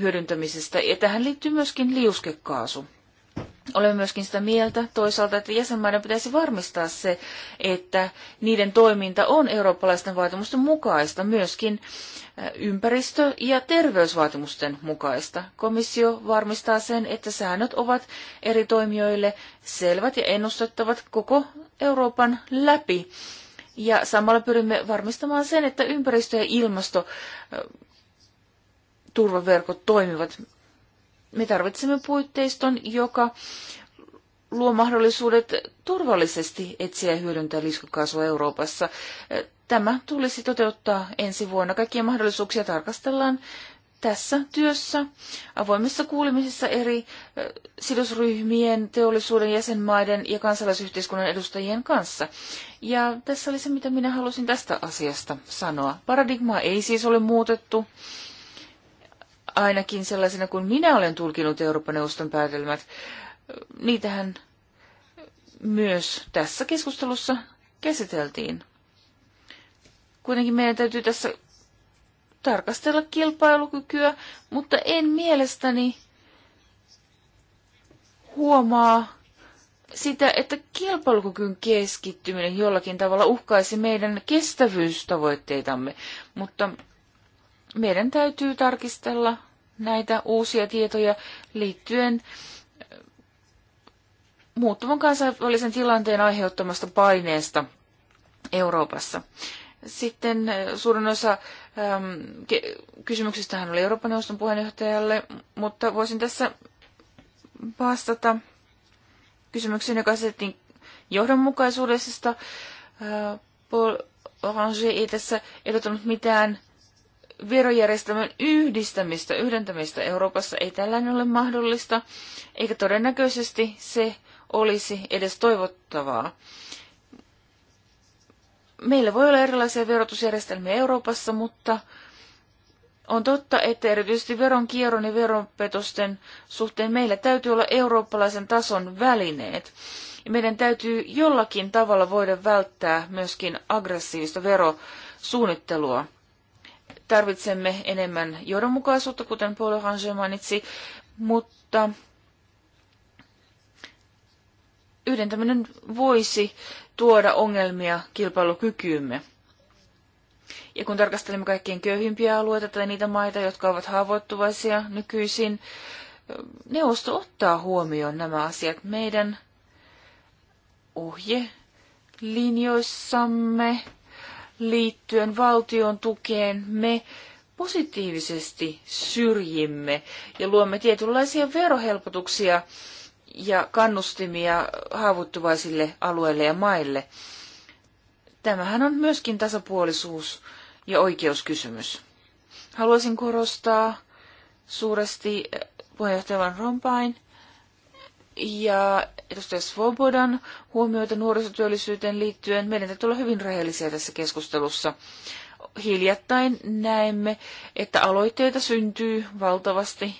hyödyntämisestä. Ja tähän liittyy myöskin liuskekaasu. Olemme myöskin sitä mieltä toisaalta, että jäsenmaiden pitäisi varmistaa se, että niiden toiminta on eurooppalaisten vaatimusten mukaista, myöskin äh, ympäristö- ja terveysvaatimusten mukaista. Komissio varmistaa sen, että säännöt ovat eri toimijoille selvät ja ennustettavat koko Euroopan läpi. Ja samalla pyrimme varmistamaan sen, että ympäristö- ja ilmasto turvaverkot toimivat me tarvitsemme puitteiston, joka luo mahdollisuudet turvallisesti etsiä ja hyödyntää liuskakaasua Euroopassa. Tämä tulisi toteuttaa ensi vuonna. Kaikkia mahdollisuuksia tarkastellaan tässä työssä, avoimessa kuulemisessa eri sidosryhmien, teollisuuden jäsenmaiden ja kansalaisyhteiskunnan edustajien kanssa. Ja tässä oli se, mitä minä halusin tästä asiasta sanoa. Paradigmaa ei siis ole muutettu ainakin sellaisena kuin minä olen tulkinut Euroopan neuvoston päätelmät, niitähän myös tässä keskustelussa käsiteltiin. Kuitenkin meidän täytyy tässä tarkastella kilpailukykyä, mutta en mielestäni huomaa sitä, että kilpailukykyn keskittyminen jollakin tavalla uhkaisi meidän kestävyystavoitteitamme, mutta meidän täytyy tarkistella näitä uusia tietoja liittyen eh, muuttuvan kansainvälisen tilanteen aiheuttamasta paineesta Euroopassa. Sitten eh, suurin osa ähm, ke- kysymyksistähän oli Euroopan neuvoston puheenjohtajalle, mutta voisin tässä vastata kysymykseen, joka asetettiin johdonmukaisuudesta. Äh, Paul Orange ei tässä ehdottanut mitään verojärjestelmän yhdistämistä, yhdentämistä Euroopassa ei tällainen ole mahdollista, eikä todennäköisesti se olisi edes toivottavaa. Meillä voi olla erilaisia verotusjärjestelmiä Euroopassa, mutta on totta, että erityisesti veronkierron ja veronpetosten suhteen meillä täytyy olla eurooppalaisen tason välineet. Ja meidän täytyy jollakin tavalla voida välttää myöskin aggressiivista verosuunnittelua tarvitsemme enemmän johdonmukaisuutta, kuten Paul Orange mainitsi, mutta yhdentäminen voisi tuoda ongelmia kilpailukykyymme. Ja kun tarkastelemme kaikkein köyhimpiä alueita tai niitä maita, jotka ovat haavoittuvaisia nykyisin, neuvosto ottaa huomioon nämä asiat meidän ohjelinjoissamme. linjoissamme liittyen valtion tukeen me positiivisesti syrjimme ja luomme tietynlaisia verohelpotuksia ja kannustimia haavoittuvaisille alueille ja maille. Tämähän on myöskin tasapuolisuus ja oikeuskysymys. Haluaisin korostaa suuresti puheenjohtaja Van Rompain ja edustaja Svobodan huomioita nuorisotyöllisyyteen liittyen. Meidän täytyy olla hyvin rehellisiä tässä keskustelussa. Hiljattain näemme, että aloitteita syntyy valtavasti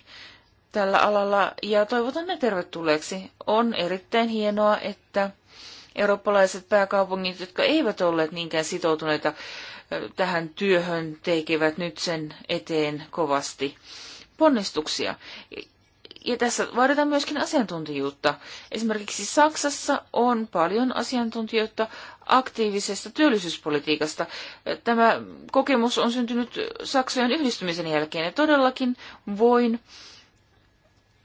tällä alalla ja toivotan ne tervetulleeksi. On erittäin hienoa, että eurooppalaiset pääkaupungit, jotka eivät olleet niinkään sitoutuneita tähän työhön, tekevät nyt sen eteen kovasti ponnistuksia. Ja tässä vaaditaan myöskin asiantuntijuutta. Esimerkiksi Saksassa on paljon asiantuntijoita aktiivisesta työllisyyspolitiikasta. Tämä kokemus on syntynyt Saksojen yhdistymisen jälkeen ja todellakin voin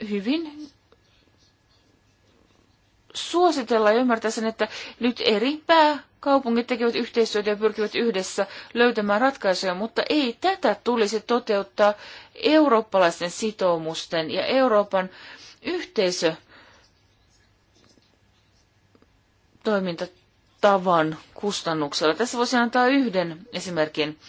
hyvin suositella ja ymmärtää sen, että nyt eri pääkaupungit tekevät yhteistyötä ja pyrkivät yhdessä löytämään ratkaisuja, mutta ei tätä tulisi toteuttaa eurooppalaisten sitoumusten ja Euroopan yhteisö toimintatavan kustannuksella. Tässä voisi antaa yhden esimerkin.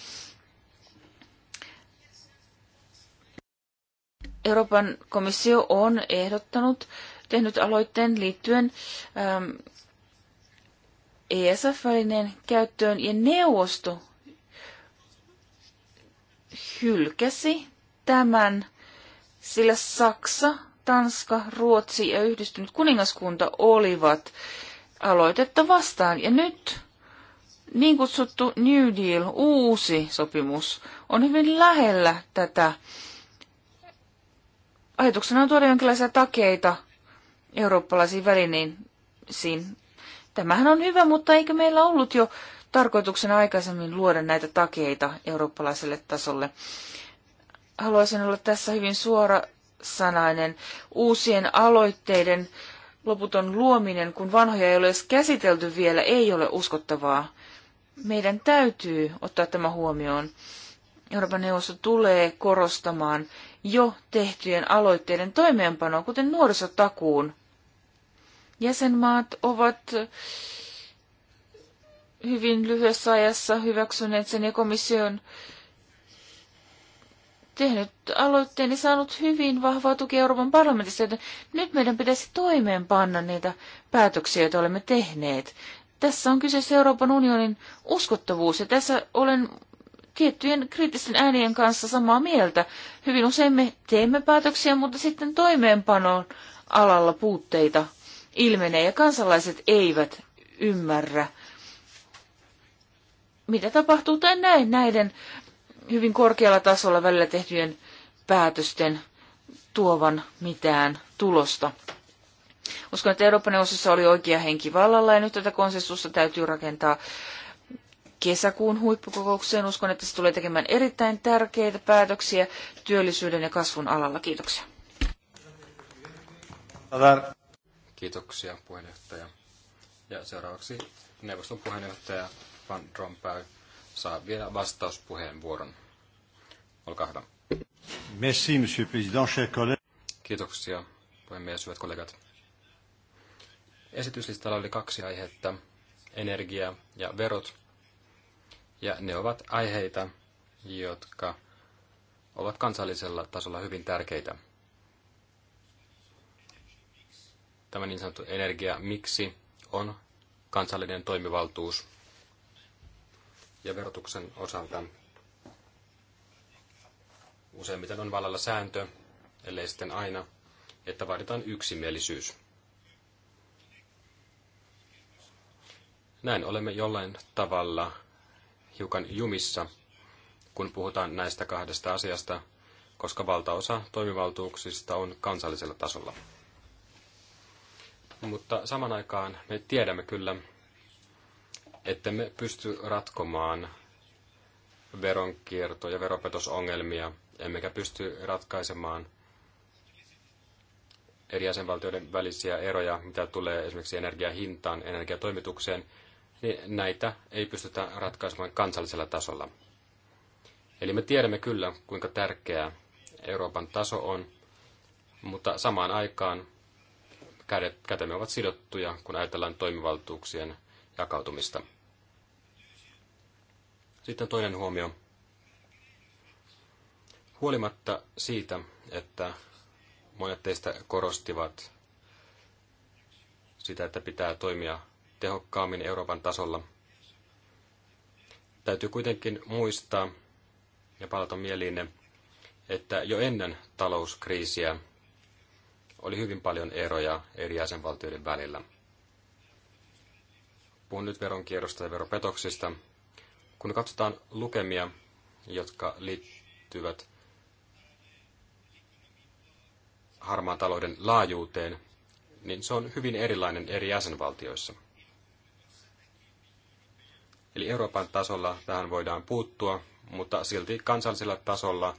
Euroopan komissio on ehdottanut, tehnyt aloitteen liittyen ähm, ESF-välineen käyttöön ja neuvosto hylkäsi tämän, sillä Saksa, Tanska, Ruotsi ja yhdistynyt kuningaskunta olivat aloitetta vastaan. Ja nyt niin kutsuttu New Deal, uusi sopimus, on hyvin lähellä tätä. Ajatuksena on tuoda jonkinlaisia takeita eurooppalaisiin välineisiin. Tämähän on hyvä, mutta eikö meillä ollut jo tarkoituksena aikaisemmin luoda näitä takeita eurooppalaiselle tasolle? haluaisin olla tässä hyvin suora sanainen. Uusien aloitteiden loputon luominen, kun vanhoja ei ole edes käsitelty vielä, ei ole uskottavaa. Meidän täytyy ottaa tämä huomioon. Euroopan neuvosto tulee korostamaan jo tehtyjen aloitteiden toimeenpanoa, kuten nuorisotakuun. Jäsenmaat ovat hyvin lyhyessä ajassa hyväksyneet sen ja komission tehnyt aloitteen ja saanut hyvin vahvaa tukea Euroopan parlamentissa, että nyt meidän pitäisi toimeenpanna niitä päätöksiä, joita olemme tehneet. Tässä on kyseessä Euroopan unionin uskottavuus ja tässä olen tiettyjen kriittisten äänien kanssa samaa mieltä. Hyvin usein me teemme päätöksiä, mutta sitten toimeenpanon alalla puutteita ilmenee ja kansalaiset eivät ymmärrä, mitä tapahtuu tai näin näiden hyvin korkealla tasolla välillä tehtyjen päätösten tuovan mitään tulosta. Uskon, että Euroopan neuvostossa oli oikea henki vallalla ja nyt tätä konsensusta täytyy rakentaa kesäkuun huippukokoukseen. Uskon, että se tulee tekemään erittäin tärkeitä päätöksiä työllisyyden ja kasvun alalla. Kiitoksia. Kiitoksia puheenjohtaja. Ja seuraavaksi neuvoston puheenjohtaja Van Rompuy saa vielä vastauspuheenvuoron. Olkaa hyvä. Merci, monsieur président, chers collègues. Kiitoksia, puhemies, hyvät kollegat. Esityslistalla oli kaksi aihetta, energia ja verot. Ja ne ovat aiheita, jotka ovat kansallisella tasolla hyvin tärkeitä. Tämä niin sanottu energia miksi on kansallinen toimivaltuus ja verotuksen osalta useimmiten on vallalla sääntö, ellei sitten aina, että vaaditaan yksimielisyys. Näin olemme jollain tavalla hiukan jumissa, kun puhutaan näistä kahdesta asiasta, koska valtaosa toimivaltuuksista on kansallisella tasolla. Mutta saman aikaan me tiedämme kyllä, että me pysty ratkomaan veronkierto- ja veropetosongelmia, emmekä pysty ratkaisemaan eri jäsenvaltioiden välisiä eroja, mitä tulee esimerkiksi energiahintaan, energiatoimitukseen, niin näitä ei pystytä ratkaisemaan kansallisella tasolla. Eli me tiedämme kyllä, kuinka tärkeää Euroopan taso on, mutta samaan aikaan kädet, kätemme ovat sidottuja, kun ajatellaan toimivaltuuksien jakautumista. Sitten toinen huomio. Huolimatta siitä, että monet teistä korostivat sitä, että pitää toimia tehokkaammin Euroopan tasolla, täytyy kuitenkin muistaa ja palata mieliinne, että jo ennen talouskriisiä oli hyvin paljon eroja eri jäsenvaltioiden välillä. Puhun nyt veronkierrosta ja veropetoksista, kun katsotaan lukemia, jotka liittyvät harmaan talouden laajuuteen, niin se on hyvin erilainen eri jäsenvaltioissa. Eli Euroopan tasolla tähän voidaan puuttua, mutta silti kansallisella tasolla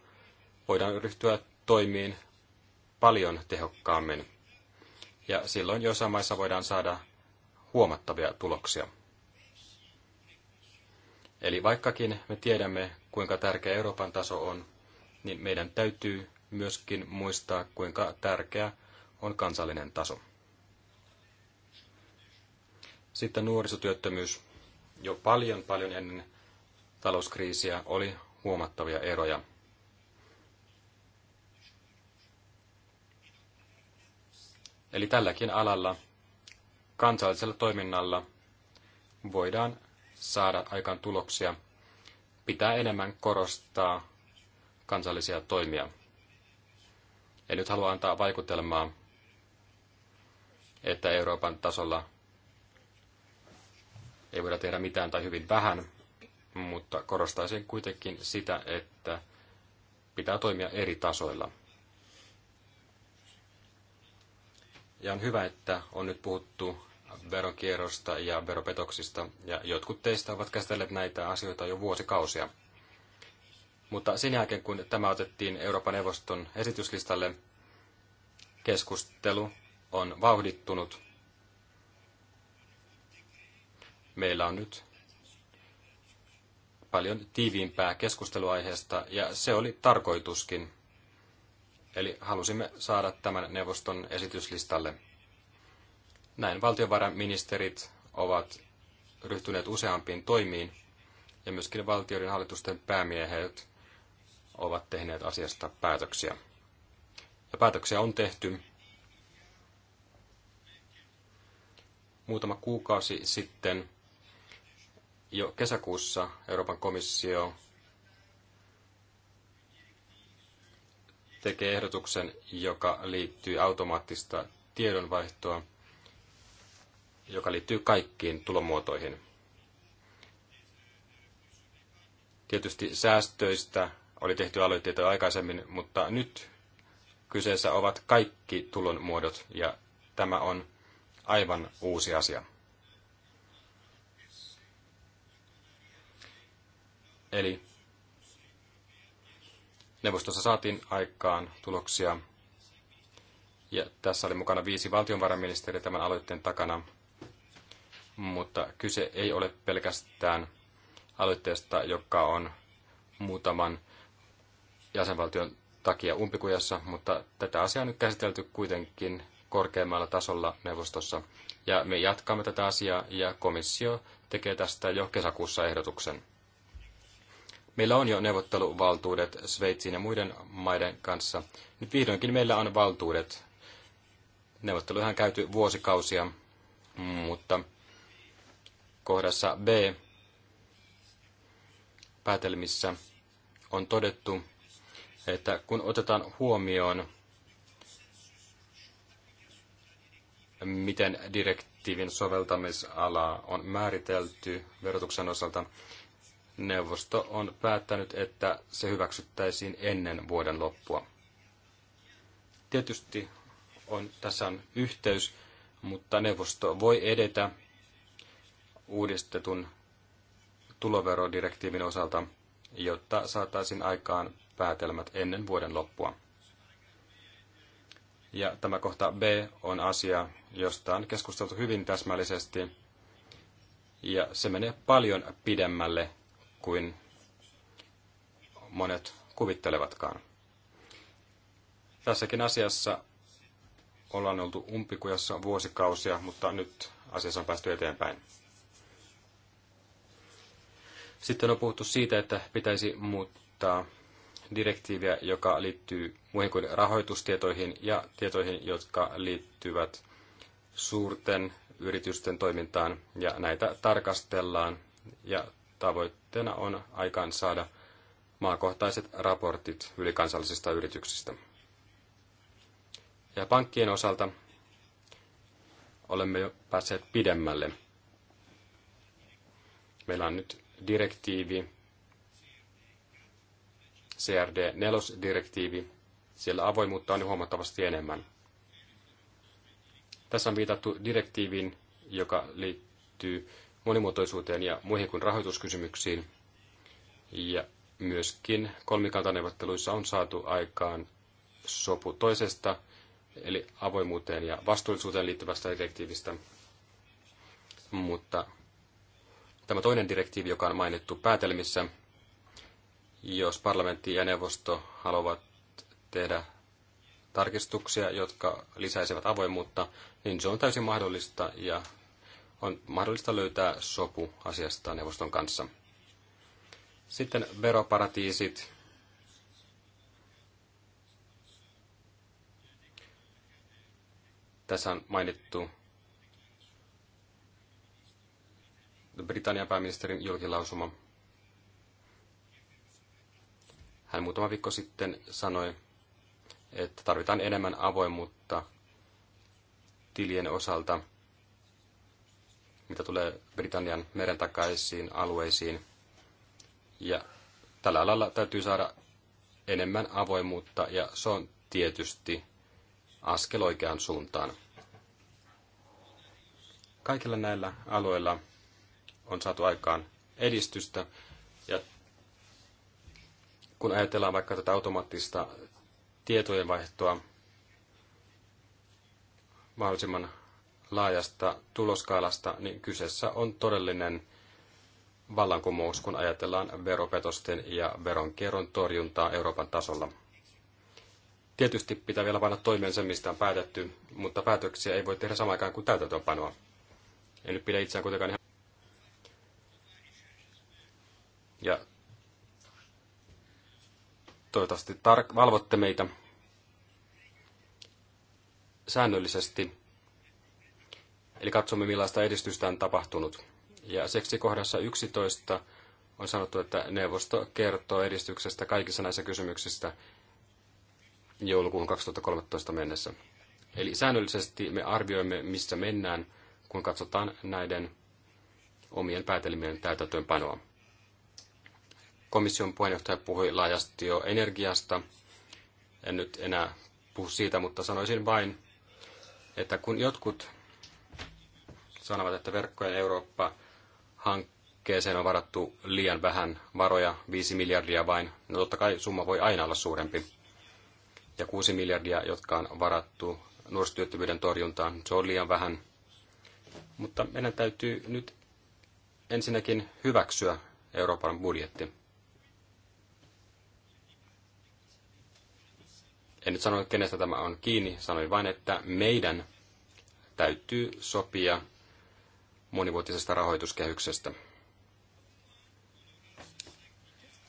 voidaan ryhtyä toimiin paljon tehokkaammin. Ja silloin joissain maissa voidaan saada huomattavia tuloksia. Eli vaikkakin me tiedämme, kuinka tärkeä Euroopan taso on, niin meidän täytyy myöskin muistaa, kuinka tärkeä on kansallinen taso. Sitten nuorisotyöttömyys. Jo paljon paljon ennen talouskriisiä oli huomattavia eroja. Eli tälläkin alalla kansallisella toiminnalla voidaan saada aikaan tuloksia, pitää enemmän korostaa kansallisia toimia. En nyt halua antaa vaikutelmaa, että Euroopan tasolla ei voida tehdä mitään tai hyvin vähän, mutta korostaisin kuitenkin sitä, että pitää toimia eri tasoilla. Ja on hyvä, että on nyt puhuttu veronkierrosta ja veropetoksista, ja jotkut teistä ovat käsitelleet näitä asioita jo vuosikausia. Mutta sen jälkeen, kun tämä otettiin Euroopan neuvoston esityslistalle, keskustelu on vauhdittunut. Meillä on nyt paljon tiiviimpää keskusteluaiheesta, ja se oli tarkoituskin. Eli halusimme saada tämän neuvoston esityslistalle. Näin valtiovarainministerit ovat ryhtyneet useampiin toimiin ja myöskin valtioiden hallitusten päämiehet ovat tehneet asiasta päätöksiä. Ja päätöksiä on tehty. Muutama kuukausi sitten, jo kesäkuussa, Euroopan komissio tekee ehdotuksen, joka liittyy automaattista tiedonvaihtoa – joka liittyy kaikkiin tulomuotoihin. Tietysti säästöistä oli tehty aloitteita aikaisemmin, mutta nyt kyseessä ovat kaikki tulonmuodot ja tämä on aivan uusi asia. Eli neuvostossa saatiin aikaan tuloksia ja tässä oli mukana viisi valtionvarainministeriä tämän aloitteen takana – mutta kyse ei ole pelkästään aloitteesta, joka on muutaman jäsenvaltion takia umpikujassa, mutta tätä asiaa on nyt käsitelty kuitenkin korkeammalla tasolla neuvostossa. Ja me jatkamme tätä asiaa ja komissio tekee tästä jo kesäkuussa ehdotuksen. Meillä on jo neuvotteluvaltuudet Sveitsin ja muiden maiden kanssa. Nyt vihdoinkin meillä on valtuudet. on käyty vuosikausia, mutta kohdassa B päätelmissä on todettu, että kun otetaan huomioon, miten direktiivin soveltamisala on määritelty verotuksen osalta, neuvosto on päättänyt, että se hyväksyttäisiin ennen vuoden loppua. Tietysti on, tässä on yhteys, mutta neuvosto voi edetä uudistetun tuloverodirektiivin osalta, jotta saataisiin aikaan päätelmät ennen vuoden loppua. Ja tämä kohta B on asia, josta on keskusteltu hyvin täsmällisesti, ja se menee paljon pidemmälle kuin monet kuvittelevatkaan. Tässäkin asiassa ollaan oltu umpikujassa vuosikausia, mutta nyt asiassa on päästy eteenpäin. Sitten on puhuttu siitä, että pitäisi muuttaa direktiiviä, joka liittyy muihin kuin rahoitustietoihin ja tietoihin, jotka liittyvät suurten yritysten toimintaan, ja näitä tarkastellaan, ja tavoitteena on aikaan saada maakohtaiset raportit ylikansallisista yrityksistä. Ja pankkien osalta olemme jo päässeet pidemmälle. Meillä on nyt direktiivi, CRD4-direktiivi, siellä avoimuutta on huomattavasti enemmän. Tässä on viitattu direktiivin, joka liittyy monimuotoisuuteen ja muihin kuin rahoituskysymyksiin. Ja myöskin kolmikantaneuvotteluissa on saatu aikaan sopu toisesta, eli avoimuuteen ja vastuullisuuteen liittyvästä direktiivistä. Mutta tämä toinen direktiivi, joka on mainittu päätelmissä, jos parlamentti ja neuvosto haluavat tehdä tarkistuksia, jotka lisäisivät avoimuutta, niin se on täysin mahdollista ja on mahdollista löytää sopu asiasta neuvoston kanssa. Sitten veroparatiisit. Tässä on mainittu Britannian pääministerin julkilausuma. Hän muutama viikko sitten sanoi, että tarvitaan enemmän avoimuutta tilien osalta, mitä tulee Britannian meren takaisiin alueisiin. Ja tällä alalla täytyy saada enemmän avoimuutta ja se on tietysti askel oikeaan suuntaan. Kaikilla näillä alueilla on saatu aikaan edistystä. Ja kun ajatellaan vaikka tätä automaattista tietojenvaihtoa mahdollisimman laajasta tuloskaalasta, niin kyseessä on todellinen vallankumous, kun ajatellaan veropetosten ja veronkierron torjuntaa Euroopan tasolla. Tietysti pitää vielä panna toimeen sen, mistä on päätetty, mutta päätöksiä ei voi tehdä samaan aikaan kuin täytäntöönpanoa. En nyt pidä itseään kuitenkaan Ja toivottavasti tar- valvotte meitä säännöllisesti. Eli katsomme, millaista edistystä on tapahtunut. Ja seksi kohdassa 11 on sanottu, että neuvosto kertoo edistyksestä kaikissa näissä kysymyksissä joulukuun 2013 mennessä. Eli säännöllisesti me arvioimme, missä mennään, kun katsotaan näiden omien päätelmien täytäntöönpanoa komission puheenjohtaja puhui laajasti jo energiasta. En nyt enää puhu siitä, mutta sanoisin vain, että kun jotkut sanovat, että verkkojen Eurooppa-hankkeeseen on varattu liian vähän varoja, 5 miljardia vain, no totta kai summa voi aina olla suurempi. Ja 6 miljardia, jotka on varattu nuorisotyöttömyyden torjuntaan, se on liian vähän. Mutta meidän täytyy nyt ensinnäkin hyväksyä Euroopan budjetti. En nyt sano, kenestä tämä on kiinni, sanoin vain, että meidän täytyy sopia monivuotisesta rahoituskehyksestä.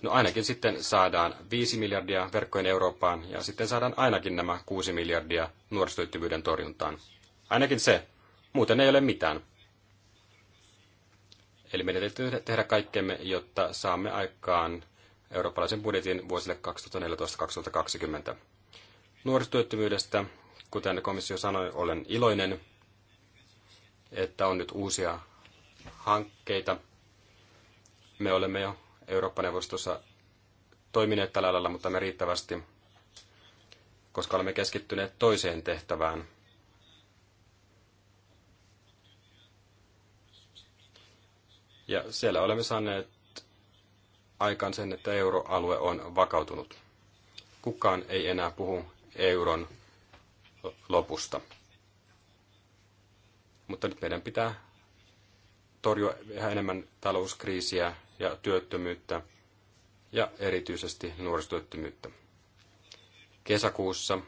No ainakin sitten saadaan 5 miljardia verkkojen Eurooppaan ja sitten saadaan ainakin nämä 6 miljardia nuorisotyöttömyyden torjuntaan. Ainakin se. Muuten ei ole mitään. Eli meidän täytyy tehdä kaikkemme, jotta saamme aikaan eurooppalaisen budjetin vuosille 2014-2020. Nuorisotyöttömyydestä, kuten komissio sanoi, olen iloinen, että on nyt uusia hankkeita. Me olemme jo Eurooppa-neuvostossa toimineet tällä lailla, mutta me riittävästi, koska olemme keskittyneet toiseen tehtävään. Ja siellä olemme saaneet aikaan sen, että euroalue on vakautunut. Kukaan ei enää puhu euron lopusta. Mutta nyt meidän pitää torjua vähän enemmän talouskriisiä ja työttömyyttä ja erityisesti nuorisotyöttömyyttä. Kesäkuussa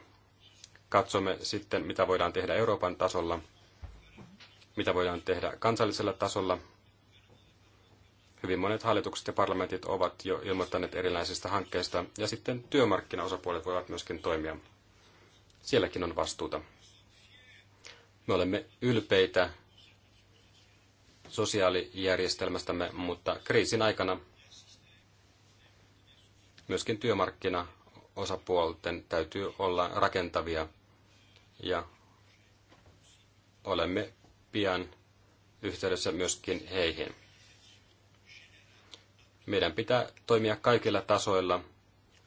katsomme sitten, mitä voidaan tehdä Euroopan tasolla, mitä voidaan tehdä kansallisella tasolla. Hyvin monet hallitukset ja parlamentit ovat jo ilmoittaneet erilaisista hankkeista, ja sitten työmarkkinaosapuolet voivat myöskin toimia. Sielläkin on vastuuta. Me olemme ylpeitä sosiaalijärjestelmästämme, mutta kriisin aikana myöskin työmarkkina osapuolten täytyy olla rakentavia ja olemme pian yhteydessä myöskin heihin. Meidän pitää toimia kaikilla tasoilla,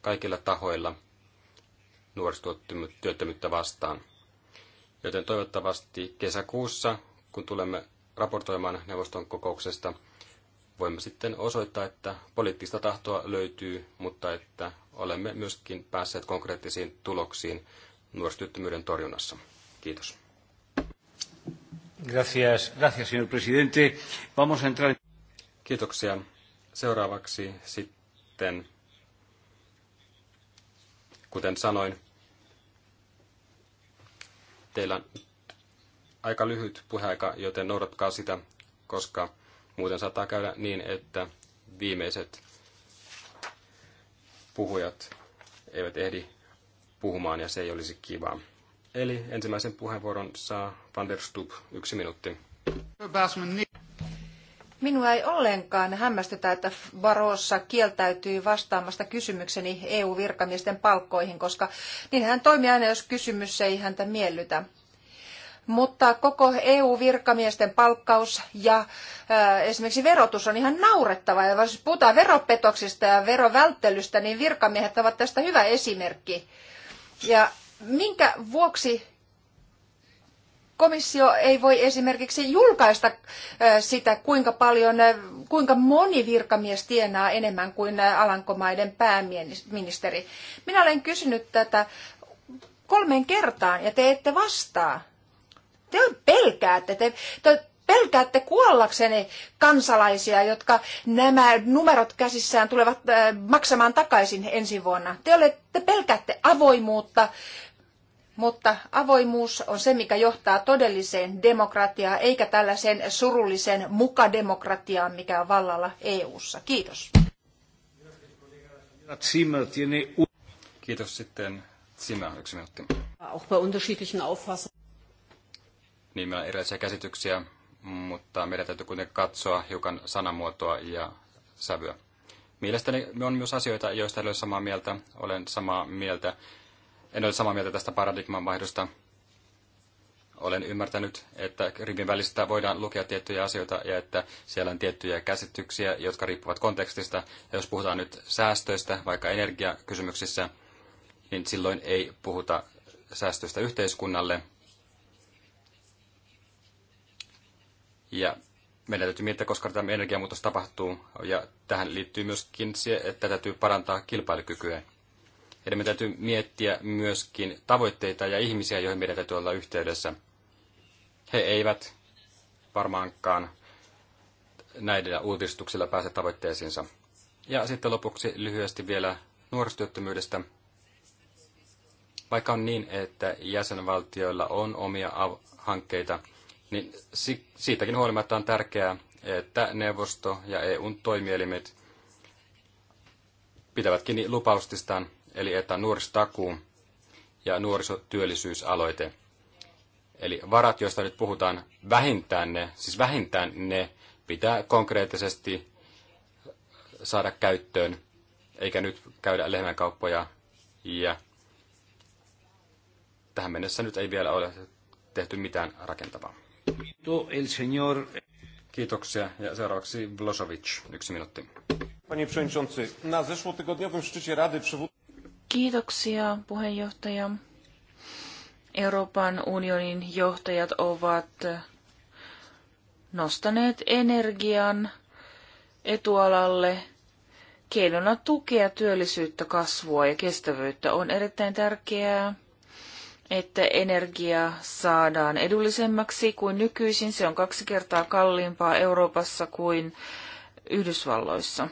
kaikilla tahoilla, nuorisotyöttömyyttä vastaan. Joten toivottavasti kesäkuussa, kun tulemme raportoimaan neuvoston kokouksesta, voimme sitten osoittaa, että poliittista tahtoa löytyy, mutta että olemme myöskin päässeet konkreettisiin tuloksiin nuorisotyöttömyyden torjunnassa. Kiitos. Gracias, gracias, señor presidente. Vamos a entrar... Kiitoksia. Seuraavaksi sitten, kuten sanoin, Teillä aika lyhyt puheaika, joten noudatkaa sitä, koska muuten saattaa käydä niin, että viimeiset puhujat eivät ehdi puhumaan ja se ei olisi kivaa. Eli ensimmäisen puheenvuoron saa Van der Stub, yksi minuutti. Minua ei ollenkaan hämmästytä, että Barossa kieltäytyy vastaamasta kysymykseni EU-virkamiesten palkkoihin, koska niin hän toimii aina, jos kysymys ei häntä miellytä. Mutta koko EU-virkamiesten palkkaus ja äh, esimerkiksi verotus on ihan naurettava. Ja jos puhutaan veropetoksista ja verovälttelystä, niin virkamiehet ovat tästä hyvä esimerkki. Ja minkä vuoksi komissio ei voi esimerkiksi julkaista sitä, kuinka paljon, kuinka moni virkamies tienaa enemmän kuin Alankomaiden pääministeri. Minä olen kysynyt tätä kolmeen kertaan ja te ette vastaa. Te pelkäätte, te, te pelkäätte kuollakseni kansalaisia, jotka nämä numerot käsissään tulevat maksamaan takaisin ensi vuonna. Te, olette, te pelkäätte avoimuutta, mutta avoimuus on se, mikä johtaa todelliseen demokratiaan, eikä tällaiseen surulliseen mukademokratiaan, mikä on vallalla EU:ssa. Kiitos. Kiitos sitten Zimmer, yksi minuutti. Auch bei unterschiedlichen Niin, meillä on erilaisia käsityksiä, mutta meidän täytyy kuitenkin katsoa hiukan sanamuotoa ja sävyä. Mielestäni on myös asioita, joista ei ole samaa mieltä. Olen samaa mieltä en ole samaa mieltä tästä paradigman vaihdosta. Olen ymmärtänyt, että rivin välistä voidaan lukea tiettyjä asioita ja että siellä on tiettyjä käsityksiä, jotka riippuvat kontekstista. Ja jos puhutaan nyt säästöistä, vaikka energiakysymyksissä, niin silloin ei puhuta säästöistä yhteiskunnalle. Ja meidän täytyy miettiä, koska tämä energiamuutos tapahtuu, ja tähän liittyy myöskin se, että täytyy parantaa kilpailukykyä. Eli me täytyy miettiä myöskin tavoitteita ja ihmisiä, joihin meidän täytyy olla yhteydessä. He eivät varmaankaan näiden uutistuksilla pääse tavoitteisiinsa. Ja sitten lopuksi lyhyesti vielä nuorisotyöttömyydestä. Vaikka on niin, että jäsenvaltioilla on omia hankkeita, niin siitäkin huolimatta on tärkeää, että neuvosto ja EUn toimielimet pitävät kiinni lupaustistaan eli että nuorisotakuu ja nuorisotyöllisyysaloite. Eli varat, joista nyt puhutaan, vähintään ne, siis vähintään ne pitää konkreettisesti saada käyttöön, eikä nyt käydä lehmänkauppoja ja tähän mennessä nyt ei vielä ole tehty mitään rakentavaa. Kiitoksia ja seuraavaksi Vlosovic, yksi minuutti. Panie przewodniczący, na zeszłotygodniowym szczycie Rady przywód... Kiitoksia puheenjohtaja. Euroopan unionin johtajat ovat nostaneet energian etualalle keinona tukea työllisyyttä, kasvua ja kestävyyttä. On erittäin tärkeää, että energia saadaan edullisemmaksi kuin nykyisin. Se on kaksi kertaa kalliimpaa Euroopassa kuin Yhdysvalloissa.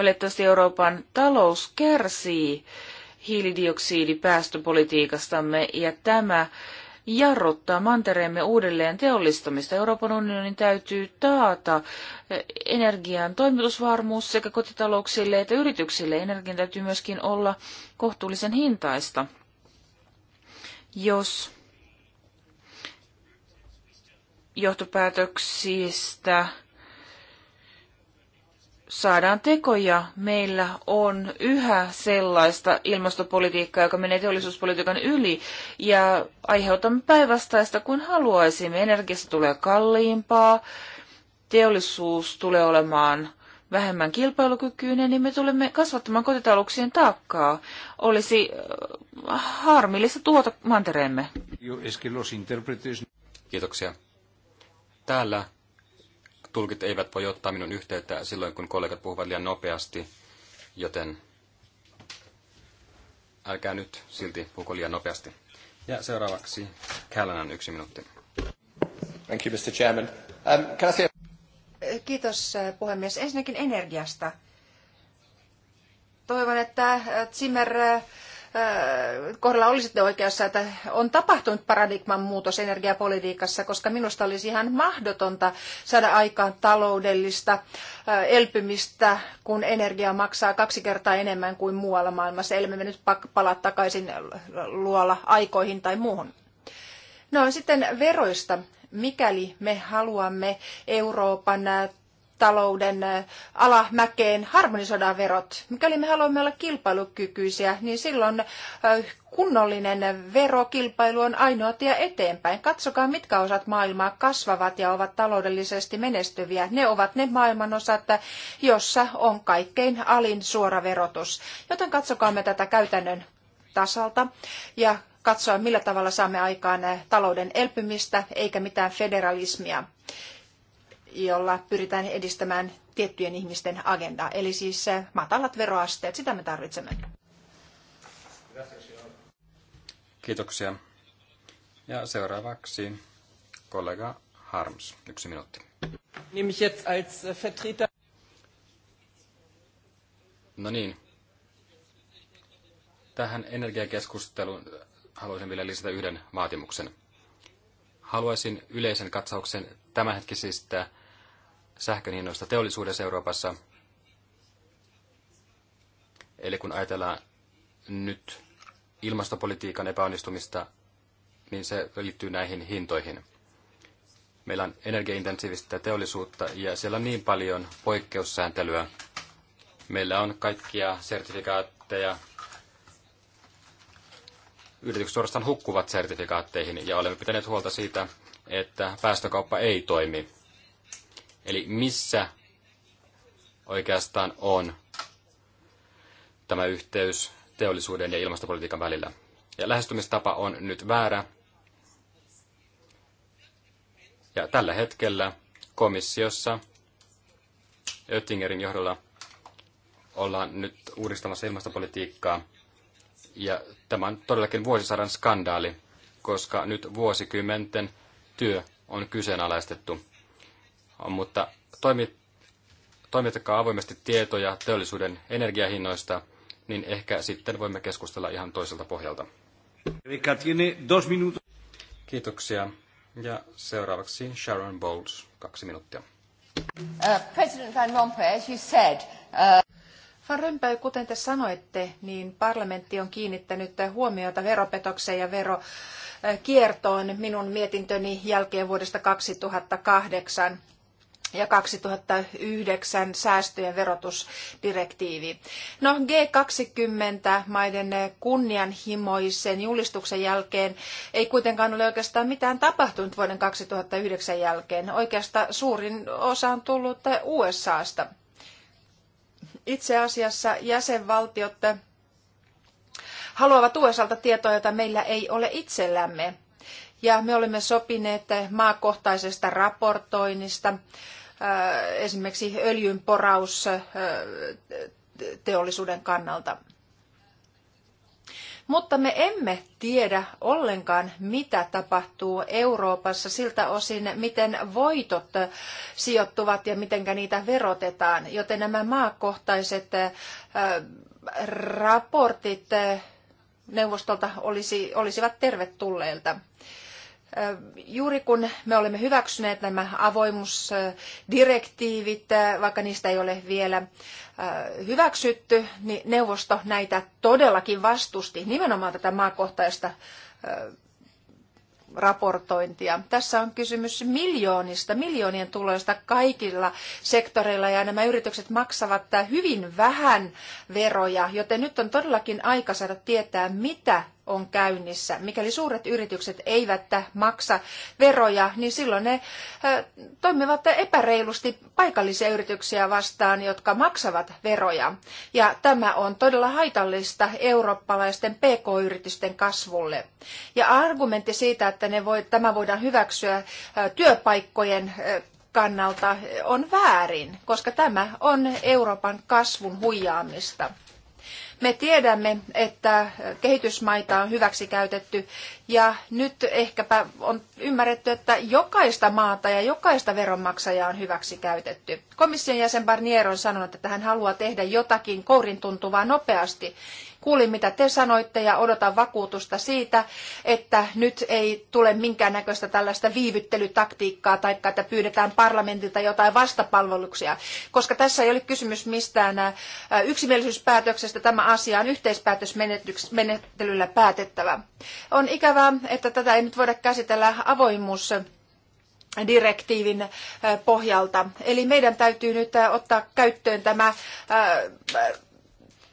Valitettavasti Euroopan talous kärsii hiilidioksidipäästöpolitiikastamme ja tämä jarruttaa mantereemme uudelleen teollistamista. Euroopan unionin täytyy taata energian toimitusvarmuus sekä kotitalouksille että yrityksille. Energian täytyy myöskin olla kohtuullisen hintaista. Jos johtopäätöksistä saadaan tekoja. Meillä on yhä sellaista ilmastopolitiikkaa, joka menee teollisuuspolitiikan yli ja aiheutamme päinvastaista kuin haluaisimme. Energiasta tulee kalliimpaa, teollisuus tulee olemaan vähemmän kilpailukykyinen, niin me tulemme kasvattamaan kotitalouksien taakkaa. Olisi äh, harmillista tuota mantereemme. Kiitoksia. Täällä tulkit eivät voi ottaa minun yhteyttä silloin, kun kollegat puhuvat liian nopeasti, joten älkää nyt silti puhuko liian nopeasti. Ja seuraavaksi Kälänän yksi minuutti. Thank you, Mr. Chairman. Um, can I say... Kiitos äh, puhemies. Ensinnäkin energiasta. Toivon, että äh, Zimmer äh, kohdalla olisitte oikeassa, että on tapahtunut paradigman muutos energiapolitiikassa, koska minusta olisi ihan mahdotonta saada aikaan taloudellista elpymistä, kun energia maksaa kaksi kertaa enemmän kuin muualla maailmassa. Ellei me nyt palaa takaisin luola aikoihin tai muuhun. No sitten veroista mikäli me haluamme Euroopan talouden alamäkeen harmonisoidaan verot. Mikäli me haluamme olla kilpailukykyisiä, niin silloin kunnollinen verokilpailu on ainoa tie eteenpäin. Katsokaa, mitkä osat maailmaa kasvavat ja ovat taloudellisesti menestyviä. Ne ovat ne maailmanosat, jossa on kaikkein alin suora verotus. Joten katsokaamme tätä käytännön tasalta ja katsoa, millä tavalla saamme aikaan talouden elpymistä eikä mitään federalismia jolla pyritään edistämään tiettyjen ihmisten agendaa. Eli siis eh, matalat veroasteet, sitä me tarvitsemme. Kiitoksia. Ja seuraavaksi kollega Harms, yksi minuutti. Eh, no niin. Tähän energiakeskusteluun haluaisin vielä lisätä yhden vaatimuksen. Haluaisin yleisen katsauksen tämänhetkisistä sähkön hinnoista teollisuudessa Euroopassa. Eli kun ajatellaan nyt ilmastopolitiikan epäonnistumista, niin se liittyy näihin hintoihin. Meillä on energiaintensiivistä teollisuutta ja siellä on niin paljon poikkeussääntelyä. Meillä on kaikkia sertifikaatteja. Yritykset suorastaan hukkuvat sertifikaatteihin ja olemme pitäneet huolta siitä, että päästökauppa ei toimi. Eli missä oikeastaan on tämä yhteys teollisuuden ja ilmastopolitiikan välillä. Ja lähestymistapa on nyt väärä. Ja tällä hetkellä komissiossa Oettingerin johdolla ollaan nyt uudistamassa ilmastopolitiikkaa. Ja tämä on todellakin vuosisadan skandaali, koska nyt vuosikymmenten työ on kyseenalaistettu mutta toimi, toimittakaa avoimesti tietoja teollisuuden energiahinnoista, niin ehkä sitten voimme keskustella ihan toiselta pohjalta. Kiitoksia. Ja seuraavaksi Sharon Bowles, kaksi minuuttia. Uh, President Van Rompuy, as you said, uh... Van Rompuy, kuten te sanoitte, niin parlamentti on kiinnittänyt huomiota veropetokseen ja verokiertoon minun mietintöni jälkeen vuodesta 2008 ja 2009 säästöjen verotusdirektiivi. No G20-maiden kunnianhimoisen julistuksen jälkeen ei kuitenkaan ole oikeastaan mitään tapahtunut vuoden 2009 jälkeen. Oikeastaan suurin osa on tullut USAsta. Itse asiassa jäsenvaltiot haluavat USAlta tietoa, jota meillä ei ole itsellämme. Ja me olemme sopineet maakohtaisesta raportoinnista Äh, esimerkiksi öljynporaus äh, teollisuuden kannalta. Mutta me emme tiedä ollenkaan, mitä tapahtuu Euroopassa siltä osin, miten voitot äh, sijoittuvat ja miten niitä verotetaan. Joten nämä maakohtaiset raportit neuvostolta olisi, olisivat tervetulleilta juuri kun me olemme hyväksyneet nämä avoimuusdirektiivit, vaikka niistä ei ole vielä hyväksytty, niin neuvosto näitä todellakin vastusti, nimenomaan tätä maakohtaista raportointia. Tässä on kysymys miljoonista, miljoonien tuloista kaikilla sektoreilla ja nämä yritykset maksavat hyvin vähän veroja, joten nyt on todellakin aika saada tietää, mitä on käynnissä. Mikäli suuret yritykset eivät maksa veroja, niin silloin ne toimivat epäreilusti paikallisia yrityksiä vastaan, jotka maksavat veroja. Ja tämä on todella haitallista eurooppalaisten pk-yritysten kasvulle. Ja argumentti siitä, että ne voi, tämä voidaan hyväksyä työpaikkojen kannalta on väärin, koska tämä on Euroopan kasvun huijaamista. Me tiedämme, että kehitysmaita on hyväksi käytetty ja nyt ehkäpä on ymmärretty, että jokaista maata ja jokaista veronmaksajaa on hyväksi käytetty. Komission jäsen Barnier on sanonut, että hän haluaa tehdä jotakin kourin tuntuvaa nopeasti Kuulin, mitä te sanoitte ja odotan vakuutusta siitä, että nyt ei tule minkäännäköistä tällaista viivyttelytaktiikkaa tai että pyydetään parlamentilta jotain vastapalveluksia, koska tässä ei ole kysymys mistään äh, yksimielisyyspäätöksestä. Tämä asia on yhteispäätösmenettelyllä päätettävä. On ikävää, että tätä ei nyt voida käsitellä avoimuus äh, direktiivin äh, pohjalta. Eli meidän täytyy nyt ottaa käyttöön tämä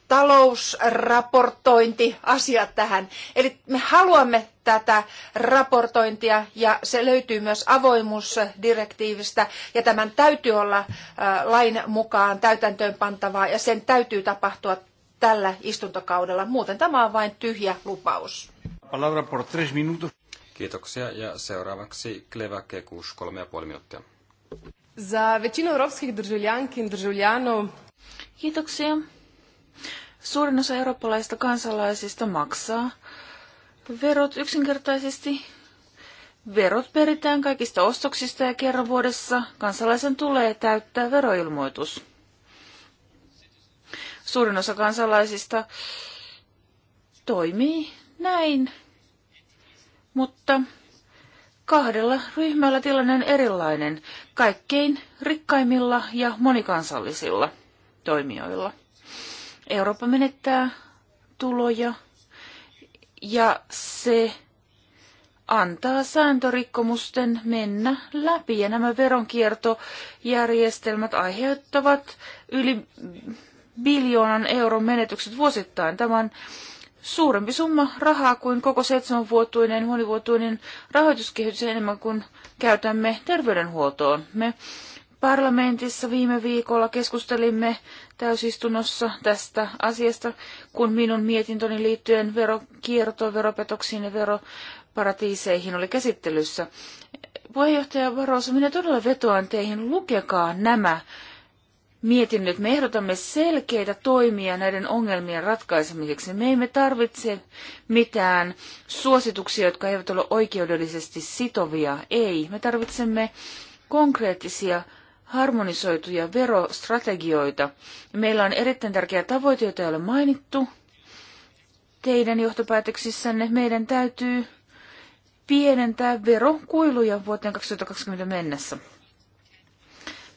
Talousraportointi asia tähän. Eli me haluamme tätä raportointia ja se löytyy myös avoimuusdirektiivistä ja tämän täytyy olla äh, lain mukaan täytäntöönpantavaa ja sen täytyy tapahtua tällä istuntokaudella. Muuten tämä on vain tyhjä lupaus. Kiitoksia ja seuraavaksi Kleva Kekuš, kolme ja puoli minuuttia. Za većinu europskih državljanki i državljanov... Kiitoksia. Suurin osa eurooppalaisista kansalaisista maksaa verot yksinkertaisesti. Verot peritään kaikista ostoksista ja kerran vuodessa kansalaisen tulee täyttää veroilmoitus. Suurin osa kansalaisista toimii näin, mutta kahdella ryhmällä tilanne on erilainen, kaikkein rikkaimmilla ja monikansallisilla toimijoilla. Eurooppa menettää tuloja ja se antaa sääntörikkomusten mennä läpi. Ja nämä veronkiertojärjestelmät aiheuttavat yli biljoonan euron menetykset vuosittain. Tämä on suurempi summa rahaa kuin koko seitsemänvuotuinen monivuotuinen rahoituskehitys enemmän kuin käytämme terveydenhuoltoon. Me parlamentissa viime viikolla keskustelimme täysistunnossa tästä asiasta, kun minun mietintöni liittyen verokiertoon, veropetoksiin ja veroparatiiseihin oli käsittelyssä. Puheenjohtaja Varosa, minä todella vetoan teihin, lukekaa nämä mietinnöt. Me ehdotamme selkeitä toimia näiden ongelmien ratkaisemiseksi. Me emme tarvitse mitään suosituksia, jotka eivät ole oikeudellisesti sitovia. Ei, me tarvitsemme konkreettisia harmonisoituja verostrategioita. Meillä on erittäin tärkeä tavoite, jota ei ole mainittu teidän johtopäätöksissänne. Meidän täytyy pienentää verokuiluja vuoteen 2020 mennessä.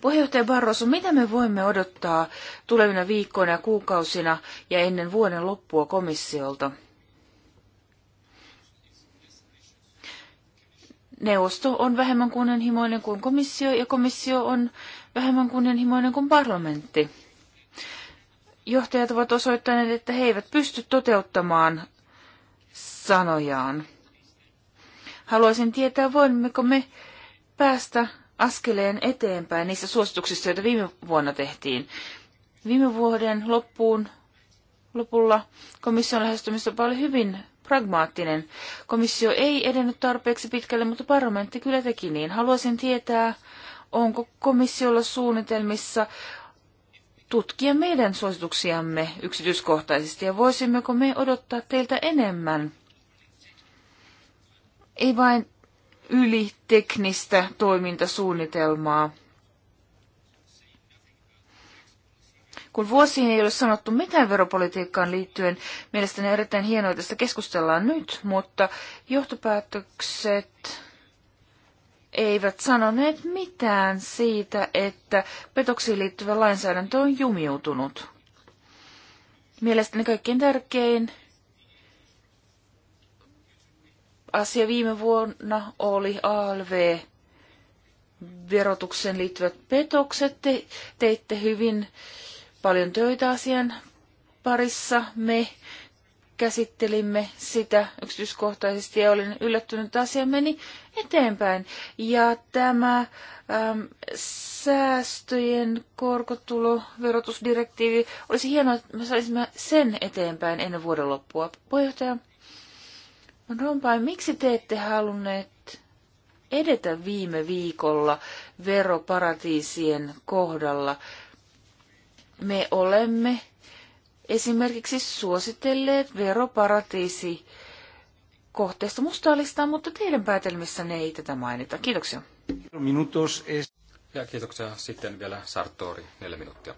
Puheenjohtaja Barroso, mitä me voimme odottaa tulevina viikkoina ja kuukausina ja ennen vuoden loppua komissiolta? neuvosto on vähemmän kunnianhimoinen kuin komissio ja komissio on vähemmän kunnianhimoinen kuin parlamentti. Johtajat ovat osoittaneet, että he eivät pysty toteuttamaan sanojaan. Haluaisin tietää, voimmeko me päästä askeleen eteenpäin niissä suosituksissa, joita viime vuonna tehtiin. Viime vuoden loppuun lopulla komission lähestymistapa oli hyvin pragmaattinen. Komissio ei edennyt tarpeeksi pitkälle, mutta parlamentti kyllä teki niin. Haluaisin tietää, onko komissiolla suunnitelmissa tutkia meidän suosituksiamme yksityiskohtaisesti ja voisimmeko me odottaa teiltä enemmän? Ei vain yliteknistä toimintasuunnitelmaa. kun vuosiin ei ole sanottu mitään veropolitiikkaan liittyen, mielestäni erittäin hienoa, että tästä keskustellaan nyt, mutta johtopäätökset eivät sanoneet mitään siitä, että petoksiin liittyvä lainsäädäntö on jumiutunut. Mielestäni kaikkein tärkein asia viime vuonna oli ALV verotukseen liittyvät petokset. Te, teitte hyvin paljon töitä asian parissa. Me käsittelimme sitä yksityiskohtaisesti ja olin yllättynyt, että asia meni eteenpäin. Ja tämä äm, säästöjen korkotuloverotusdirektiivi, olisi hienoa, että me saisimme sen eteenpäin ennen vuoden loppua. Puheenjohtaja Rompai, miksi te ette halunneet edetä viime viikolla veroparatiisien kohdalla? me olemme esimerkiksi suositelleet veroparatiisi kohteesta listaa, mutta teidän päätelmissänne ei tätä mainita. Kiitoksia. Minutos es... Ja kiitoksia. Sitten vielä Sartori, neljä minuuttia.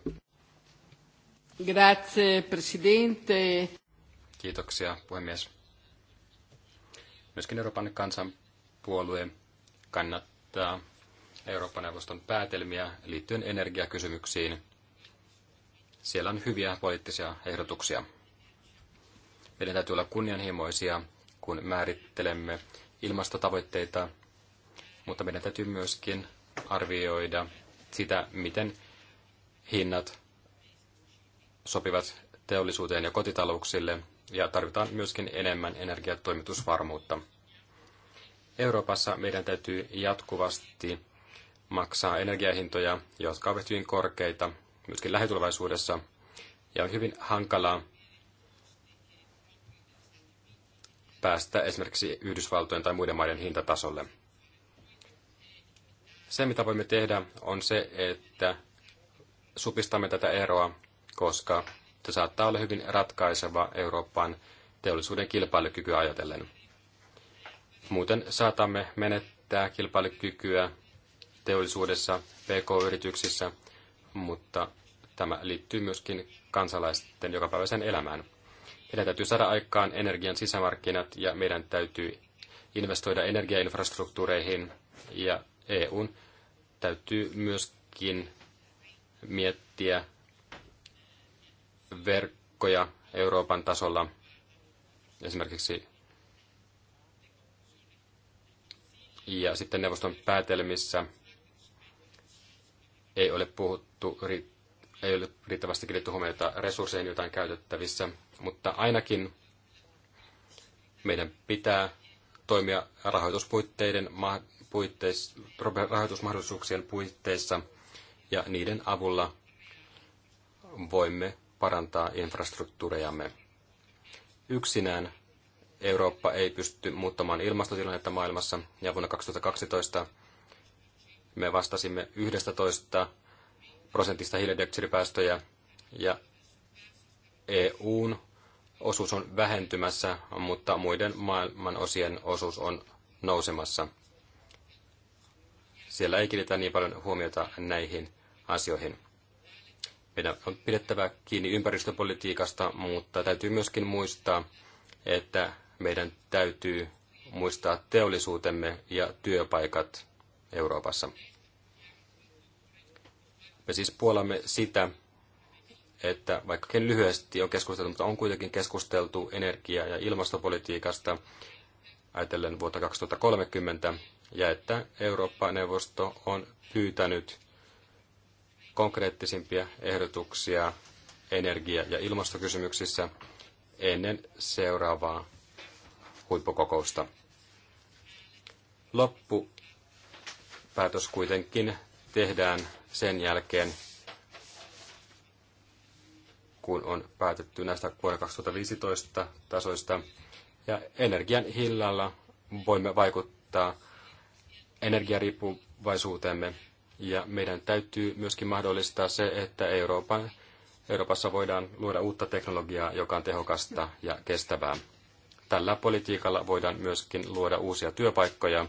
Grazie, presidente. Kiitoksia, puhemies. Myöskin Euroopan kansanpuolue kannattaa Euroopan neuvoston päätelmiä liittyen energiakysymyksiin – siellä on hyviä poliittisia ehdotuksia. Meidän täytyy olla kunnianhimoisia, kun määrittelemme ilmastotavoitteita, mutta meidän täytyy myöskin arvioida sitä, miten hinnat sopivat teollisuuteen ja kotitalouksille, ja tarvitaan myöskin enemmän energiatoimitusvarmuutta. Euroopassa meidän täytyy jatkuvasti maksaa energiahintoja, jotka ovat hyvin korkeita, myöskin lähitulevaisuudessa. Ja on hyvin hankalaa päästä esimerkiksi Yhdysvaltojen tai muiden maiden hintatasolle. Se, mitä voimme tehdä, on se, että supistamme tätä eroa, koska se saattaa olla hyvin ratkaiseva Euroopan teollisuuden kilpailukykyä ajatellen. Muuten saatamme menettää kilpailukykyä teollisuudessa, pk-yrityksissä mutta tämä liittyy myöskin kansalaisten jokapäiväiseen elämään. Meidän täytyy saada aikaan energian sisämarkkinat ja meidän täytyy investoida energiainfrastruktuureihin ja EUn täytyy myöskin miettiä verkkoja Euroopan tasolla, esimerkiksi ja sitten neuvoston päätelmissä ei ole puhuttu, ei ole riittävästi kiinnitty huomiota resursseihin, joita on käytettävissä, mutta ainakin meidän pitää toimia rahoituspuitteiden, puitteissa, rahoitusmahdollisuuksien puitteissa ja niiden avulla voimme parantaa infrastruktuurejamme. Yksinään Eurooppa ei pysty muuttamaan ilmastotilannetta maailmassa ja vuonna 2012 me vastasimme 11 prosentista hiilidioksidipäästöjä ja EUn osuus on vähentymässä, mutta muiden maailman osien osuus on nousemassa. Siellä ei kiinnitä niin paljon huomiota näihin asioihin. Meidän on pidettävä kiinni ympäristöpolitiikasta, mutta täytyy myöskin muistaa, että meidän täytyy muistaa teollisuutemme ja työpaikat Euroopassa. Me siis puolamme sitä, että vaikkakin lyhyesti on keskusteltu, mutta on kuitenkin keskusteltu energia- ja ilmastopolitiikasta ajatellen vuotta 2030, ja että Eurooppa-neuvosto on pyytänyt konkreettisimpia ehdotuksia energia- ja ilmastokysymyksissä ennen seuraavaa huippukokousta. Loppu päätös kuitenkin tehdään sen jälkeen, kun on päätetty näistä vuoden 2015 tasoista. Ja energian hillalla voimme vaikuttaa energiariippuvaisuuteemme. Ja meidän täytyy myöskin mahdollistaa se, että Euroopan, Euroopassa voidaan luoda uutta teknologiaa, joka on tehokasta ja kestävää. Tällä politiikalla voidaan myöskin luoda uusia työpaikkoja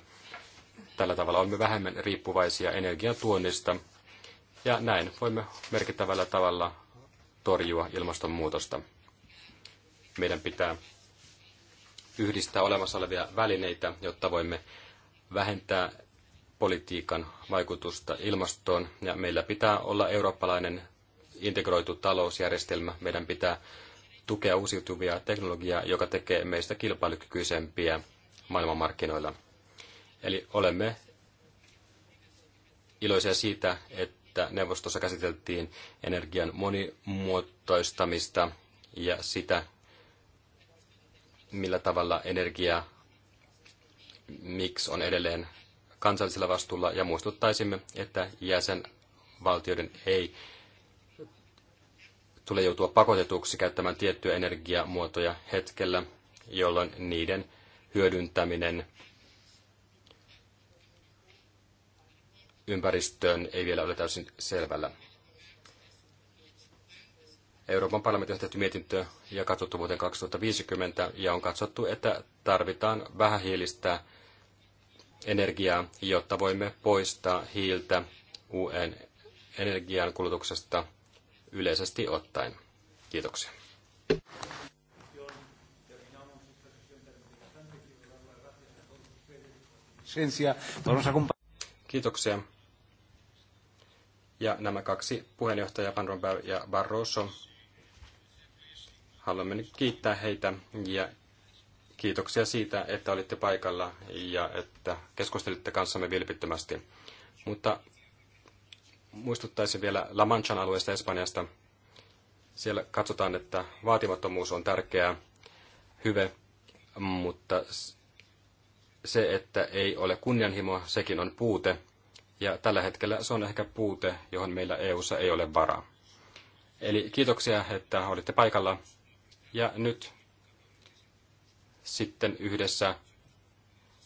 Tällä tavalla olemme vähemmän riippuvaisia energiatuonnista tuonnista ja näin voimme merkittävällä tavalla torjua ilmastonmuutosta. Meidän pitää yhdistää olemassa olevia välineitä, jotta voimme vähentää politiikan vaikutusta ilmastoon ja meillä pitää olla eurooppalainen integroitu talousjärjestelmä. Meidän pitää tukea uusiutuvia teknologiaa, joka tekee meistä kilpailukykyisempiä maailmanmarkkinoilla. Eli olemme iloisia siitä, että neuvostossa käsiteltiin energian monimuotoistamista ja sitä, millä tavalla energia miksi on edelleen kansallisella vastuulla ja muistuttaisimme, että jäsenvaltioiden ei tule joutua pakotetuksi käyttämään tiettyjä energiamuotoja hetkellä, jolloin niiden hyödyntäminen ympäristöön ei vielä ole täysin selvällä. Euroopan parlamentin on tehty mietintö ja katsottu vuoteen 2050 ja on katsottu, että tarvitaan vähähiilistä energiaa, jotta voimme poistaa hiiltä uuden energian kulutuksesta yleisesti ottaen. Kiitoksia. Kiitoksia. Ja nämä kaksi puheenjohtaja Van Rompuy ja Barroso, haluamme nyt kiittää heitä ja kiitoksia siitä, että olitte paikalla ja että keskustelitte kanssamme vilpittömästi. Mutta muistuttaisin vielä La Manchan alueesta Espanjasta. Siellä katsotaan, että vaatimattomuus on tärkeä, hyve, mutta se, että ei ole kunnianhimoa, sekin on puute – ja tällä hetkellä se on ehkä puute, johon meillä EU:ssa ei ole varaa. Eli kiitoksia, että olitte paikalla. Ja nyt sitten yhdessä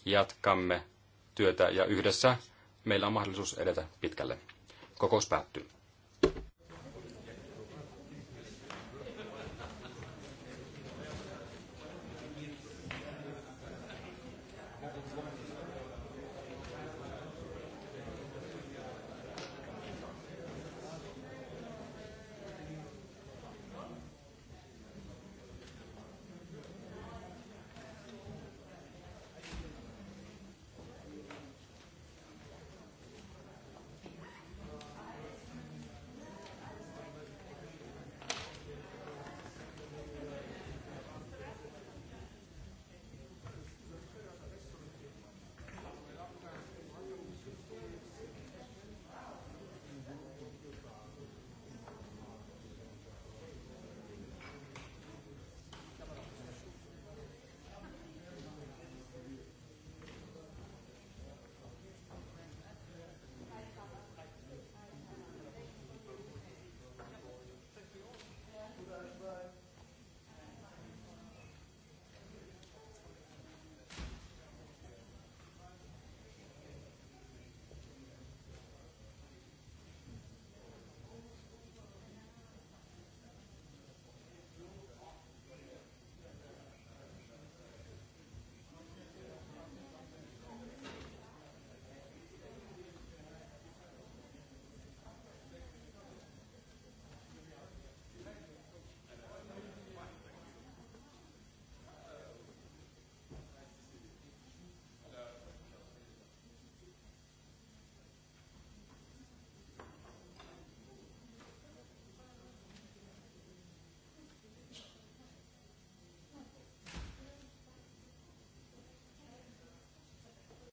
jatkamme työtä ja yhdessä meillä on mahdollisuus edetä pitkälle. Kokous päättyy.